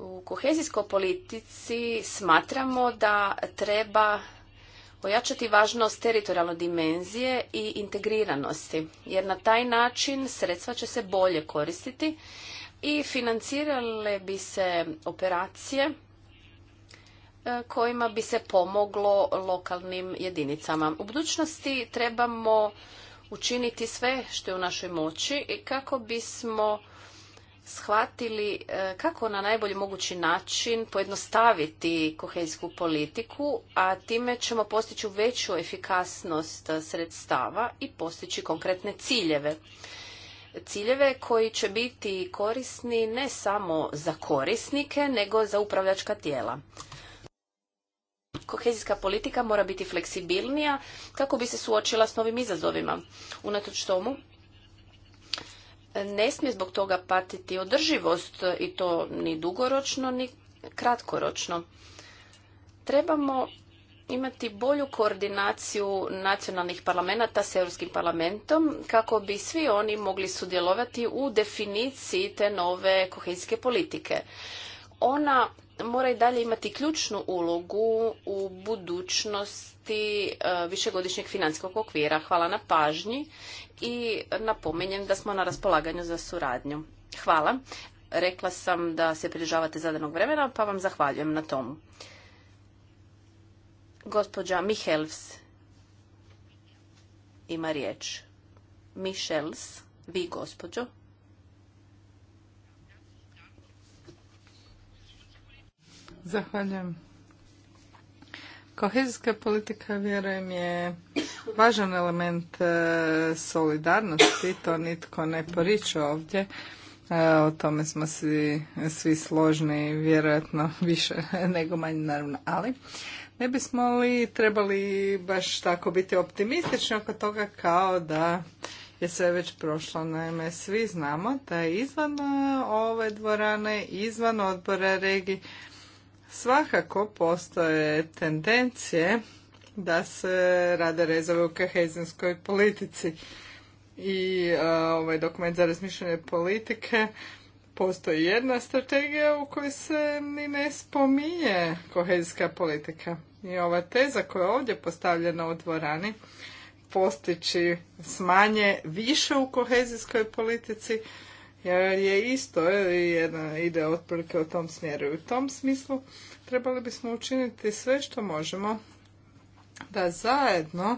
[SPEAKER 4] U kohezijskoj politici smatramo da treba ojačati važnost teritorijalne dimenzije i integriranosti, jer na taj način sredstva će se bolje koristiti i financirale bi se operacije e, kojima bi se pomoglo lokalnim jedinicama. U budućnosti trebamo učiniti sve što je u našoj moći kako bismo shvatili e, kako na najbolji mogući način pojednostaviti kohezijsku politiku, a time ćemo postići veću efikasnost sredstava i postići konkretne ciljeve. Ciljeve koji će biti korisni ne samo za korisnike, nego za upravljačka tijela. Kohezijska politika mora biti fleksibilnija kako bi se suočila s novim izazovima. Unatoč tomu, ne smije zbog toga patiti održivost i to ni dugoročno ni kratkoročno. Trebamo imati bolju koordinaciju nacionalnih parlamenta s Europskim parlamentom kako bi svi oni mogli sudjelovati u definiciji te nove kohezijske politike. Ona mora i dalje imati ključnu ulogu u budućnosti e, višegodišnjeg financijskog okvira. Hvala na pažnji i napominjem da smo na raspolaganju za suradnju. Hvala. Rekla sam da se pridržavate zadanog vremena, pa vam zahvaljujem na tomu. Gospođa Michels ima riječ. Michels, vi gospođo.
[SPEAKER 2] Zahvaljujem Kohezijska politika, vjerujem, je važan element e, solidarnosti, to nitko ne poriče ovdje. E, o tome smo svi, svi složni, vjerojatno više (laughs) nego manje, naravno, ali ne bismo li trebali baš tako biti optimistični oko toga kao da je sve već prošlo. Naime, svi znamo da je izvan e, ove dvorane, izvan odbora regije, Svakako postoje tendencije da se rade rezove u kohezijskoj politici i ovaj dokument za razmišljanje politike postoji jedna strategija u kojoj se ni ne spominje kohezijska politika. I ova teza koja je ovdje postavljena u dvorani postići smanje više u kohezijskoj politici jer je isto jedna ide otprilike u tom smjeru. u tom smislu trebali bismo učiniti sve što možemo da zajedno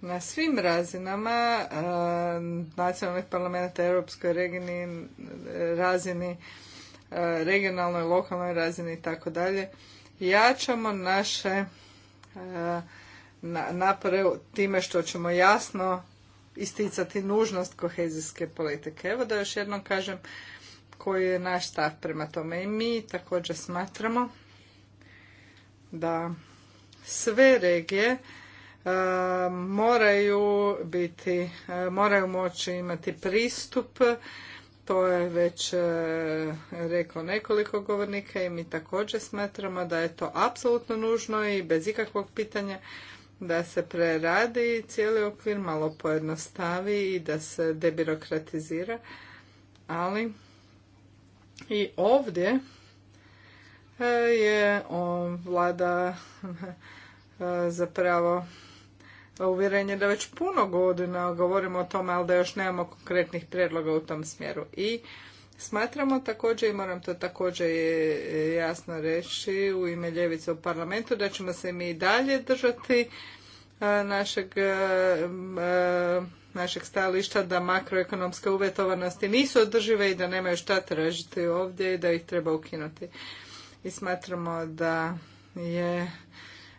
[SPEAKER 2] na svim razinama e, nacionalnih parlamenta, europskoj regini, razini, e, regionalnoj, lokalnoj razini i tako dalje, jačamo naše e, napore time što ćemo jasno isticati nužnost kohezijske politike. Evo da još jednom kažem koji je naš stav prema tome. I mi također smatramo da sve regije e, moraju biti, e, moraju moći imati pristup, to je već e, rekao nekoliko govornika i mi također smatramo da je to apsolutno nužno i bez ikakvog pitanja da se preradi cijeli okvir, malo pojednostavi i da se debirokratizira, ali i ovdje e, je vlada e, zapravo uvjerenje da već puno godina govorimo o tome, ali da još nemamo konkretnih prijedloga u tom smjeru. I Smatramo također i moram to također e, e, jasno reći u ime ljevice u parlamentu da ćemo se mi i dalje držati e, našeg, našeg stajališta da makroekonomske uvjetovanosti nisu održive i da nemaju šta tražiti ovdje i da ih treba ukinuti. I smatramo da je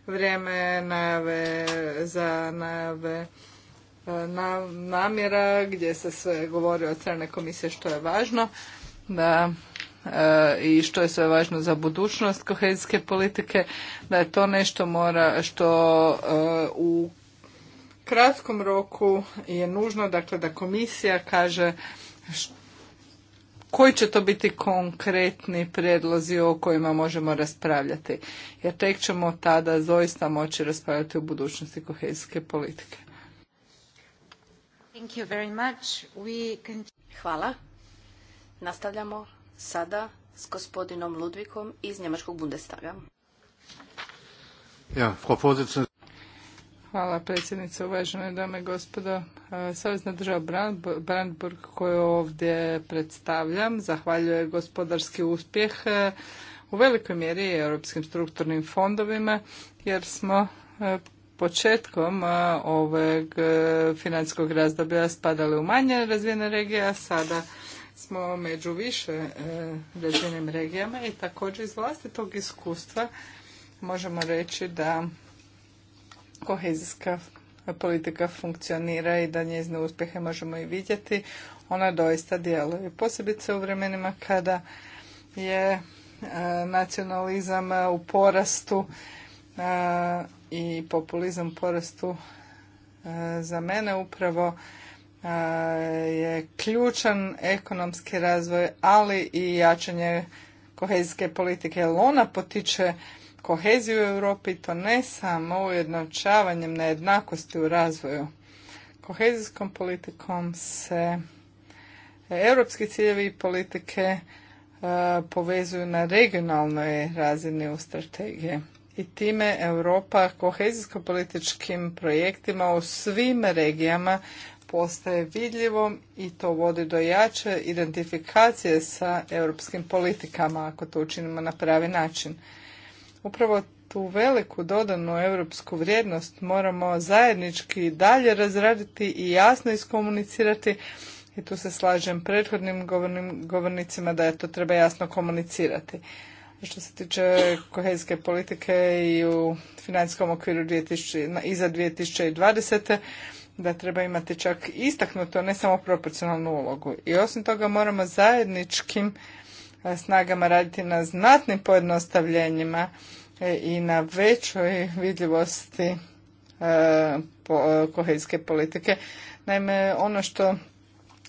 [SPEAKER 2] vrijeme najave za najave E, namjera gdje se sve govori od strane komisije što je važno da e, i što je sve važno za budućnost kohezijske politike, da je to nešto mora što e, u kratkom roku je nužno dakle da komisija kaže koji će to biti konkretni prijedlozi o kojima možemo raspravljati. Jer tek ćemo tada zaista moći raspravljati o budućnosti kohezijske politike.
[SPEAKER 4] Thank you Hvala. Nastavljamo sada s gospodinom Ludvikom iz Njemačkog Bundestaga.
[SPEAKER 2] Hvala predsjednice, uvažene dame i gospodo. E, Savezna država Brandburg koju ovdje predstavljam zahvaljuje gospodarski uspjeh e, u velikoj mjeri europskim strukturnim fondovima jer smo e, početkom ovog e, financijskog razdoblja spadali u manje razvijene regije, a sada smo među više e, razvijenim regijama i također iz vlastitog iskustva možemo reći da kohezijska politika funkcionira i da njezine uspjehe možemo i vidjeti, ona doista djeluje. Posebice u vremenima kada je e, nacionalizam u porastu E, i populizam porastu e, za mene upravo e, je ključan ekonomski razvoj, ali i jačanje kohezijske politike, jer ona potiče koheziju u Europi to ne samo ujednačavanjem nejednakosti u razvoju. Kohezijskom politikom se europski ciljevi i politike povezuju na regionalnoj razini u strategije i time Europa kohezijsko političkim projektima u svim regijama postaje vidljivom i to vodi do jače identifikacije sa europskim politikama ako to učinimo na pravi način. Upravo tu veliku dodanu europsku vrijednost moramo zajednički dalje razraditi i jasno iskomunicirati i tu se slažem prethodnim govornicima da je to treba jasno komunicirati što se tiče kohezijske politike i u financijskom okviru 2000, iza 2020. da treba imati čak istaknuto, ne samo proporcionalnu ulogu. I osim toga moramo zajedničkim e, snagama raditi na znatnim pojednostavljenjima e, i na većoj vidljivosti e, kohezijske politike. Naime, ono što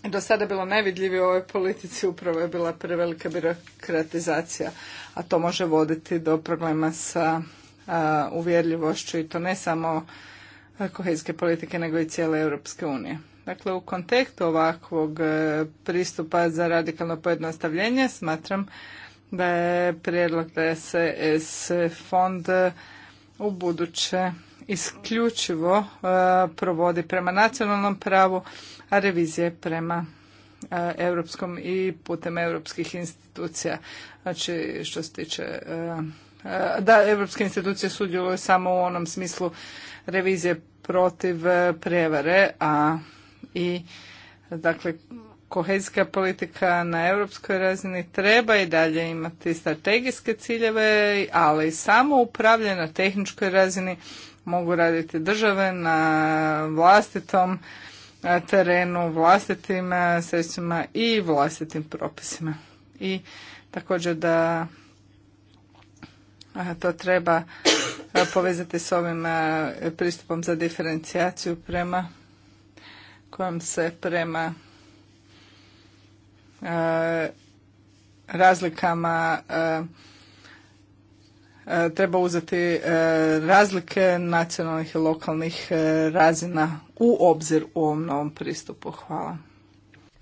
[SPEAKER 2] do sada bilo najvidljivije u ovoj politici upravo je bila prevelika birokratizacija, a to može voditi do problema sa uvjerljivošću i to ne samo kohezijske politike nego i cijele Europske unije. Dakle, u kontekstu ovakvog e, pristupa za radikalno pojednostavljenje smatram da je prijedlog da se S fond e, u buduće isključivo e, provodi prema nacionalnom pravu revizije prema e, europskom i putem europskih institucija. Znači, što se tiče e, e, da europske institucije sudjeluju samo u onom smislu revizije protiv prevare, a i dakle kohezijska politika na europskoj razini treba i dalje imati strategijske ciljeve, ali samo upravljanje na tehničkoj razini mogu raditi države na vlastitom na terenu vlastitim e, sredstvima i vlastitim propisima. I također da e, to treba e, povezati s ovim pristupom za diferencijaciju prema kojom se prema razlikama E, treba uzeti e, razlike nacionalnih i lokalnih e, razina u obzir u ovom novom pristupu. Hvala.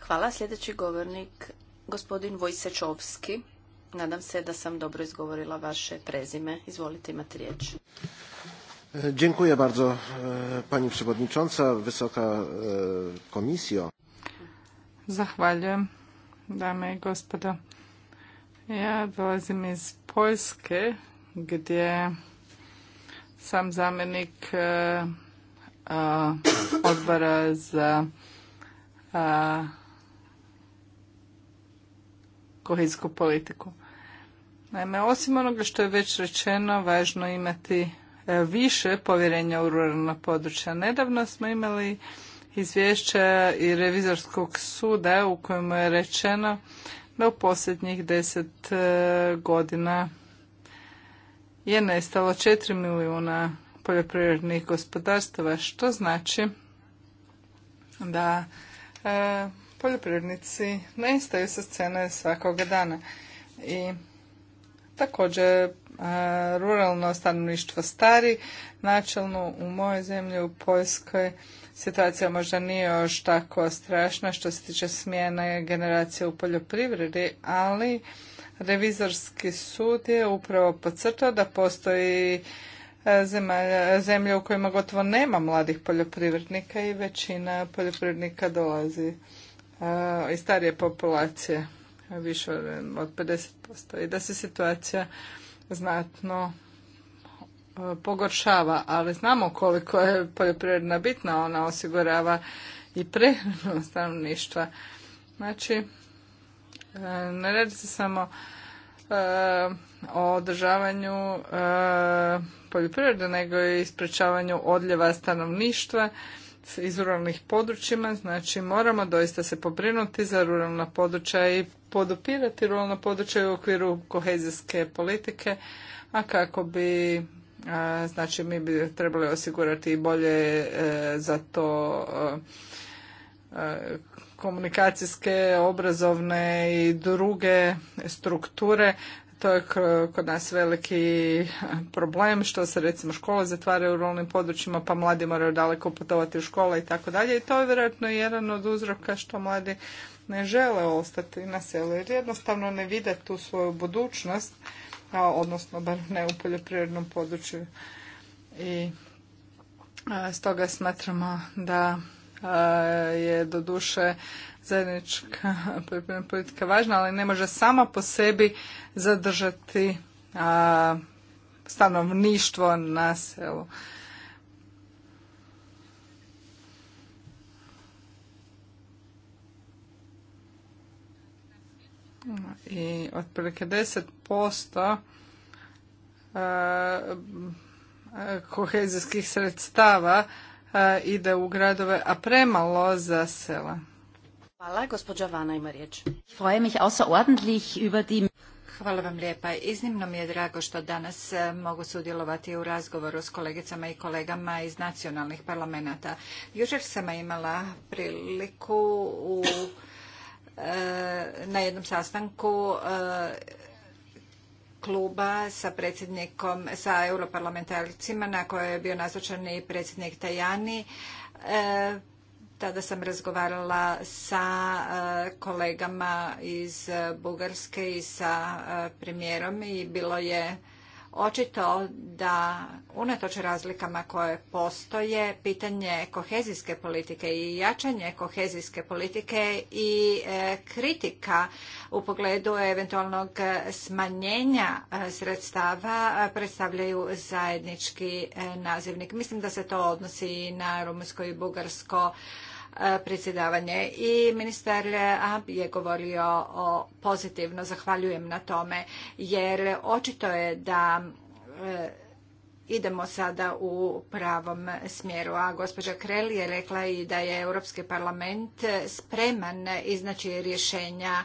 [SPEAKER 4] Hvala. Sljedeći govornik, gospodin Vojsečovski. Nadam se da sam dobro izgovorila vaše prezime. Izvolite, imati riječ.
[SPEAKER 1] Dziękuję bardzo pani przewodnicząca, wysoka
[SPEAKER 4] komisjo.
[SPEAKER 2] Zahvaljujem, dame i gospodo. Ja dolazim iz Poljske gdje sam zamjenik e, odbora za kohijsku politiku. Naime, osim onoga što je već rečeno, važno je imati e, više povjerenja u ruralna područja. Nedavno smo imali izvješća i revizorskog suda u kojemu je rečeno da u posljednjih deset e, godina je nestalo 4 milijuna poljoprivrednih gospodarstava, što znači da e, poljoprivrednici nestaju sa scene svakoga dana. I također e, ruralno stanovništvo stari, načelno u mojoj zemlji u Poljskoj situacija možda nije još tako strašna što se tiče smjene generacije u poljoprivredi, ali Revizorski sud je upravo podcrtao da postoji e, zemlje u kojima gotovo nema mladih poljoprivrednika i većina poljoprivrednika dolazi e, iz starije populacije, više od 50%. I da se situacija znatno e, pogoršava, ali znamo koliko je poljoprivredna bitna, ona osigurava i prehranu stanovništva. Znači, E, ne radi se samo e, o održavanju e, poljoprivrede, nego i isprečavanju odljeva stanovništva iz ruralnih područjima, znači moramo doista se pobrinuti za ruralna područja i podupirati ruralna područja u okviru kohezijske politike, a kako bi znači mi bi trebali osigurati i bolje za to komunikacijske, obrazovne i druge strukture. To je kod nas veliki problem što se recimo škole zatvaraju u ruralnim područjima pa mladi moraju daleko putovati u škole i tako dalje. I to je vjerojatno jedan od uzroka što mladi ne žele ostati na selu jer jednostavno ne vide tu svoju budućnost, odnosno bar ne u poljoprivrednom području. I stoga smatramo da je doduše zajednička (laughs) poljoprivredna politika važna, ali ne može sama po sebi zadržati stanovništvo na selu. i otprilike 10% kohezijskih sredstava ide u gradove, a premalo za sela.
[SPEAKER 4] Hvala, gospođa Vana ima riječ.
[SPEAKER 2] Freue mich außerordentlich
[SPEAKER 1] über die
[SPEAKER 3] Hvala vam lijepa. Iznimno mi je drago što danas e, mogu sudjelovati u razgovoru s kolegicama i kolegama iz nacionalnih parlamenta. Jučer sam imala priliku u, e, na jednom sastanku e, kluba sa predsjednikom, sa europarlamentarcima na kojoj je bio nazočan i predsjednik Tajani. E, tada sam razgovarala sa e, kolegama iz Bugarske i sa e, premijerom i bilo je Očito da unatoč razlikama koje postoje, pitanje kohezijske politike i jačanje kohezijske politike i e, kritika u pogledu eventualnog smanjenja e, sredstava e, predstavljaju zajednički nazivnik. Mislim da se to odnosi i na Rumunjsko i Bugarsko E, predsjedavanje i ministar Ab je govorio o pozitivno, zahvaljujem na tome, jer očito je da e, idemo sada u pravom smjeru. A gospođa Kreli je rekla i da je Europski parlament spreman iznaći rješenja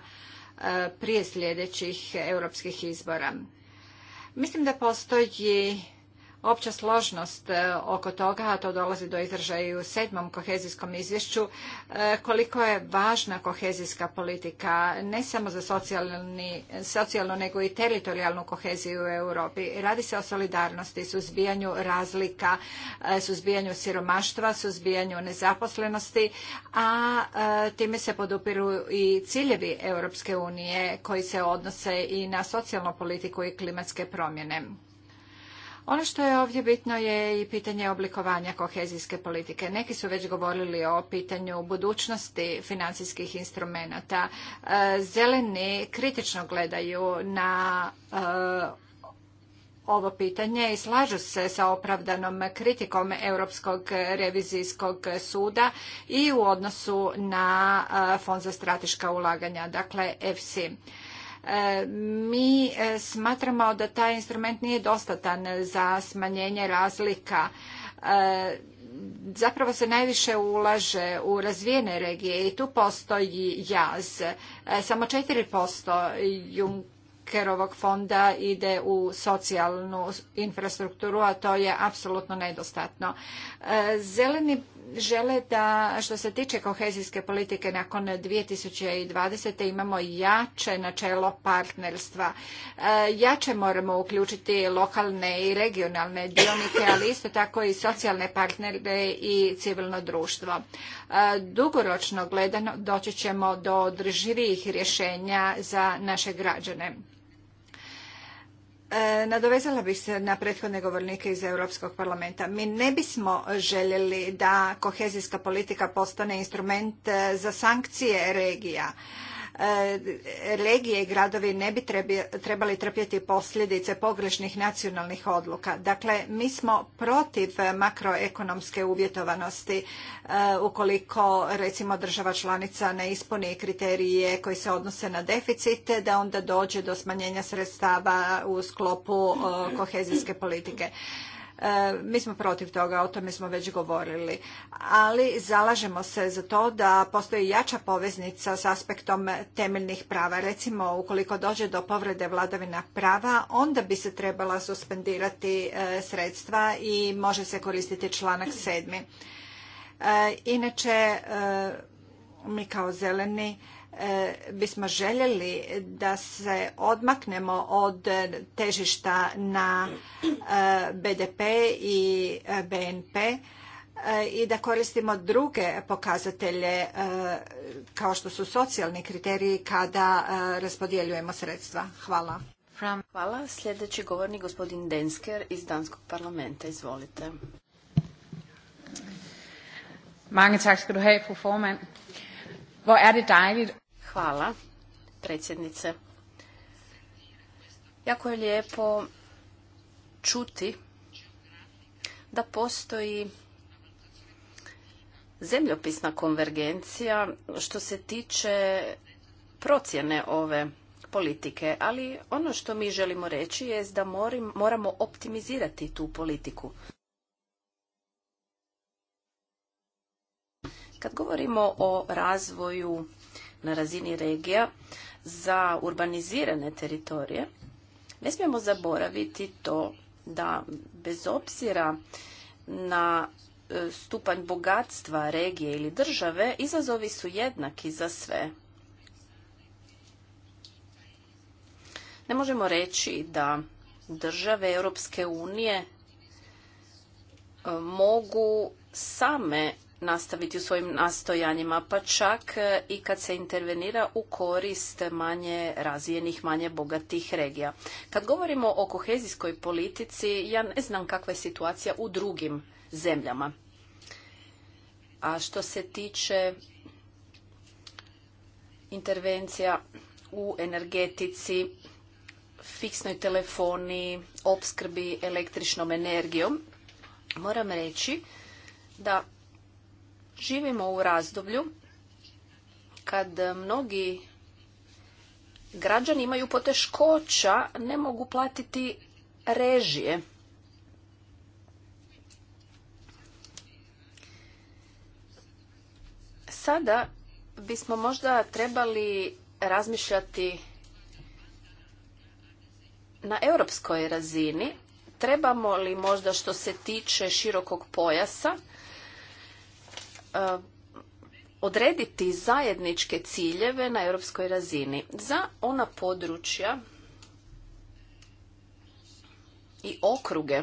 [SPEAKER 3] e, prije sljedećih europskih izbora. Mislim da postoji opća složnost e, oko toga, a to dolazi do izražaja u sedmom kohezijskom izvješću, e, koliko je važna kohezijska politika, ne samo za socijalnu, nego i teritorijalnu koheziju u Europi. Radi se o solidarnosti, suzbijanju razlika, e, suzbijanju siromaštva, suzbijanju nezaposlenosti, a time se podupiru i ciljevi Europske unije koji se odnose i na socijalnu politiku i klimatske promjene. Ono što je ovdje bitno je i pitanje oblikovanja kohezijske politike. Neki su već govorili o pitanju budućnosti financijskih instrumenata. E, zeleni kritično gledaju na e, ovo pitanje i slažu se sa opravdanom kritikom Europskog revizijskog suda i u odnosu na e, Fond za strateška ulaganja, dakle EFSI. E, mi e, smatramo da taj instrument nije dostatan za smanjenje razlika e, zapravo se najviše ulaže u razvijene regije i tu postoji jaz. Samo 4% Junckerovog fonda ide u socijalnu infrastrukturu, a to je apsolutno nedostatno. Zeleni žele da što se tiče kohezijske politike nakon 2020. imamo jače načelo partnerstva. E, jače moramo uključiti lokalne i regionalne dionike, ali isto tako i socijalne partnere i civilno društvo. E, dugoročno gledano doći ćemo do održivijih rješenja za naše građane. E, nadovezala bih se na prethodne govornike iz Europskog parlamenta. Mi ne bismo željeli da kohezijska politika postane instrument e, za sankcije regija E, regije i gradovi ne bi trebali trpjeti posljedice pogrešnih nacionalnih odluka. Dakle, mi smo protiv makroekonomske uvjetovanosti e, ukoliko recimo država članica ne ispuni kriterije koji se odnose na deficit, da onda dođe do smanjenja sredstava u sklopu e, kohezijske politike. E, mi smo protiv toga, o tome smo već govorili. Ali zalažemo se za to da postoji jača poveznica s aspektom temeljnih prava. Recimo, ukoliko dođe do povrede vladavina prava, onda bi se trebala suspendirati e, sredstva i može se koristiti članak sedmi. E, inače, mi kao zeleni E, bismo željeli da se odmaknemo od težišta na e, BDP i e, BNP i da koristimo druge pokazatelje kao što su socijalni kriteriji kada raspodjeljujemo
[SPEAKER 4] sredstva. Hvala. Hvala. Sljedeći govornik gospodin Densker iz Danskog parlamenta. Izvolite.
[SPEAKER 1] Mange tak skal du have, fru
[SPEAKER 4] Hvor er det dejligt Hvala, predsjednice. Jako je lijepo čuti da postoji zemljopisna konvergencija što se tiče procjene ove politike, ali ono što mi želimo reći je da moramo optimizirati tu politiku. Kad govorimo o razvoju na razini regija za urbanizirane teritorije, ne smijemo zaboraviti to da bez obzira na e, stupanj bogatstva regije ili države, izazovi su jednaki za sve. Ne možemo reći da države Europske unije e, mogu same nastaviti u svojim nastojanjima, pa čak e, i kad se intervenira u korist manje razvijenih, manje bogatih regija. Kad govorimo o kohezijskoj politici, ja ne znam kakva je situacija u drugim zemljama. A što se tiče intervencija u energetici, fiksnoj telefoni, opskrbi električnom energijom, moram reći da živimo u razdoblju kad mnogi građani imaju poteškoća, ne mogu platiti režije. Sada bismo možda trebali razmišljati na europskoj razini. Trebamo li možda što se tiče širokog pojasa E, odrediti zajedničke ciljeve na europskoj razini za ona područja i okruge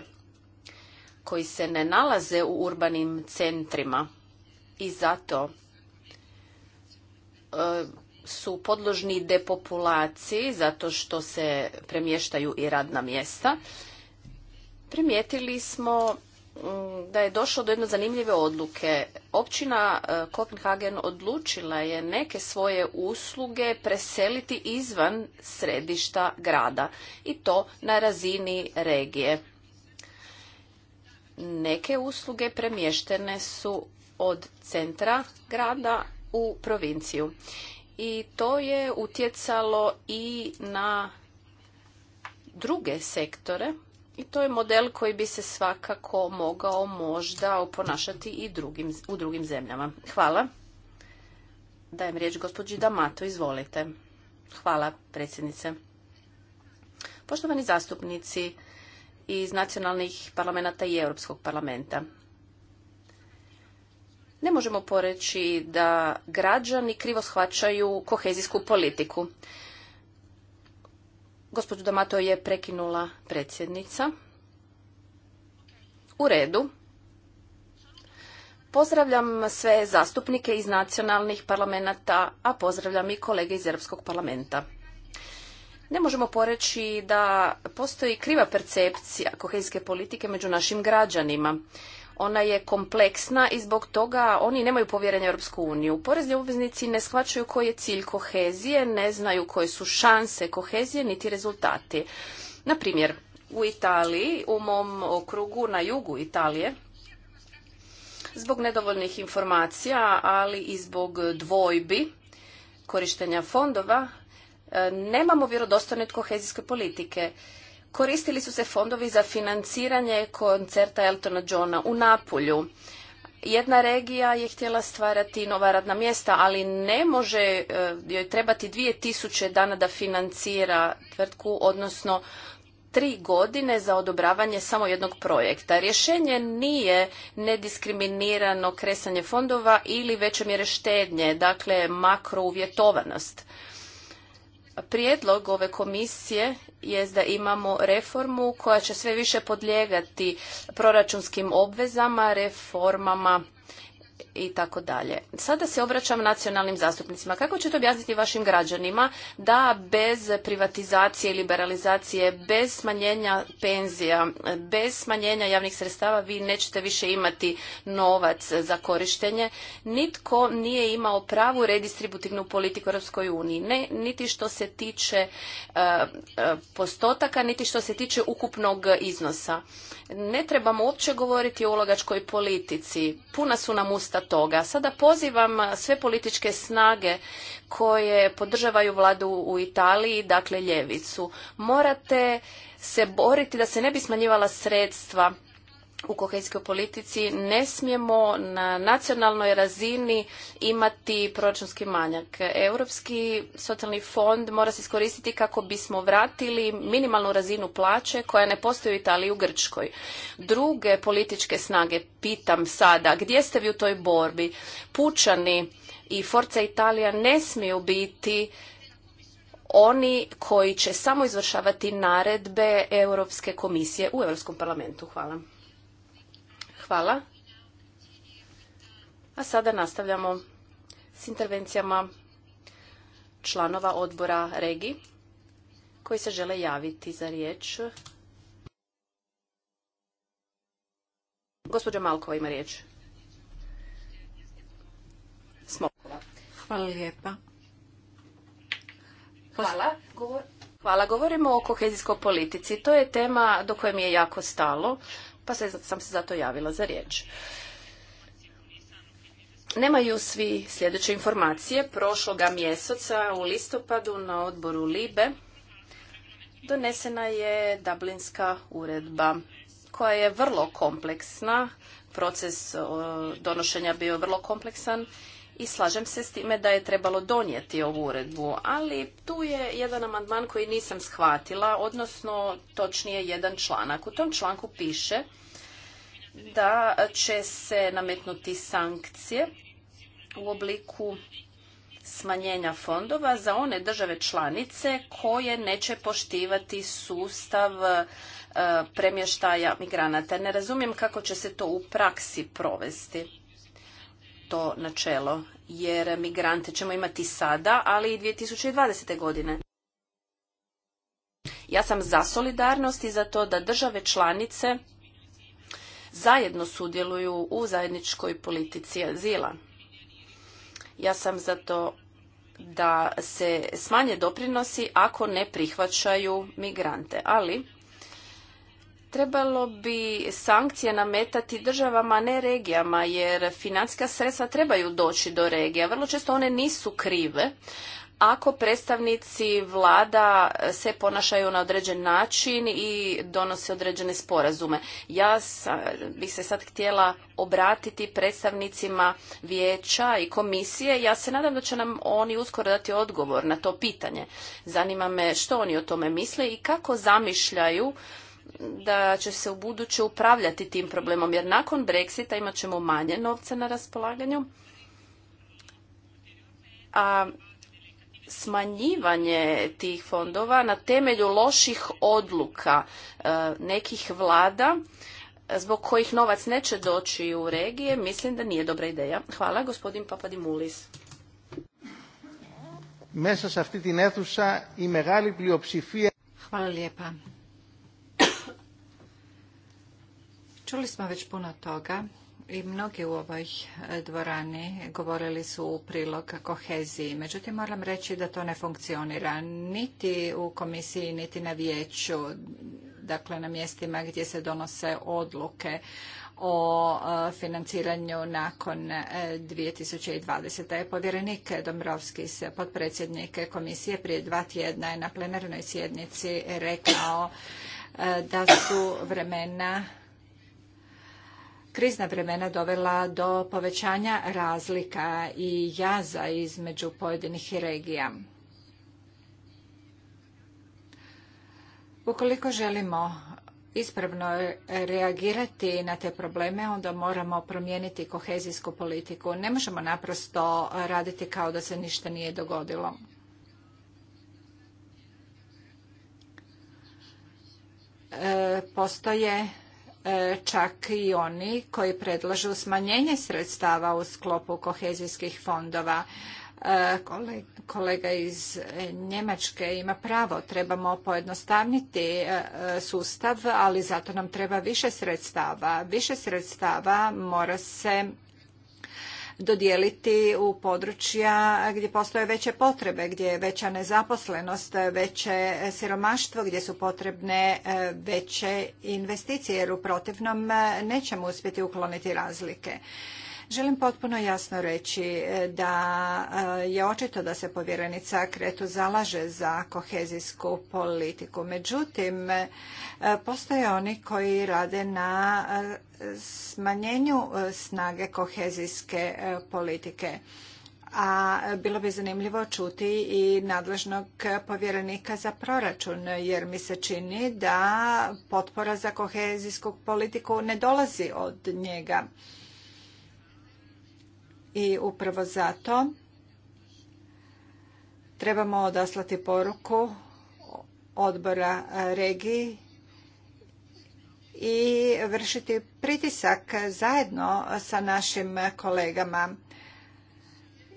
[SPEAKER 4] koji se ne nalaze u urbanim centrima i zato e, su podložni depopulaciji zato što se premještaju i radna mjesta. Primijetili smo Mm, da je došlo do jedne zanimljive odluke. Općina e, Kopenhagen odlučila je neke svoje usluge preseliti izvan središta grada i to na razini regije. Neke usluge premještene su od centra grada u provinciju. I to je utjecalo i na druge sektore i to je model koji bi se svakako mogao možda oponašati i u drugim zemljama. Hvala. Dajem riječ gospođi Damato, izvolite. Hvala, predsjednice. Poštovani zastupnici iz nacionalnih parlamenta i Europskog parlamenta. Ne možemo poreći da građani krivo shvaćaju kohezijsku politiku. Gospođu Damato je prekinula predsjednica. U redu. Pozdravljam sve zastupnike iz nacionalnih parlamenta, a pozdravljam i kolege iz Europskog parlamenta. Ne možemo poreći da postoji kriva percepcija kohezijske politike među našim građanima ona je kompleksna i zbog toga oni nemaju povjerenja u Europsku uniju. Porezni obveznici ne shvaćaju koji je cilj kohezije, ne znaju koje su šanse kohezije niti rezultati. Na primjer, u Italiji, u mom okrugu na jugu Italije, zbog nedovoljnih informacija, ali i zbog dvojbi korištenja fondova, e, nemamo vjerodostojne kohezijske politike koristili su se fondovi za financiranje koncerta Eltona Johna u Napulju. Jedna regija je htjela stvarati nova radna mjesta, ali ne može eh, joj trebati 2000 dana da financira tvrtku, odnosno tri godine za odobravanje samo jednog projekta. Rješenje nije nediskriminirano kresanje fondova ili veće mjere štednje, dakle makrouvjetovanost prijedlog ove komisije je da imamo reformu koja će sve više podlijegati proračunskim obvezama, reformama i tako dalje. Sada se obraćam nacionalnim zastupnicima. Kako ćete objasniti vašim građanima da bez privatizacije i liberalizacije, bez smanjenja penzija, bez smanjenja javnih sredstava vi nećete više imati novac za korištenje. Nitko nije imao pravu redistributivnu politiku Europskoj uniji. Ne, niti što se tiče e, e, postotaka, niti što se tiče ukupnog iznosa. Ne trebamo uopće govoriti o ulogačkoj politici. Puna su nam usta dosta toga. Sada pozivam sve političke snage koje podržavaju vladu u Italiji, dakle ljevicu. Morate se boriti da se ne bi smanjivala sredstva u kohezijskoj politici ne smijemo na nacionalnoj razini imati proračunski manjak. Europski socijalni fond mora se iskoristiti kako bismo vratili minimalnu razinu plaće koja ne postoji u Italiji i u Grčkoj. Druge političke snage, pitam sada, gdje ste vi u toj borbi? Pučani i Forza Italija ne smiju biti oni koji će samo izvršavati naredbe Europske komisije u Europskom parlamentu. Hvala. Hvala. A sada nastavljamo s intervencijama članova odbora REGI koji se žele javiti za riječ. Gospođa Malkova ima riječ. Hvala lijepa. Hvala. Hvala. Govorimo o kohezijskoj politici. To je tema do koje mi je jako stalo pa se, sam se zato javila za riječ. Nemaju svi sljedeće informacije. Prošloga mjeseca u listopadu na odboru LIBE donesena je Dublinska uredba koja je vrlo kompleksna. Proces donošenja bio vrlo kompleksan i slažem se s time da je trebalo donijeti ovu uredbu, ali tu je jedan amandman koji nisam shvatila, odnosno točnije jedan članak. U tom članku piše da će se nametnuti sankcije u obliku smanjenja fondova za one države članice koje neće poštivati sustav e, premještaja migranata. Ne razumijem kako će se to u praksi provesti to načelo, jer migrante ćemo imati sada, ali i 2020. godine. Ja sam za solidarnost i za to da države članice zajedno sudjeluju u zajedničkoj politici azila. Ja sam za to da se smanje doprinosi ako ne prihvaćaju migrante, ali Trebalo bi sankcije nametati državama, ne regijama, jer financijska sredstva trebaju doći do regija. Vrlo često one nisu krive, ako predstavnici vlada se ponašaju na određen način i donose određene sporazume. Ja bih se sad htjela obratiti predstavnicima vijeća i komisije. Ja se nadam da će nam oni uskoro dati odgovor na to pitanje. Zanima me što oni o tome misle i kako zamišljaju da će se u buduće upravljati tim problemom, jer nakon Brexita imat ćemo manje novca na raspolaganju, a smanjivanje tih fondova na temelju loših odluka e, nekih vlada zbog kojih novac neće doći u regije, mislim da nije dobra ideja. Hvala, gospodin Papadimulis.
[SPEAKER 1] Hvala lijepa.
[SPEAKER 3] Čuli smo već puno toga i mnogi u ovoj e, dvorani govorili su u prilog koheziji. Međutim, moram reći da to ne funkcionira niti u komisiji, niti na vijeću, dakle na mjestima gdje se donose odluke o e, financiranju nakon 2020. E, Povjerenik Dombrovskis, potpredsjednik komisije, prije dva tjedna je na plenarnoj sjednici rekao da su vremena krizna vremena dovela do povećanja razlika i jaza između pojedinih regija. Ukoliko želimo ispravno reagirati na te probleme, onda moramo promijeniti kohezijsku politiku. Ne možemo naprosto raditi kao da se ništa nije dogodilo. E, postoje E, čak i oni koji predlažu smanjenje sredstava u sklopu kohezijskih fondova. E, kolega iz Njemačke ima pravo, trebamo pojednostavniti e, sustav, ali zato nam treba više sredstava. Više sredstava mora se dodijeliti u područja gdje postoje veće potrebe, gdje je veća nezaposlenost, veće siromaštvo, gdje su potrebne e, veće investicije, jer u protivnom e, nećemo uspjeti ukloniti razlike. Želim potpuno jasno reći e, da e, je očito da se povjerenica Kretu zalaže za kohezijsku politiku. Međutim, e, postoje oni koji rade na smanjenju snage kohezijske politike a bilo bi zanimljivo čuti i nadležnog povjerenika za proračun, jer mi se čini da potpora za kohezijsku politiku ne dolazi od njega i upravo zato trebamo odaslati poruku odbora regiji i vršiti pritisak zajedno sa našim kolegama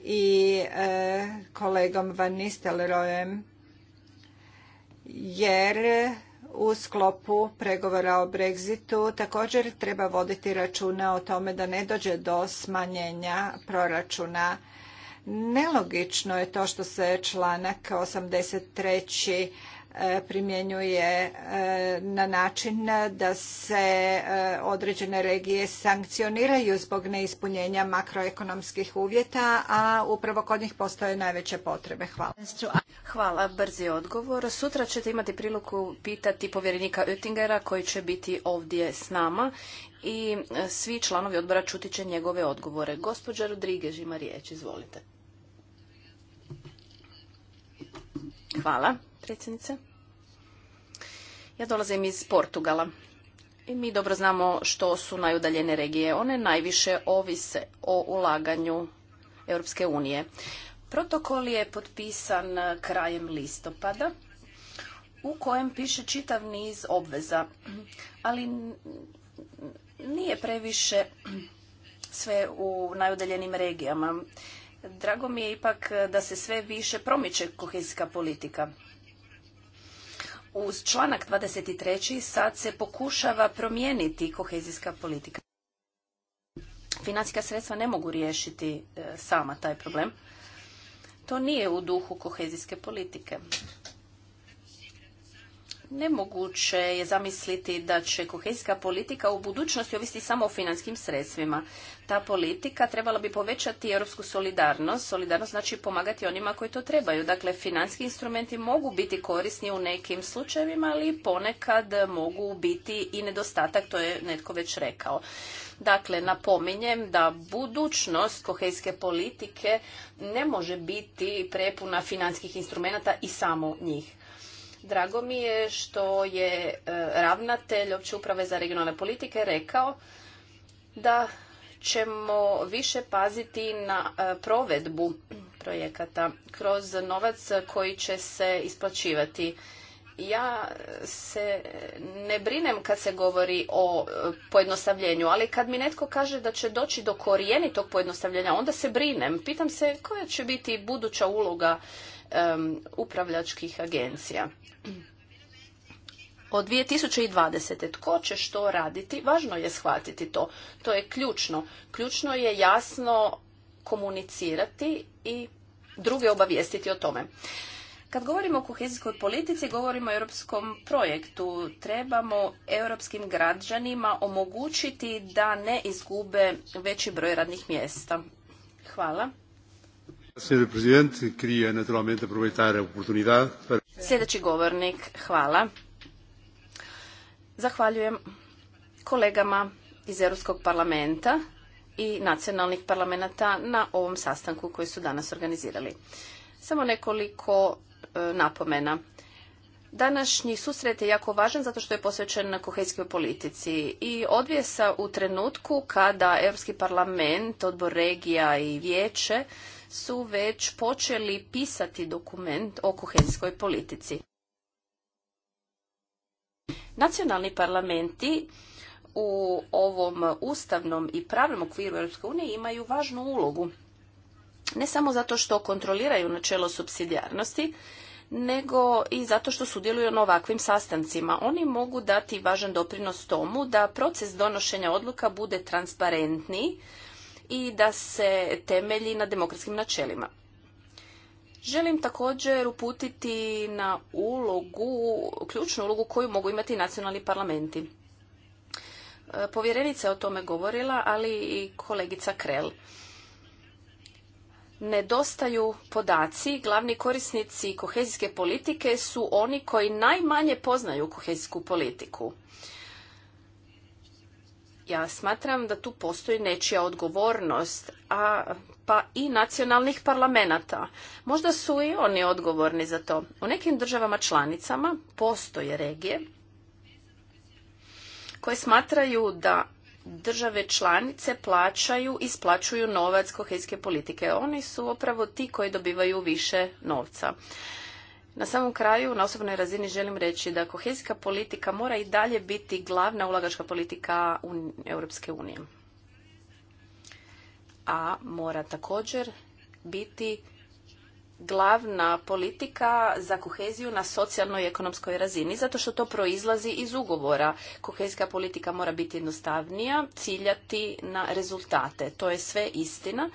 [SPEAKER 3] i e, kolegom Van Nistelrojem jer u sklopu pregovora o Brexitu također treba voditi računa o tome da ne dođe do smanjenja proračuna. Nelogično je to što se članak 83 primjenjuje e, na način da se e, određene regije sankcioniraju zbog neispunjenja makroekonomskih uvjeta, a
[SPEAKER 4] upravo kod njih postoje najveće potrebe. Hvala. Hvala, brzi odgovor. Sutra ćete imati priliku pitati povjerenika Oettingera koji će biti ovdje s nama i e, svi članovi odbora čuti će njegove odgovore. Gospođa Rodriguez ima riječ, izvolite. Hvala predsjednice. Ja dolazim iz Portugala i mi dobro znamo što su najudaljene regije. One najviše ovise o ulaganju Europske unije. Protokol je potpisan krajem listopada u kojem piše čitav niz obveza, ali nije previše sve u najudaljenim regijama. Drago mi je ipak da se sve više promiče kohezijska politika uz članak 23. sad se pokušava promijeniti kohezijska politika. Financijska sredstva ne mogu riješiti e, sama taj problem. To nije u duhu kohezijske politike. Nemoguće je zamisliti da će kohezijska politika u budućnosti ovisiti samo o financijskim sredstvima. Ta politika trebala bi povećati europsku solidarnost. Solidarnost znači pomagati onima koji to trebaju. Dakle, financijski instrumenti mogu biti korisni u nekim slučajevima, ali ponekad mogu biti i nedostatak, to je netko već rekao. Dakle, napominjem da budućnost kohezijske politike ne može biti prepuna financijskih instrumenata i samo njih. Drago mi je što je e, ravnatelj opće uprave za regionalne politike rekao da ćemo više paziti na e, provedbu projekata kroz novac koji će se isplaćivati. Ja se ne brinem kad se govori o e, pojednostavljenju, ali kad mi netko kaže da će doći do tog pojednostavljenja, onda se brinem. Pitam se koja će biti buduća uloga upravljačkih agencija od 2020. Tko će što raditi, važno je shvatiti to. To je ključno. Ključno je jasno komunicirati i druge obavijestiti o tome. Kad govorimo o kohezijskoj politici, govorimo o europskom projektu. Trebamo europskim građanima omogućiti da ne izgube veći broj radnih mjesta. Hvala. Sljedeći govornik, hvala. Zahvaljujem kolegama iz Europskog parlamenta i nacionalnih parlamenta na ovom sastanku koji su danas organizirali. Samo nekoliko e, napomena. Današnji susret je jako važan zato što je posvećen na kohejskoj politici i odvije se u trenutku kada Europski parlament, odbor regija i vijeće su već počeli pisati dokument o kohezijskoj politici. Nacionalni parlamenti u ovom ustavnom i pravnom okviru Europske unije imaju važnu ulogu. Ne samo zato što kontroliraju načelo subsidijarnosti, nego i zato što sudjeluju na ovakvim sastancima. Oni mogu dati važan doprinos tomu da proces donošenja odluka bude transparentniji, i da se temelji na demokratskim načelima. Želim također uputiti na ulogu, ključnu ulogu koju mogu imati nacionalni parlamenti. E, povjerenica je o tome govorila, ali i kolegica Krel, Nedostaju podaci, glavni korisnici kohezijske politike su oni koji najmanje poznaju kohezijsku politiku. Ja smatram da tu postoji nečija odgovornost, a pa i nacionalnih parlamenata. Možda su i oni odgovorni za to. U nekim državama članicama postoje regije koje smatraju da države članice plaćaju, i isplaćuju novac kohezijske politike. Oni su upravo ti koji dobivaju više novca. Na samom kraju, na osobnoj razini želim reći da kohezijska politika mora i dalje biti glavna ulagačka politika Europske unije. A mora također biti glavna politika za koheziju na socijalnoj i ekonomskoj razini, zato što to proizlazi iz ugovora. Kohezijska politika mora biti jednostavnija, ciljati na rezultate. To je sve istina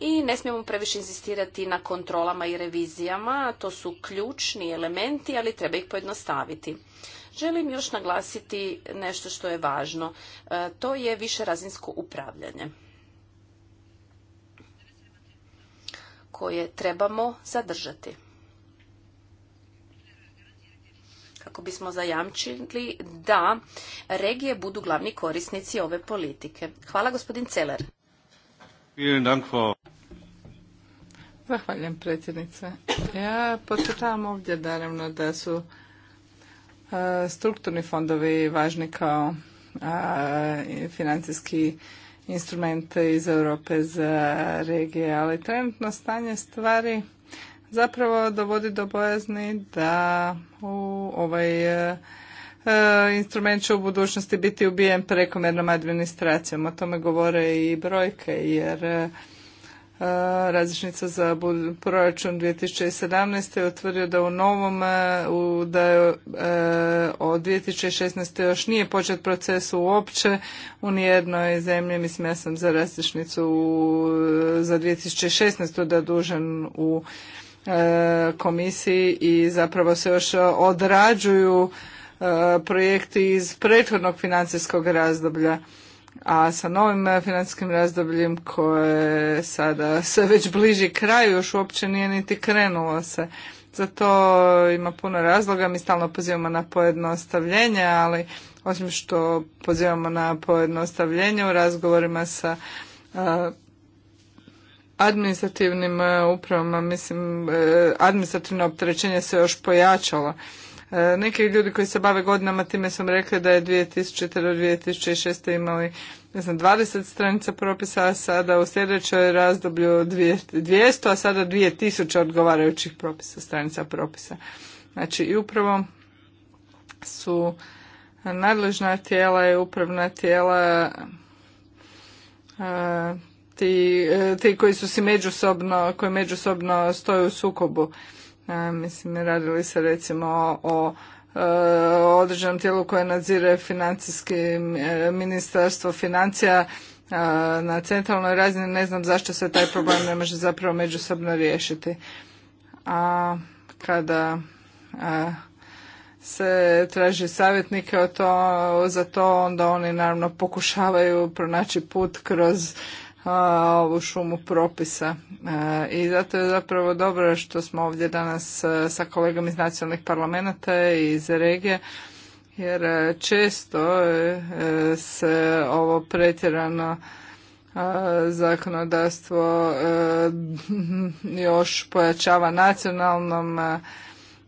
[SPEAKER 4] i ne smijemo previše inzistirati na kontrolama i revizijama. To su ključni elementi, ali treba ih pojednostaviti. Želim još naglasiti nešto što je važno. E, to je višerazinsko upravljanje koje trebamo zadržati. kako bismo zajamčili da regije budu glavni korisnici ove politike. Hvala gospodin Celer.
[SPEAKER 2] Zahvaljujem predsjednice. Ja podcrtavam ovdje naravno da su e, strukturni fondovi važni kao financijski instrument iz Europe za regije, ali trenutno stanje stvari zapravo dovodi do bojazni da u ovaj E, instrument će u budućnosti biti ubijen prekomjernom administracijom. O tome govore i brojke jer e, različnica za proračun 2017. je utvrdio da u novom, e, da je od 2016. još nije počet proces uopće u nijednoj zemlji, mislim ja sam za različnicu za 2016. da dužan u komisiji i zapravo se još odrađuju E, projekti iz prethodnog financijskog razdoblja. A sa novim e, financijskim razdobljem koje sada se već bliži kraju, još uopće nije niti krenulo se. Zato ima puno razloga, mi stalno pozivamo na pojednostavljenje, ali osim što pozivamo na pojednostavljenje u razgovorima sa e, administrativnim upravama, mislim, administrativno opterećenje se još pojačalo. E, neki ljudi koji se bave godinama time sam rekli da je 2004 2006. imali ne znam, 20 stranica propisa, a sada u sljedećoj razdoblju 200, a sada 2000 odgovarajućih propisa, stranica propisa. Znači i upravo su nadležna tijela i upravna tijela e, ti, e, ti koji su si međusobno, koji međusobno stoje u sukobu. E, mislim, radili se recimo o e, određenom tijelu koje nadzire financijski e, ministarstvo financija na centralnoj razini. Ne znam zašto se taj problem ne može zapravo međusobno riješiti. A kada se traži savjetnike o to, za to, onda oni naravno pokušavaju pronaći put kroz ovu šumu propisa. E, I zato je zapravo dobro što smo ovdje danas e, sa kolegom iz nacionalnih parlamenta i iz regije, jer e, često se ovo pretjerano zakonodavstvo još pojačava nacionalnom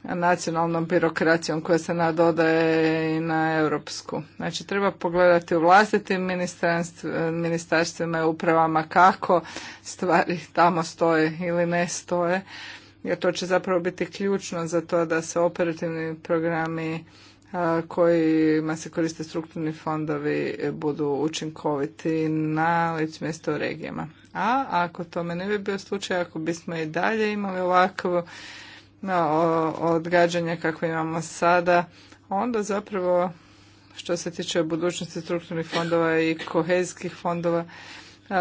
[SPEAKER 2] nacionalnom birokracijom koja se nadodaje i na europsku. Znači treba pogledati u vlastitim ministarstvima i upravama kako stvari tamo stoje ili ne stoje jer to će zapravo biti ključno za to da se operativni programi kojima se koriste strukturni fondovi budu učinkoviti na licu mjesto u regijama. A ako tome ne bi bio slučaj, ako bismo i dalje imali ovakvu na odgađanja kako imamo sada, onda zapravo što se tiče budućnosti strukturnih fondova i kohezijskih fondova e,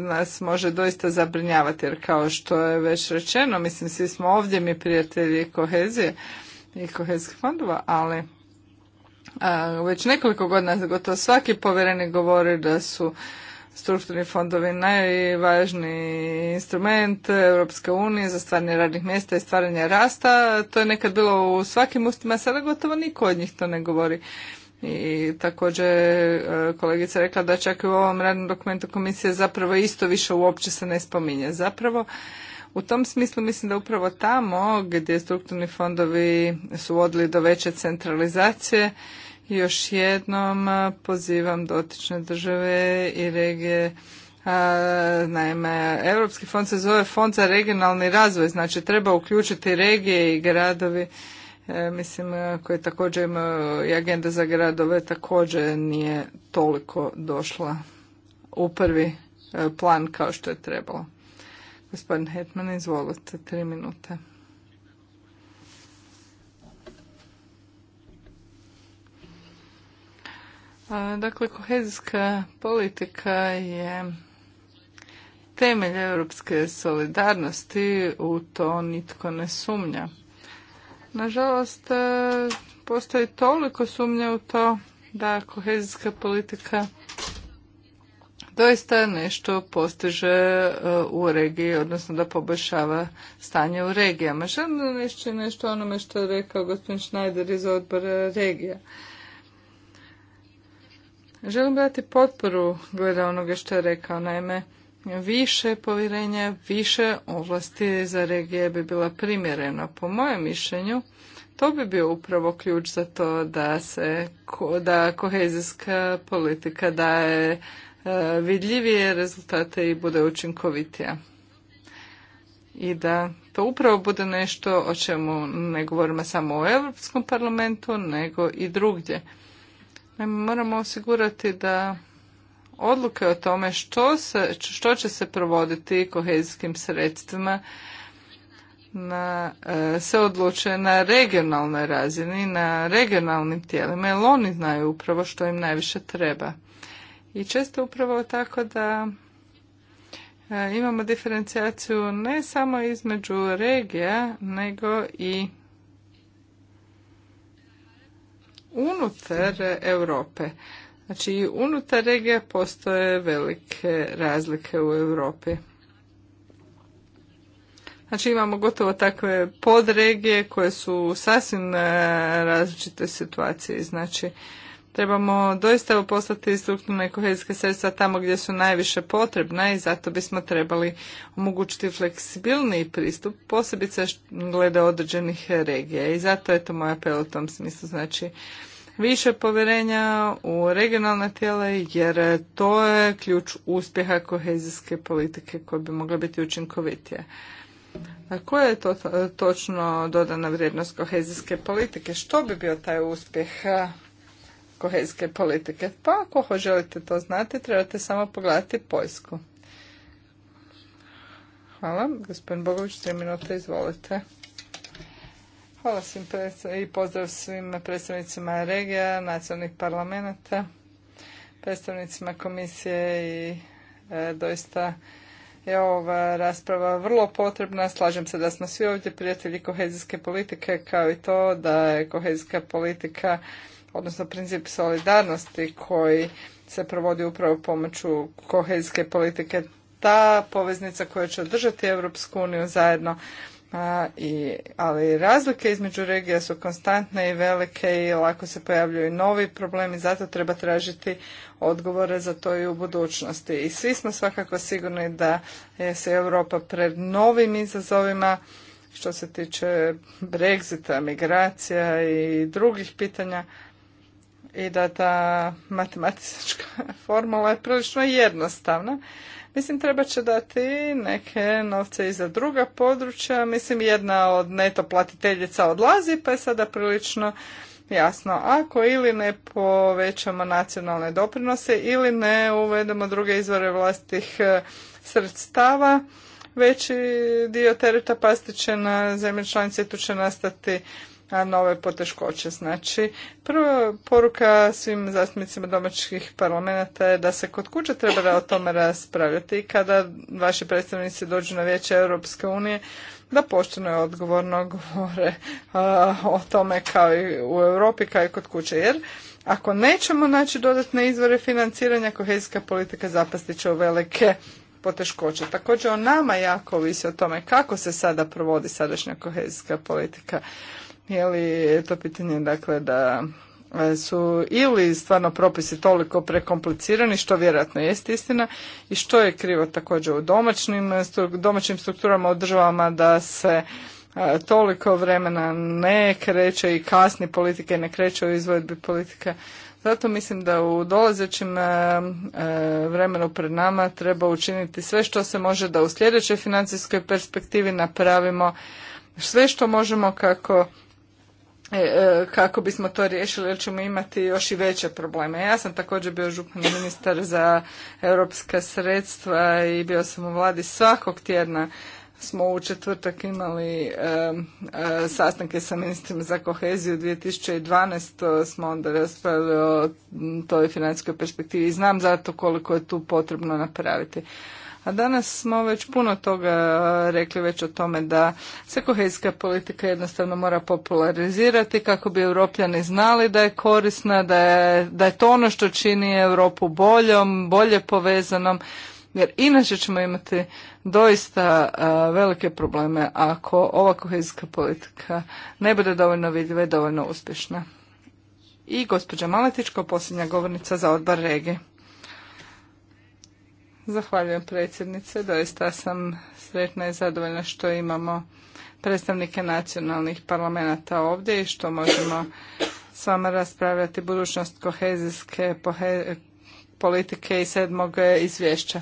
[SPEAKER 2] nas može doista zabrinjavati jer kao što je već rečeno, mislim svi smo ovdje mi prijatelji kohezije i kohezijskih fondova, ali već nekoliko godina gotovo svaki povjerenik govori da su strukturni fondovi najvažniji instrument Europske unije za stvaranje radnih mjesta i stvaranje rasta. To je nekad bilo u svakim ustima, sada gotovo niko od njih to ne govori. I također e, kolegica rekla da čak i u ovom radnom dokumentu komisije zapravo isto više uopće se ne spominje. Zapravo u tom smislu mislim da upravo tamo gdje strukturni fondovi su vodili do veće centralizacije još jednom pozivam dotične države i regije Naime, Europski fond se zove Fond za regionalni razvoj, znači treba uključiti regije i gradovi, e, mislim, koje također imaju i agenda za gradove također nije toliko došla u prvi e, plan kao što je trebalo. Gospodin Hetman, izvolite, tri minute. Dakle, kohezijska politika je temelj europske solidarnosti, u to nitko ne sumnja. Nažalost, e, postoji toliko sumnja u to da kohezijska politika doista nešto postiže e, u regiji, odnosno da poboljšava stanje u regijama. Želim da nešto, nešto onome što je rekao gospodin Schneider iz odbora regija. Želim dati potporu glede onoga što je rekao. Naime, više povjerenja, više ovlasti za regije bi bila primjerena. Po mojem mišljenju, to bi bio upravo ključ za to da se da kohezijska politika daje e, vidljivije rezultate i bude učinkovitija. I da to upravo bude nešto o čemu ne govorimo samo u Europskom parlamentu, nego i drugdje. E, moramo osigurati da odluke o tome što, se, što će se provoditi kohezijskim sredstvima na, e, se odlučuje na regionalnoj razini, na regionalnim tijelima, jer oni znaju upravo što im najviše treba. I često upravo tako da e, imamo diferencijaciju ne samo između regija, nego i unutar Europe. Znači unutar regije postoje velike razlike u Europi. Znači imamo gotovo takve podregije koje su sasvim e, različite situacije. Znači trebamo doista poslati strukturne i kohezijske sredstva tamo gdje su najviše potrebna i zato bismo trebali omogućiti fleksibilniji pristup, posebice glede određenih regija. I zato je to moj apel u tom smislu. Znači, više povjerenja u regionalna tijela jer to je ključ uspjeha kohezijske politike koja bi mogla biti učinkovitija. A koja je to točno dodana vrijednost kohezijske politike? Što bi bio taj uspjeh kohezijske politike. Pa ako želite to znati, trebate samo pogledati Poljsku. Hvala. Gospodin Bogović, tri minuta, izvolite. Hvala svim i pozdrav svim predstavnicima regija, nacionalnih parlamenta, predstavnicima komisije i e, doista je ova rasprava vrlo potrebna. Slažem se da smo svi ovdje prijatelji kohezijske politike, kao i to da je kohezijska politika odnosno princip solidarnosti koji se provodi upravo pomoću kohezijske politike, ta poveznica koja će održati Europsku uniju zajedno, i, ali razlike između regija su konstantne i velike i lako se pojavljuju novi problemi, zato treba tražiti odgovore za to i u budućnosti. I svi smo svakako sigurni da se Europa pred novim izazovima što se tiče Brexita, migracija i drugih pitanja, i da ta matematička (laughs) formula je prilično jednostavna. Mislim, treba će dati neke novce i za druga područja. Mislim, jedna od neto platiteljica odlazi, pa je sada prilično jasno. Ako ili ne povećamo nacionalne doprinose ili ne uvedemo druge izvore vlastih e, sredstava, veći dio tereta pasti će na zemlje članice, tu će nastati a nove poteškoće. Znači, prva poruka svim zastupnicima domaćih parlamenta je da se kod kuće treba o tome raspravljati i kada vaši predstavnici dođu na vijeće Europske unije, da pošteno i odgovorno (laughs) govore o tome kao i u Europi, kao i kod kuće. Jer ako nećemo naći dodatne izvore financiranja, kohezijska politika zapasti će u velike poteškoće. Također o nama jako ovisi o tome kako se sada provodi sadašnja kohezijska politika je li to pitanje dakle da e, su ili stvarno propisi toliko prekomplicirani, što vjerojatno jest istina, i što je krivo također u domaćim, domaćim strukturama u državama da se e, toliko vremena ne kreće i kasni politike ne kreće u izvedbi politika. Zato mislim da u dolazećem e, vremenu pred nama treba učiniti sve što se može da u sljedećoj financijskoj perspektivi napravimo sve što možemo kako E, e, kako bismo to riješili jer ćemo imati još i veće probleme. Ja sam također bio župan ministar za europska sredstva i bio sam u vladi svakog tjedna smo u četvrtak imali e, sastanke sa ministrima za koheziju 2012. smo onda raspravili o toj financijskoj perspektivi i znam zato koliko je tu potrebno napraviti. A danas smo već puno toga e, rekli već o tome da se kohezijska politika jednostavno mora popularizirati kako bi europljani znali da je korisna, da je, da je to ono što čini Europu boljom, bolje povezanom, jer inače ćemo imati doista e, velike probleme ako ova kohezijska politika ne bude dovoljno vidljiva i dovoljno uspješna. I gospođa Maletić posljednja govornica za odbar regije. Zahvaljujem predsjednice. Doista sam sretna i zadovoljna što imamo predstavnike nacionalnih parlamenta ovdje i što možemo s vama raspravljati budućnost kohezijske politike i sedmog izvješća.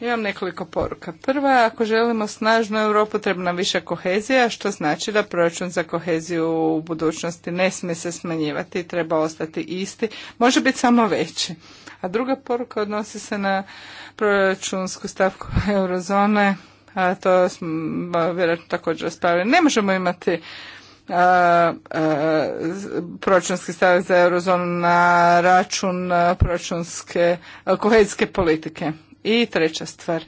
[SPEAKER 2] Imam nekoliko poruka. Prva, ako želimo snažnu Europu, treba nam više kohezija, što znači da proračun za koheziju u budućnosti ne smije se smanjivati, treba ostati isti, može biti samo veći. A druga poruka odnosi se na proračunsku stavku (laughs) eurozone, a to smo vjerojatno također raspravili. Ne možemo imati proračunski stavak za eurozonu na račun proračunske kohezijske politike. I treća stvar.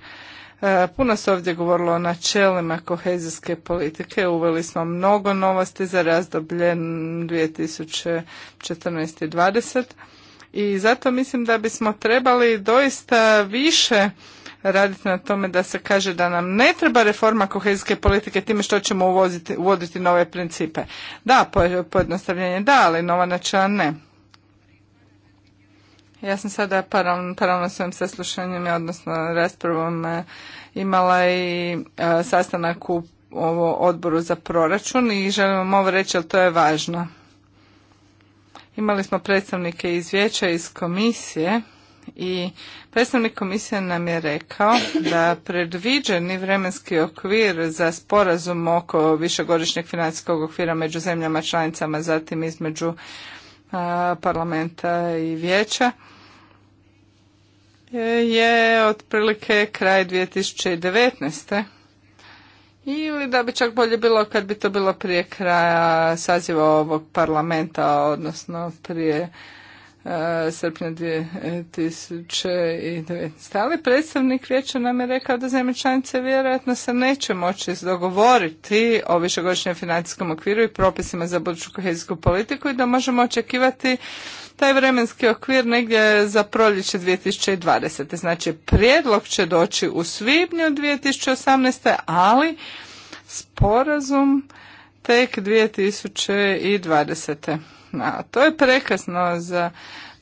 [SPEAKER 2] Puno se ovdje govorilo o načelima kohezijske politike. Uveli smo mnogo novosti za razdoblje 2014. i 2020. I zato mislim da bismo trebali doista više raditi na tome da se kaže da nam ne treba reforma kohezijske politike time što ćemo uvoziti, uvoditi nove principe. Da, pojednostavljenje da, ali nova načela ne. Ja sam sada paralelno, paralelno svojim saslušanjem, odnosno raspravom, e, imala i e, sastanak u ovo odboru za proračun i želim vam ovo reći, ali to je važno. Imali smo predstavnike iz vijeća, iz komisije i predstavnik komisije nam je rekao da predviđeni vremenski okvir za sporazum oko višegodišnjeg financijskog okvira među zemljama članicama, zatim između parlamenta i vijeća, je otprilike kraj 2019 ili da bi čak bolje bilo kad bi to bilo prije kraja saziva ovog parlamenta, odnosno prije E, srpnja 2019. Ali predstavnik vijeća nam je rekao da zemlje članice vjerojatno se neće moći dogovoriti o višegodišnjem financijskom okviru i propisima za buduću kohezijsku politiku i da možemo očekivati taj vremenski okvir negdje za proljeće 2020. Znači prijedlog će doći u svibnju 2018. ali sporazum tek 2020 a to je prekasno za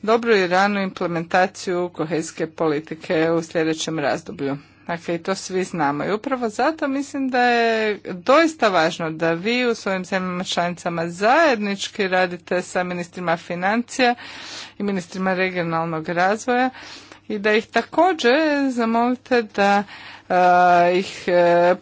[SPEAKER 2] dobru i ranu implementaciju kohezijske politike u sljedećem razdoblju. Dakle, i to svi znamo. I upravo zato mislim da je doista važno da vi u svojim zemljama članicama zajednički radite sa ministrima financija i ministrima regionalnog razvoja i da ih također zamolite da ih e,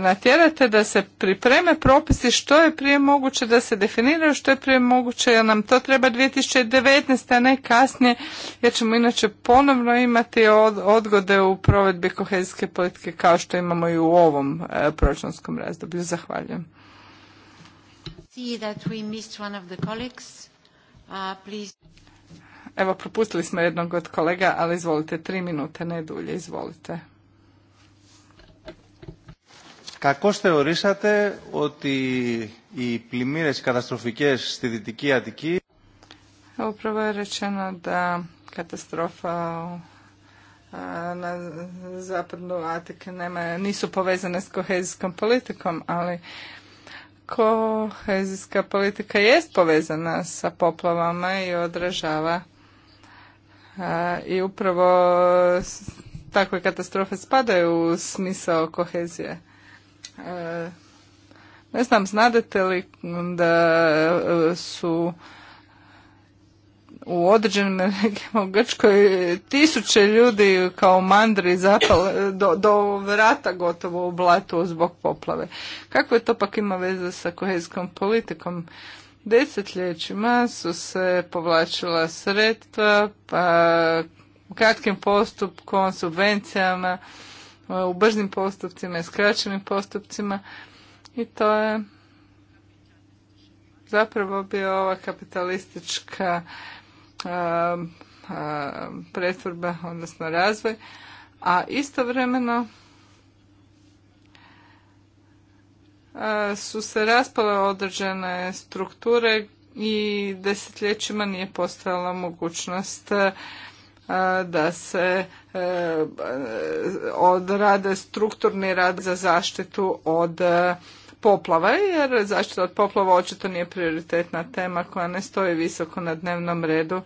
[SPEAKER 2] natjerate da se pripreme propisi što je prije moguće da se definiraju što je prije moguće jer nam to treba 2019. a ne kasnije jer ćemo inače ponovno imati odgode u provedbi kohezijske politike kao što imamo i u ovom e, proračunskom razdoblju. Zahvaljujem. Uh, Evo propustili smo jednog od kolega, ali izvolite tri minute, ne dulje, izvolite.
[SPEAKER 1] Kako θεωρήσατε ότι οι πλημμύρες καταστροφικές στη Δυτική Αττική...
[SPEAKER 2] Upravo je rečeno da katastrofa na zapadnu Atiku nema, nisu povezane s kohezijskom politikom, ali kohezijska politika jest povezana sa poplavama i odražava i upravo takve katastrofe spadaju u smisao kohezije. E, ne znam, znadete li da su u određenim regijama Grčkoj tisuće ljudi kao mandri zapale do, do vrata gotovo u blatu zbog poplave. Kako je to pak ima veze sa kohezijskom politikom? Desetljećima su se povlačila sredstva, pa kratkim postupkom, subvencijama, u brzim postupcima i skraćenim postupcima i to je zapravo bio ova kapitalistička pretvorba, odnosno razvoj, a istovremeno su se raspale određene strukture i desetljećima nije postojala mogućnost da se e, odrade strukturni rad za zaštitu od e, poplava, jer zaštita od poplava očito nije prioritetna tema koja ne stoji visoko na dnevnom redu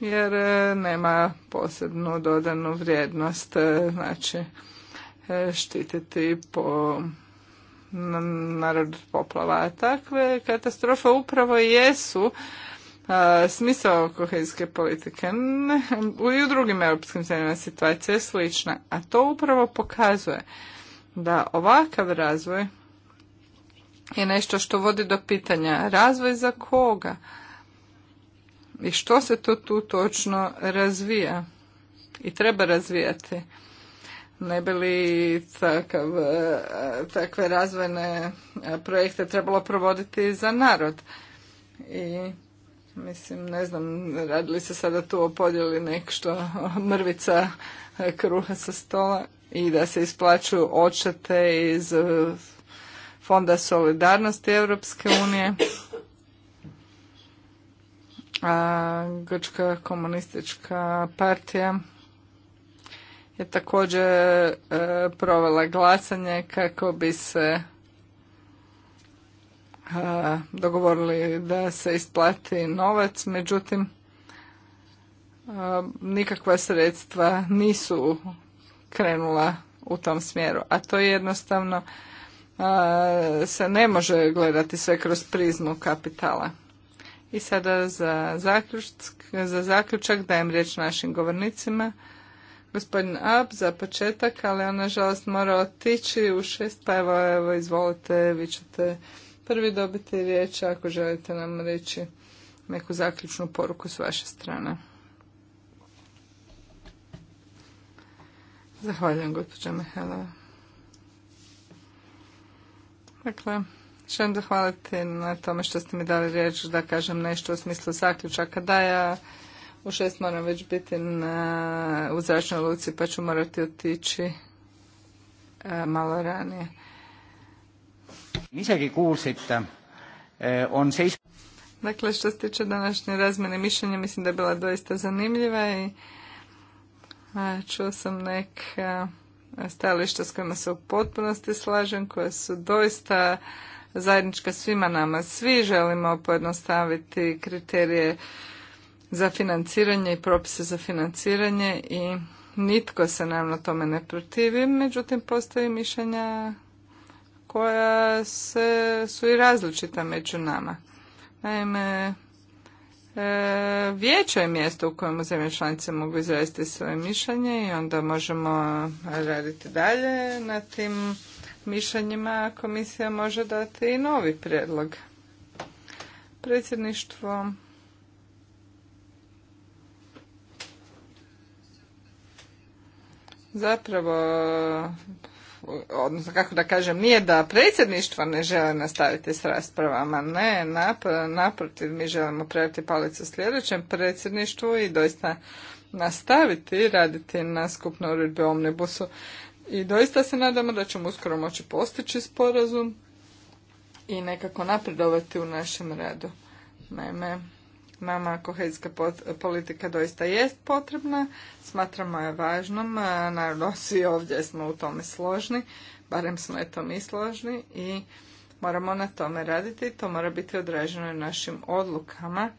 [SPEAKER 2] jer e, nema posebnu dodanu vrijednost, znači štititi po narod poplava. takve katastrofe upravo jesu smisao kohezijske politike. I u drugim europskim zemljama situacija je slična, a to upravo pokazuje da ovakav razvoj je nešto što vodi do pitanja razvoj za koga i što se to tu točno razvija i treba razvijati. Ne bi li takav, e, takve razvojne e, projekte trebalo provoditi za narod? I Mislim, ne znam, radili se sada tu o podjeli nešto mrvica kruha sa stola i da se isplaćuju očete iz eh, Fonda solidarnosti Europske unije. A Grčka komunistička partija je također eh, provela glasanje kako bi se dogovorili da se isplati novac, međutim nikakva sredstva nisu krenula u tom smjeru, a to je jednostavno se ne može gledati sve kroz prizmu kapitala. I sada za zaključak, za zaključak dajem riječ našim govornicima. Gospodin Ab za početak, ali on nažalost mora otići u šest, pa evo, evo izvolite, vi ćete prvi dobiti riječ ako želite nam reći neku zaključnu poruku s vaše strane. Zahvaljujem, gospođa Mihajlova. Dakle, želim zahvaliti na tome što ste mi dali riječ da kažem nešto u smislu zaključaka. Da, ja u šest moram već biti na, u zračnoj luci pa ću morati otići e, malo ranije isegi eh, on Dakle, što se tiče današnje razmene mišljenja, mislim da je bila doista zanimljiva i čuo sam neka eh, stajališta s kojima se u potpunosti slažem, koja su doista zajednička svima nama. Svi želimo pojednostaviti kriterije za financiranje i propise za financiranje i nitko se na tome ne protivi, međutim postoji mišljenja koja se, su i različita među nama. Naime, E, vijeće je mjesto u kojem zemlje članice mogu izraziti svoje mišljenje i onda možemo raditi dalje na tim mišljenjima. Komisija može dati i novi prijedlog. Predsjedništvo zapravo odnosno kako da kažem, nije da predsjedništva ne žele nastaviti s raspravama, ne, naprotiv, mi želimo prijaviti palicu sljedećem predsjedništvu i doista nastaviti raditi na skupno uredbi Omnibusu. I doista se nadamo da ćemo uskoro moći postići sporazum i nekako napredovati u našem radu. Naime, Nama kohezijska politika doista jest potrebna, smatramo je važnom, naravno svi ovdje smo u tome složni, barem smo eto mi složni i moramo na tome raditi, to mora biti odraženo i našim odlukama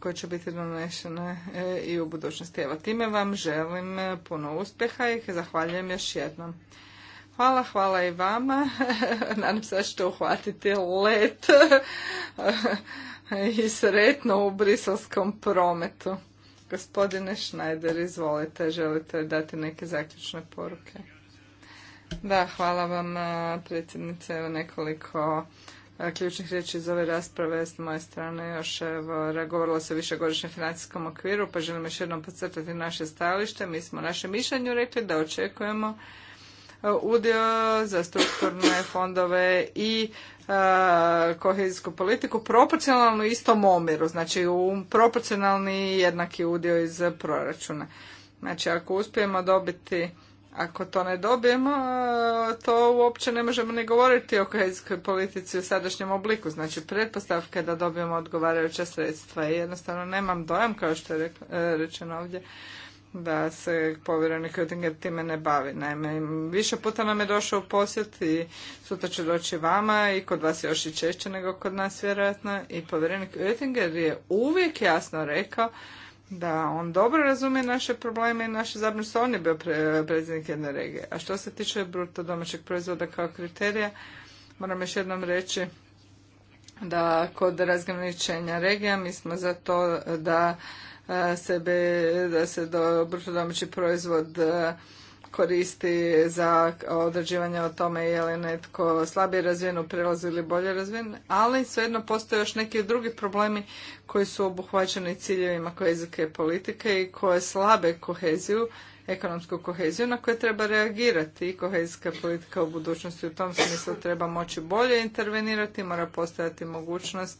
[SPEAKER 2] koje će biti donešene e, i u budućnosti. Evo time vam želim e, puno uspjeha i zahvaljujem još jednom. Hvala, hvala i vama. (laughs) Nadam se da ćete uhvatiti let (laughs) (laughs) i sretno u briselskom prometu. Gospodine Schneider, izvolite, želite dati neke zaključne poruke? Da, hvala vam predsjednice. Evo nekoliko ključnih riječi iz ove rasprave s moje strane još evo, govorilo se o višegodišnjem financijskom okviru, pa želim još jednom podcrtati naše stajalište. Mi smo naše mišljenju rekli da očekujemo Uh, udio za strukturne fondove i uh, kohezijsku politiku proporcionalno istom omjeru, znači u proporcionalni jednaki udio iz proračuna. Znači ako uspijemo dobiti ako to ne dobijemo, uh, to uopće ne možemo ni govoriti o kohezijskoj politici u sadašnjem obliku. Znači, je da dobijemo odgovarajuća sredstva i jednostavno nemam dojam, kao što je rečeno ovdje, da se povjerenik Oettinger time ne bavi. Naime, više puta nam je došao u posjet i sutra će doći vama i kod vas još i češće nego kod nas vjerojatno. I povjerenik Oettinger je uvijek jasno rekao da on dobro razumije naše probleme i naše zabrinutosti. On je bio pre, predsjednik jedne regije. A što se tiče bruto domaćeg proizvoda kao kriterija, moram još jednom reći da kod razgraničenja regija mi smo za to da sebe, da se do bruto domaći proizvod koristi za određivanje o tome je li netko slabije razvijen u prelazu ili bolje razvijen, ali svejedno postoje još neki drugi problemi koji su obuhvaćeni ciljevima kohezijske politike i koje slabe koheziju, ekonomsku koheziju na koje treba reagirati i kohezijska politika u budućnosti u tom smislu treba moći bolje intervenirati, mora postojati mogućnost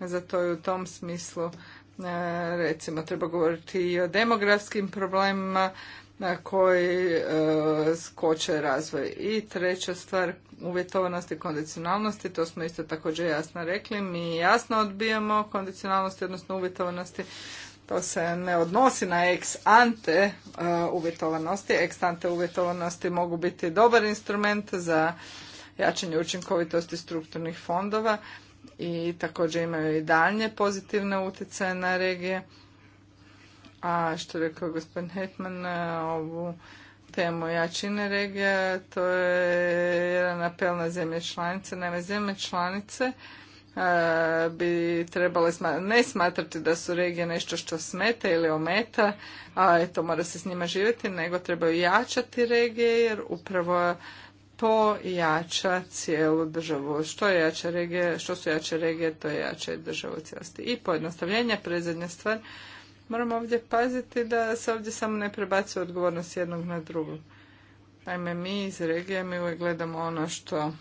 [SPEAKER 2] za to i u tom smislu E, recimo treba govoriti i o demografskim problemima na koji e, skoče razvoj. I treća stvar, uvjetovanosti i kondicionalnosti, to smo isto također jasno rekli, mi jasno odbijamo kondicionalnosti, odnosno uvjetovanosti, to se ne odnosi na ex ante e, uvjetovanosti, ex ante uvjetovanosti mogu biti dobar instrument za jačanje učinkovitosti strukturnih fondova, i također imaju i daljnje pozitivne utjecaje na regije. A što rekao gospodin Hetman, e, ovu temu jačine regija, to je jedan apel na zemlje članice. Naime, zemlje članice e, bi trebale ne smatrati da su regije nešto što smeta ili ometa, a eto mora se s njima živjeti, nego trebaju jačati regije jer upravo to jača cijelu državu. Što, je jača regija, što su jače regije, to je jače država u cijelosti. I pojednostavljenje, predzadnja stvar, Moramo ovdje paziti da se ovdje samo ne prebacuje odgovornost jednog na drugog. Naime, mi iz regije, mi uvijek gledamo ono što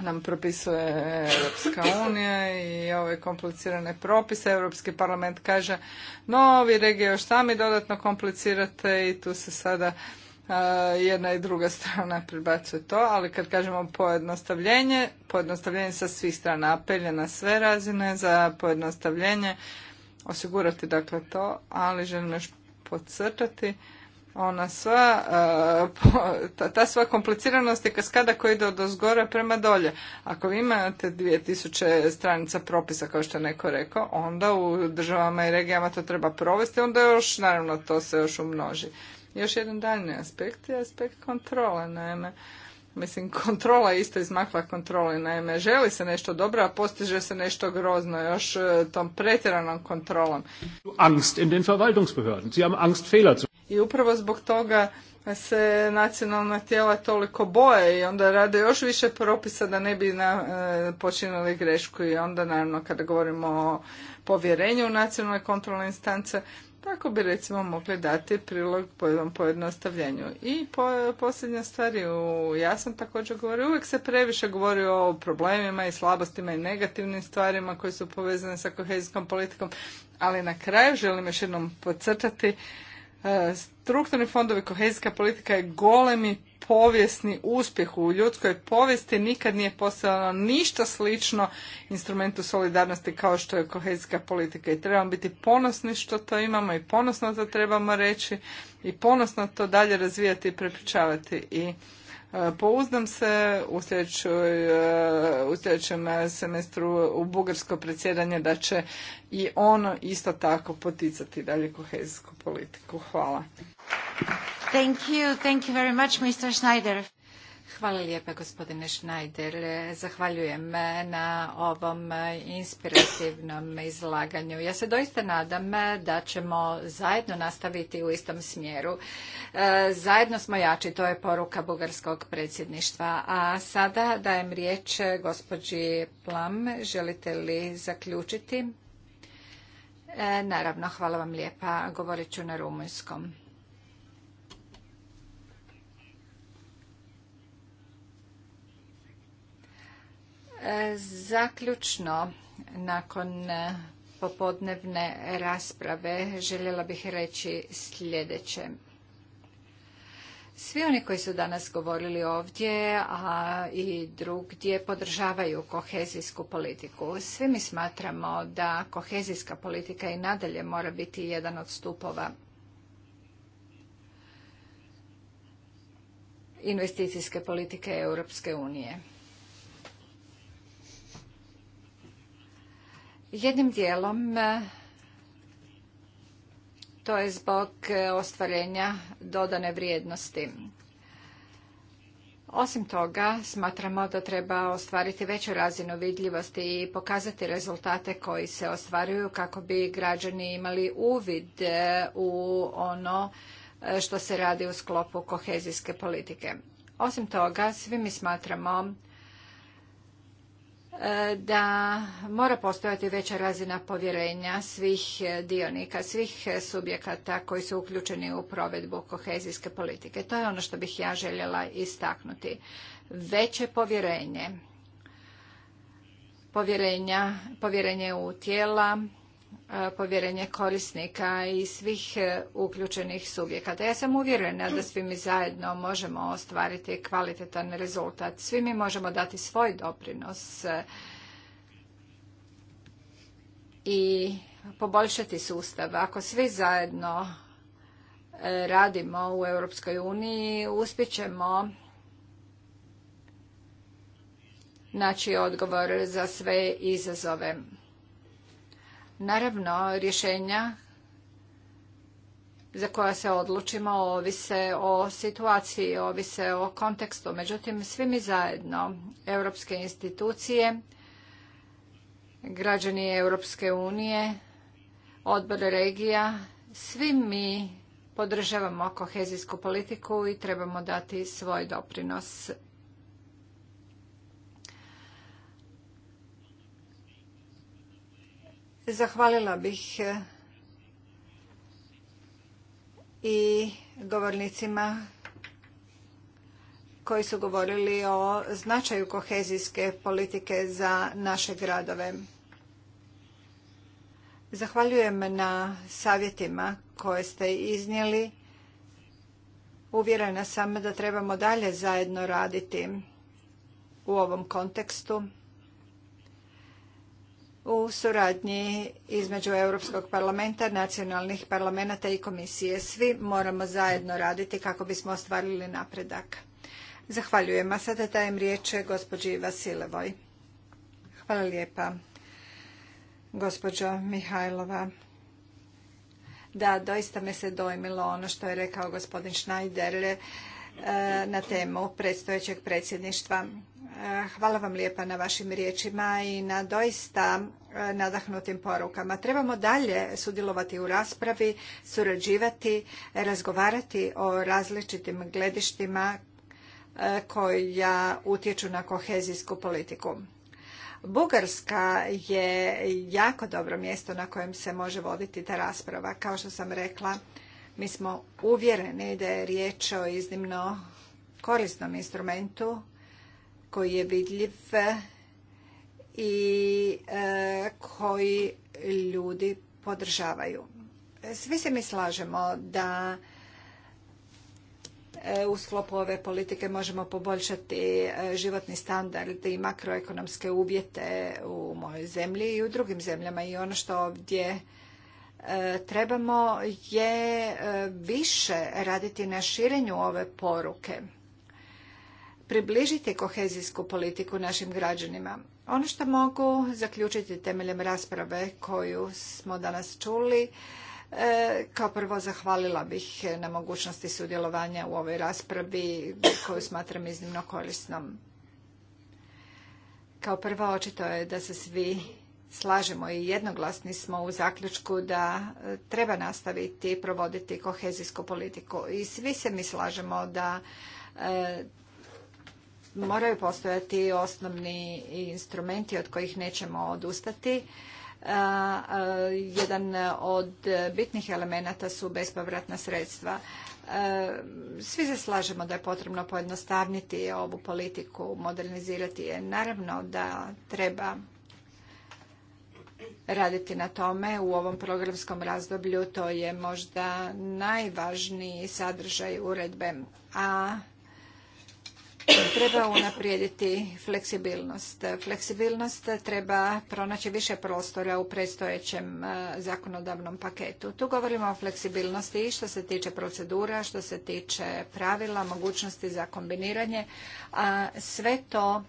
[SPEAKER 2] nam propisuje Europska unija i ove komplicirane propise. Europski parlament kaže, no, vi regije još sami dodatno komplicirate i tu se sada jedna i druga strana prebacuje to, ali kad kažemo pojednostavljenje, pojednostavljenje sa svih strana, apelje na sve razine za pojednostavljenje, osigurati dakle to, ali želim još podcrtati ona sva, ta sva kompliciranost je kaskada koja ide od prema dolje. Ako vi imate 2000 stranica propisa, kao što je neko rekao, onda u državama i regijama to treba provesti, onda još, naravno, to se još umnoži. Još jedan daljni aspekt je aspekt kontrole, naime. Mislim, kontrola je isto izmakla kontrole, naime, želi se nešto dobro, a postiže se nešto grozno, još e, tom pretjeranom kontrolom.
[SPEAKER 3] Angst in den Verwaltungsbehörden. Sie haben Angst, Fehler zu...
[SPEAKER 2] I upravo zbog toga se nacionalna tijela toliko boje i onda rade još više propisa da ne bi na, e, počinili grešku i onda naravno kada govorimo o povjerenju u nacionalne kontrolne instance tako bi recimo mogli dati prilog pojednostavljenju. I po, posljednja stvar, ja sam također govorio, uvijek se previše govori o problemima i slabostima i negativnim stvarima koje su povezane sa kohezijskom politikom, ali na kraju želim još jednom podcrtati, e, strukturni fondovi kohezijska politika je golemi povijesni uspjeh u ljudskoj povijesti nikad nije postavljeno ništa slično instrumentu solidarnosti kao što je kohezijska politika i trebamo biti ponosni što to imamo i ponosno to trebamo reći i ponosno to dalje razvijati i prepričavati i pouznam e, pouzdam se u, sljedećoj, e, u sljedećem semestru u bugarsko predsjedanje da će i ono isto tako poticati dalje kohezijsku politiku. Hvala.
[SPEAKER 1] Thank you. Thank Hvala lijepa gospodine
[SPEAKER 3] Schneider. Zahvaljujem na ovom inspirativnom izlaganju. Ja se doista nadam da ćemo zajedno nastaviti u istom smjeru. E, zajedno smo jači, to je poruka bugarskog predsjedništva. A sada dajem riječ gospođi Plam. Želite li zaključiti? E, naravno, hvala vam lijepa. Govorit ću na rumunjskom. Zaključno, nakon e, popodnevne rasprave željela bih reći sljedeće. Svi oni koji su danas govorili ovdje, a i drugdje, podržavaju kohezijsku politiku. Svi mi smatramo da kohezijska politika i nadalje mora biti jedan od stupova investicijske politike Europske unije. Jednim dijelom e, to je zbog e, ostvarenja dodane vrijednosti. Osim toga, smatramo da treba ostvariti veću razinu vidljivosti i pokazati rezultate koji se ostvaruju kako bi građani imali uvid e, u ono što se radi u sklopu kohezijske politike. Osim toga, svi mi smatramo da mora postojati veća razina povjerenja svih dionika, svih subjekata koji su uključeni u provedbu kohezijske politike. To je ono što bih ja željela istaknuti. Veće povjerenje. povjerenje u tijela, povjerenje korisnika i svih e, uključenih subjekata. Ja sam uvjerena da svi mi zajedno možemo ostvariti kvalitetan rezultat. Svi mi možemo dati svoj doprinos e, i poboljšati sustav. Ako svi zajedno e, radimo u Europskoj uniji, uspjećemo naći odgovor za sve izazove. Naravno, rješenja za koja se odlučimo ovise o situaciji, ovise o kontekstu. Međutim, svi mi zajedno, europske institucije, građani Europske unije, odbor regija, svi mi podržavamo kohezijsku politiku i trebamo dati svoj doprinos Zahvalila bih e, i govornicima koji su govorili o značaju kohezijske politike za naše gradove. Zahvaljujem na savjetima koje ste iznijeli. Uvjerena sam da trebamo dalje zajedno raditi u ovom kontekstu u suradnji između Europskog parlamenta, nacionalnih parlamenta i komisije. Svi moramo zajedno raditi kako bismo ostvarili napredak. Zahvaljujem, a sada dajem riječ gospođi Vasilevoj. Hvala lijepa, gospođo Mihajlova. Da, doista me se dojmilo ono što je rekao gospodin Schneider eh, na temu predstojećeg predsjedništva Eh, hvala vam lijepa na vašim riječima i na doista eh, nadahnutim porukama. Trebamo dalje sudjelovati u raspravi, surađivati, razgovarati o različitim gledištima eh, koja utječu na kohezijsku politiku. Bugarska je jako dobro mjesto na kojem se može voditi ta rasprava. Kao što sam rekla, mi smo uvjereni da je riječ o iznimno korisnom instrumentu koji je vidljiv i e, koji ljudi podržavaju. Svi se mi slažemo da e, u sklopu ove politike možemo poboljšati e, životni standard i makroekonomske uvjete u mojoj zemlji i u drugim zemljama. I ono što ovdje trebamo je više raditi na širenju ove poruke približiti kohezijsku politiku našim građanima. Ono što mogu zaključiti temeljem rasprave koju smo danas čuli, e, kao prvo zahvalila bih na mogućnosti sudjelovanja u ovoj raspravi koju smatram iznimno korisnom. Kao prvo očito je da se svi slažemo i jednoglasni smo u zaključku da e, treba nastaviti provoditi kohezijsku politiku i svi se mi slažemo da e, moraju postojati osnovni instrumenti od kojih nećemo odustati. E, e, jedan od bitnih elemenata su bespovratna sredstva. E, svi se slažemo da je potrebno pojednostavniti ovu politiku, modernizirati je. Naravno da treba raditi na tome u ovom programskom razdoblju. To je možda najvažniji sadržaj uredbe. A treba unaprijediti fleksibilnost. Fleksibilnost treba pronaći više prostora u predstojećem e, zakonodavnom paketu. Tu govorimo o fleksibilnosti i što se tiče procedura, što se tiče pravila, mogućnosti za kombiniranje, a sve to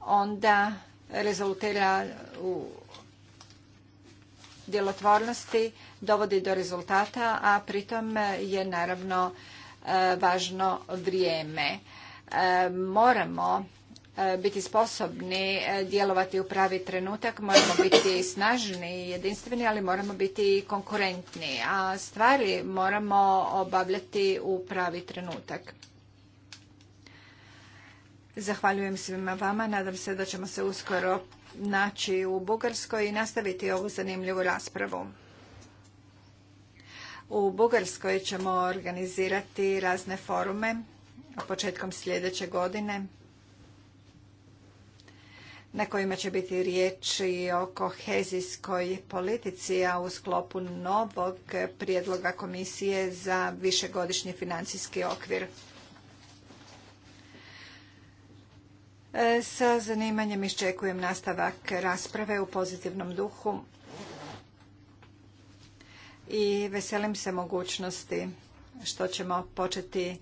[SPEAKER 3] onda rezultira u djelotvornosti, dovodi do rezultata, a pritom je naravno e, važno vrijeme. E, moramo e, biti sposobni e, djelovati u pravi trenutak, moramo biti snažni i jedinstveni, ali moramo biti i konkurentni, a stvari moramo obavljati u pravi trenutak. Zahvaljujem svima vama, nadam se da ćemo se uskoro naći u Bugarskoj i nastaviti ovu zanimljivu
[SPEAKER 2] raspravu.
[SPEAKER 3] U Bugarskoj ćemo organizirati razne forume početkom sljedeće godine na kojima će biti riječi o kohezijskoj politici, a u sklopu novog prijedloga komisije za višegodišnji financijski okvir. E, sa zanimanjem iščekujem nastavak rasprave u pozitivnom duhu i veselim se mogućnosti što ćemo početi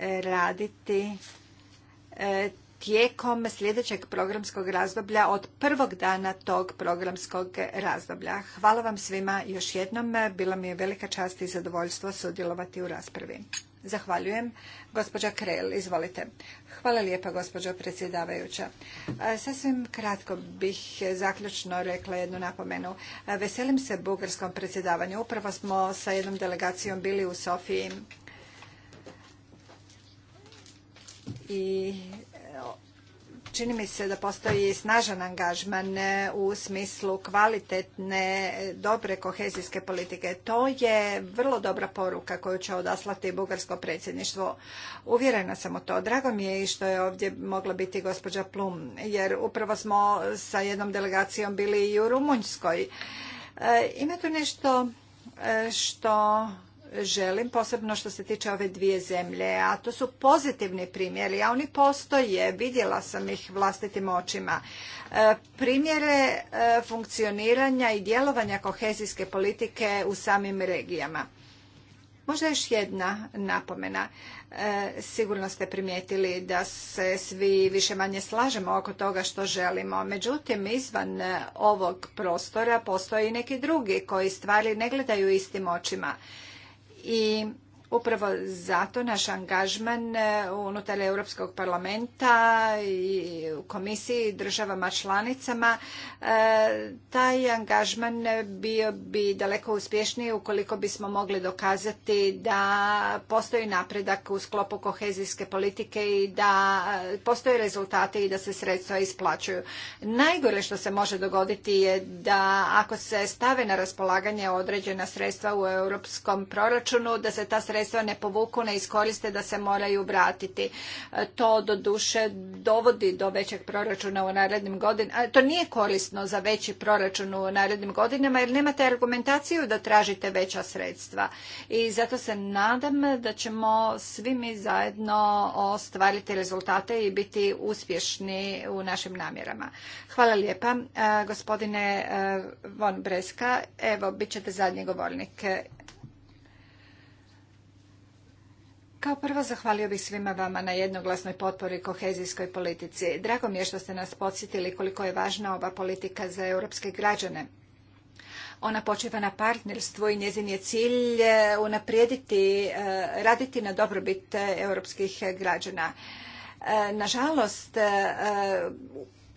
[SPEAKER 3] raditi e, tijekom sljedećeg programskog razdoblja od prvog dana tog programskog razdoblja. Hvala vam svima još jednom. Bila mi je velika čast i zadovoljstvo sudjelovati u raspravi. Zahvaljujem. Gospođa Krel, izvolite. Hvala lijepa, gospođo predsjedavajuća. E, sasvim kratko bih zaključno rekla jednu napomenu. E, veselim se bugarskom predsjedavanju. Upravo smo sa jednom delegacijom bili u Sofiji i e, čini mi se da postoji snažan angažman e, u smislu kvalitetne, e, dobre kohezijske politike. To je vrlo dobra poruka koju će odaslati bugarsko predsjedništvo. Uvjerena sam u to. Drago mi je i što je ovdje mogla biti gospođa Plum, jer upravo smo sa jednom delegacijom bili i u Rumunjskoj. ima tu nešto što želim, posebno što se tiče ove dvije zemlje, a to su pozitivni primjeri, a oni postoje, vidjela sam ih vlastitim očima. E, primjere e, funkcioniranja i djelovanja kohezijske politike u samim regijama. Možda još jedna napomena. E, sigurno ste primijetili da se svi više manje slažemo oko toga što želimo. Međutim, izvan ovog prostora postoje i neki drugi koji stvari ne gledaju istim očima i Upravo zato naš angažman e, unutar Europskog parlamenta i komisiji državama članicama, e, taj angažman bio bi daleko uspješniji ukoliko bismo mogli dokazati da postoji napredak u sklopu kohezijske politike i da e, postoje rezultati i da se sredstva isplaćuju. Najgore što se može dogoditi je da ako se stave na raspolaganje određena sredstva u europskom proračunu, da se ta sredstva sredstva ne povuku, ne iskoriste da se moraju vratiti. E, to duše dovodi do većeg proračuna u narednim godinama. To nije korisno za veći proračun u narednim godinama jer nemate argumentaciju da tražite veća sredstva. I zato se nadam da ćemo svi mi zajedno ostvariti rezultate i biti uspješni u našim namjerama. Hvala lijepa. E, gospodine e, Von Breska, evo, bit ćete zadnji govornik. Kao prvo zahvalio bih svima vama na jednoglasnoj potpori kohezijskoj politici. Drago mi je što ste nas podsjetili koliko je važna ova politika za europske građane. Ona počeva na partnerstvu i njezin je cilj e, unaprijediti, e, raditi na dobrobit e, europskih građana. Nažalost,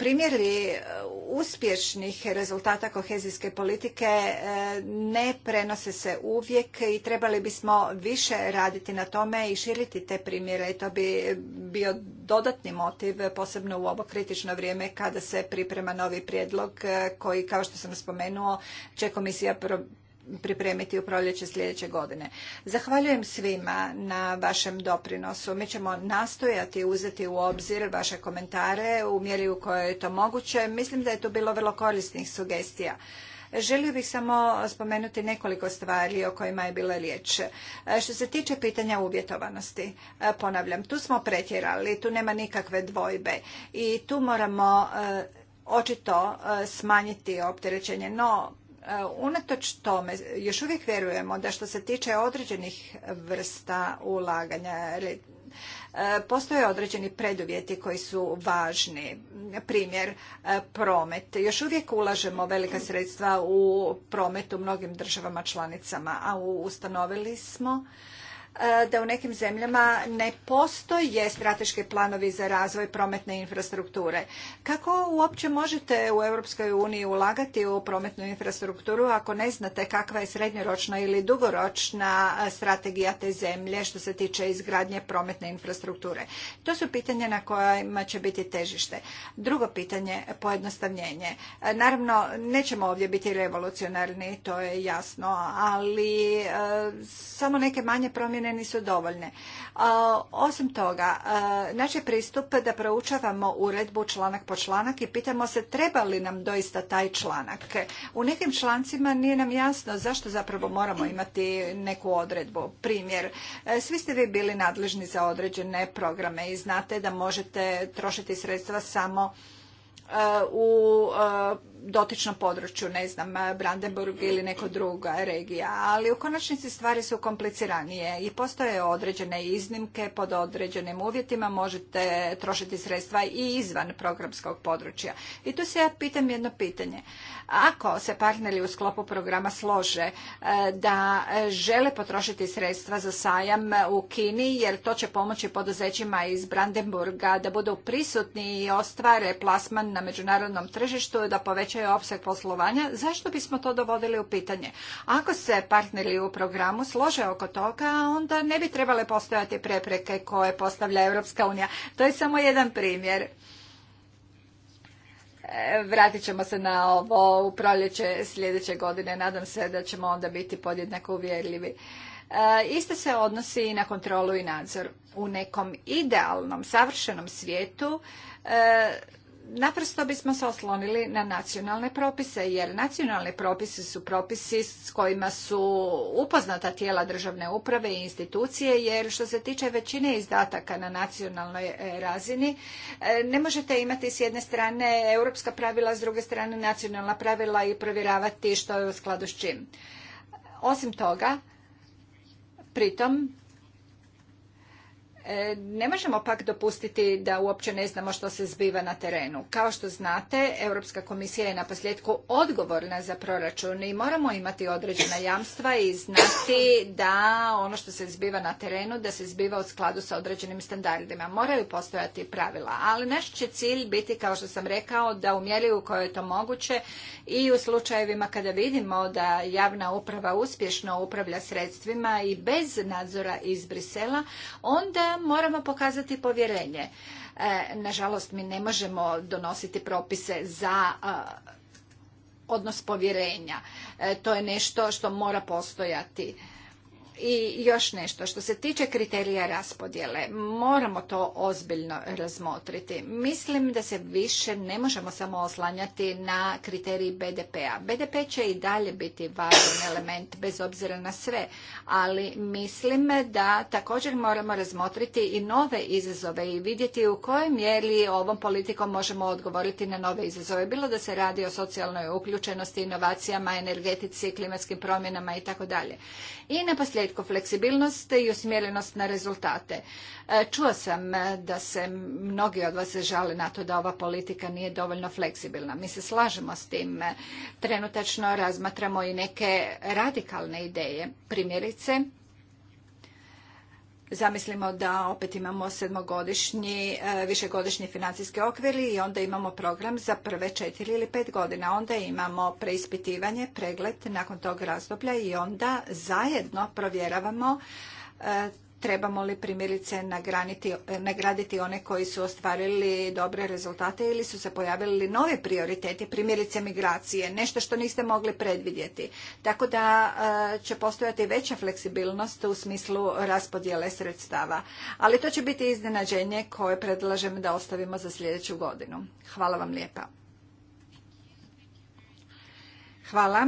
[SPEAKER 3] primjeri uh, uspješnih rezultata kohezijske politike uh, ne prenose se uvijek i trebali bismo više raditi na tome i širiti te primjere i to bi bio dodatni motiv posebno u ovo kritično vrijeme kada se priprema novi prijedlog uh, koji kao što sam spomenuo će komisija pripremiti u proljeće sljedeće godine. Zahvaljujem svima na vašem doprinosu. Mi ćemo nastojati uzeti u obzir vaše komentare u mjeri u kojoj je to moguće. Mislim da je tu bilo vrlo korisnih sugestija. Želio bih samo spomenuti nekoliko stvari o kojima je bila riječ. E, što se tiče pitanja uvjetovanosti, e, ponavljam, tu smo pretjerali, tu nema nikakve dvojbe i tu moramo e, očito smanjiti opterećenje, no E, unatoč tome, još uvijek vjerujemo da što se tiče određenih vrsta ulaganja, e, postoje određeni preduvjeti koji su važni. Primjer, e, promet. Još uvijek ulažemo velika sredstva u promet u mnogim državama članicama, a ustanovili smo E, da u nekim zemljama ne postoje strateški planovi za razvoj prometne infrastrukture. Kako uopće možete u Europskoj uniji ulagati u prometnu infrastrukturu ako ne znate kakva je srednjoročna ili dugoročna strategija te zemlje što se tiče izgradnje prometne infrastrukture? To su pitanja na kojima će biti težište. Drugo pitanje, pojednostavljenje. E, naravno, nećemo ovdje biti revolucionarni, to je jasno, ali e, samo neke manje promjene promjene nisu dovoljne. Osim toga, naš je pristup da proučavamo uredbu članak po članak i pitamo se treba li nam doista taj članak. U nekim člancima nije nam jasno zašto zapravo moramo imati neku odredbu. Primjer, e, svi ste vi bili nadležni za određene programe i znate da možete trošiti sredstva samo e, u e, dotičnom području, ne znam, Brandenburg ili neka druga regija, ali u konačnici stvari su kompliciranije i postoje određene iznimke pod određenim uvjetima, možete trošiti sredstva i izvan programskog područja. I tu se ja pitam jedno pitanje. Ako se partneri u sklopu programa slože e, da žele potrošiti sredstva za sajam u Kini, jer to će pomoći poduzećima iz Brandenburga da budu prisutni i ostvare plasman na međunarodnom tržištu, da povećaju povećaju opseg poslovanja, zašto bismo to dovodili u pitanje? Ako se partneri u programu slože oko toga, onda ne bi trebale postojati prepreke koje postavlja Europska unija. To je samo jedan primjer. E, vratit ćemo se na ovo u proljeće sljedeće godine. Nadam se da ćemo onda biti podjednako uvjerljivi. E, isto se odnosi i na kontrolu i nadzor. U nekom idealnom, savršenom svijetu e, naprosto bismo se oslonili na nacionalne propise, jer nacionalni propisi su propisi s kojima su upoznata tijela državne uprave i institucije, jer što se tiče većine izdataka na nacionalnoj e, razini, e, ne možete imati s jedne strane europska pravila, s druge strane nacionalna pravila i provjeravati što je u skladu s čim. Osim toga, pritom E, ne možemo pak dopustiti da uopće ne znamo što se zbiva na terenu. Kao što znate, Europska komisija je na posljedku odgovorna za proračun i moramo imati određena jamstva i znati da ono što se zbiva na terenu, da se zbiva u skladu sa određenim standardima. Moraju postojati pravila, ali naš će cilj biti, kao što sam rekao, da u mjeri u kojoj je to moguće i u slučajevima kada vidimo da javna uprava uspješno upravlja sredstvima i bez nadzora iz Brisela, onda moramo pokazati povjerenje. E, nažalost, mi ne možemo donositi propise za odnos povjerenja. E, to je nešto što mora postojati i još nešto. Što se tiče kriterija raspodjele, moramo to ozbiljno razmotriti. Mislim da se više ne možemo samo oslanjati na kriteriji BDP-a. BDP će i dalje biti važan element bez obzira na sve, ali mislim da također moramo razmotriti i nove izazove i vidjeti u kojoj mjeri ovom politikom možemo odgovoriti na nove izazove. Bilo da se radi o socijalnoj uključenosti, inovacijama, energetici, klimatskim promjenama i tako dalje. I na naposljedku fleksibilnost i usmjerenost na rezultate. E, čuo sam e, da se mnogi od vas žale na to da ova politika nije dovoljno fleksibilna. Mi se slažemo s tim. E, trenutačno razmatramo i neke radikalne ideje. Primjerice, Zamislimo da opet imamo sedmogodišnji, e, višegodišnji financijski okvir i onda imamo program za prve četiri ili pet godina. Onda imamo preispitivanje, pregled nakon tog razdoblja i onda zajedno provjeravamo e, trebamo li primjerice nagraditi one koji su ostvarili dobre rezultate ili su se pojavili novi prioriteti, primjerice migracije, nešto što niste mogli predvidjeti. Tako da e, će postojati veća fleksibilnost u smislu raspodjele sredstava. Ali to će biti iznenađenje koje predlažem da ostavimo za sljedeću godinu. Hvala vam lijepa. Hvala.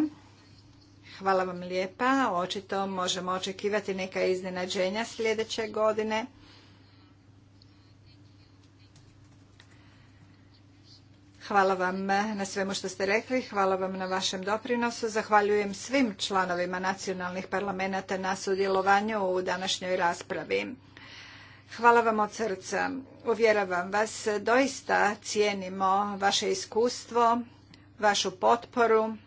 [SPEAKER 3] Hvala vam lijepa. Očito možemo očekivati neka iznenađenja sljedeće godine. Hvala vam na svemu što ste rekli, hvala vam na vašem doprinosu. Zahvaljujem svim članovima nacionalnih parlamenta na sudjelovanju u današnjoj raspravi. Hvala vam od srca. Uvjeravam vas, doista cijenimo vaše iskustvo, vašu potporu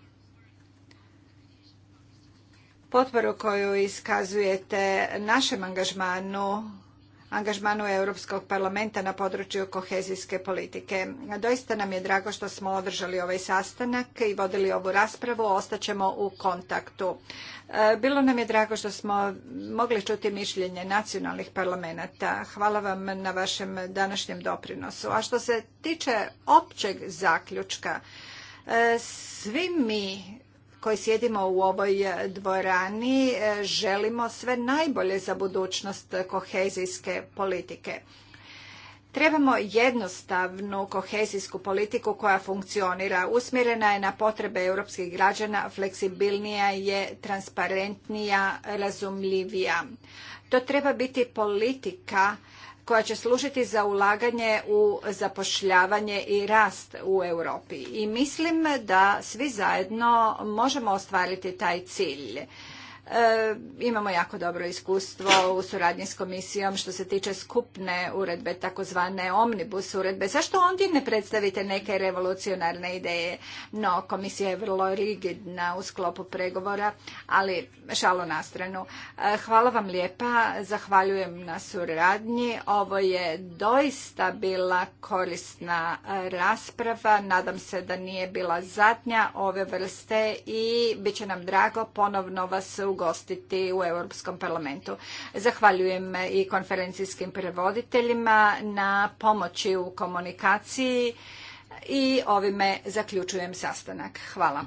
[SPEAKER 3] potporu koju iskazujete našem angažmanu angažmanu Europskog parlamenta na području kohezijske politike. Doista nam je drago što smo održali ovaj sastanak i vodili ovu raspravu, ostaćemo u kontaktu. E, bilo nam je drago što smo mogli čuti mišljenje nacionalnih parlamenta. Hvala vam na vašem današnjem doprinosu. A što se tiče općeg zaključka, e, svi mi koji sjedimo u ovoj e, dvorani e, želimo sve najbolje za budućnost kohezijske politike. Trebamo jednostavnu kohezijsku politiku koja funkcionira, usmjerena je na potrebe europskih građana, fleksibilnija je, transparentnija, razumljivija. To treba biti politika koja će služiti za ulaganje u zapošljavanje i rast u Europi. I mislim da svi zajedno možemo ostvariti taj cilj E, imamo jako dobro iskustvo u suradnji s komisijom što se tiče skupne uredbe, takozvane omnibus uredbe. Zašto ondje ne predstavite neke revolucionarne ideje? No, komisija je vrlo rigidna u sklopu pregovora, ali šalo na stranu. E, hvala vam lijepa, zahvaljujem na suradnji. Ovo je doista bila korisna rasprava. Nadam se da nije bila zadnja ove vrste i bit će nam drago ponovno vas u ugostiti u Europskom parlamentu. Zahvaljujem i konferencijskim prevoditeljima na pomoći u komunikaciji i ovime zaključujem sastanak. Hvala.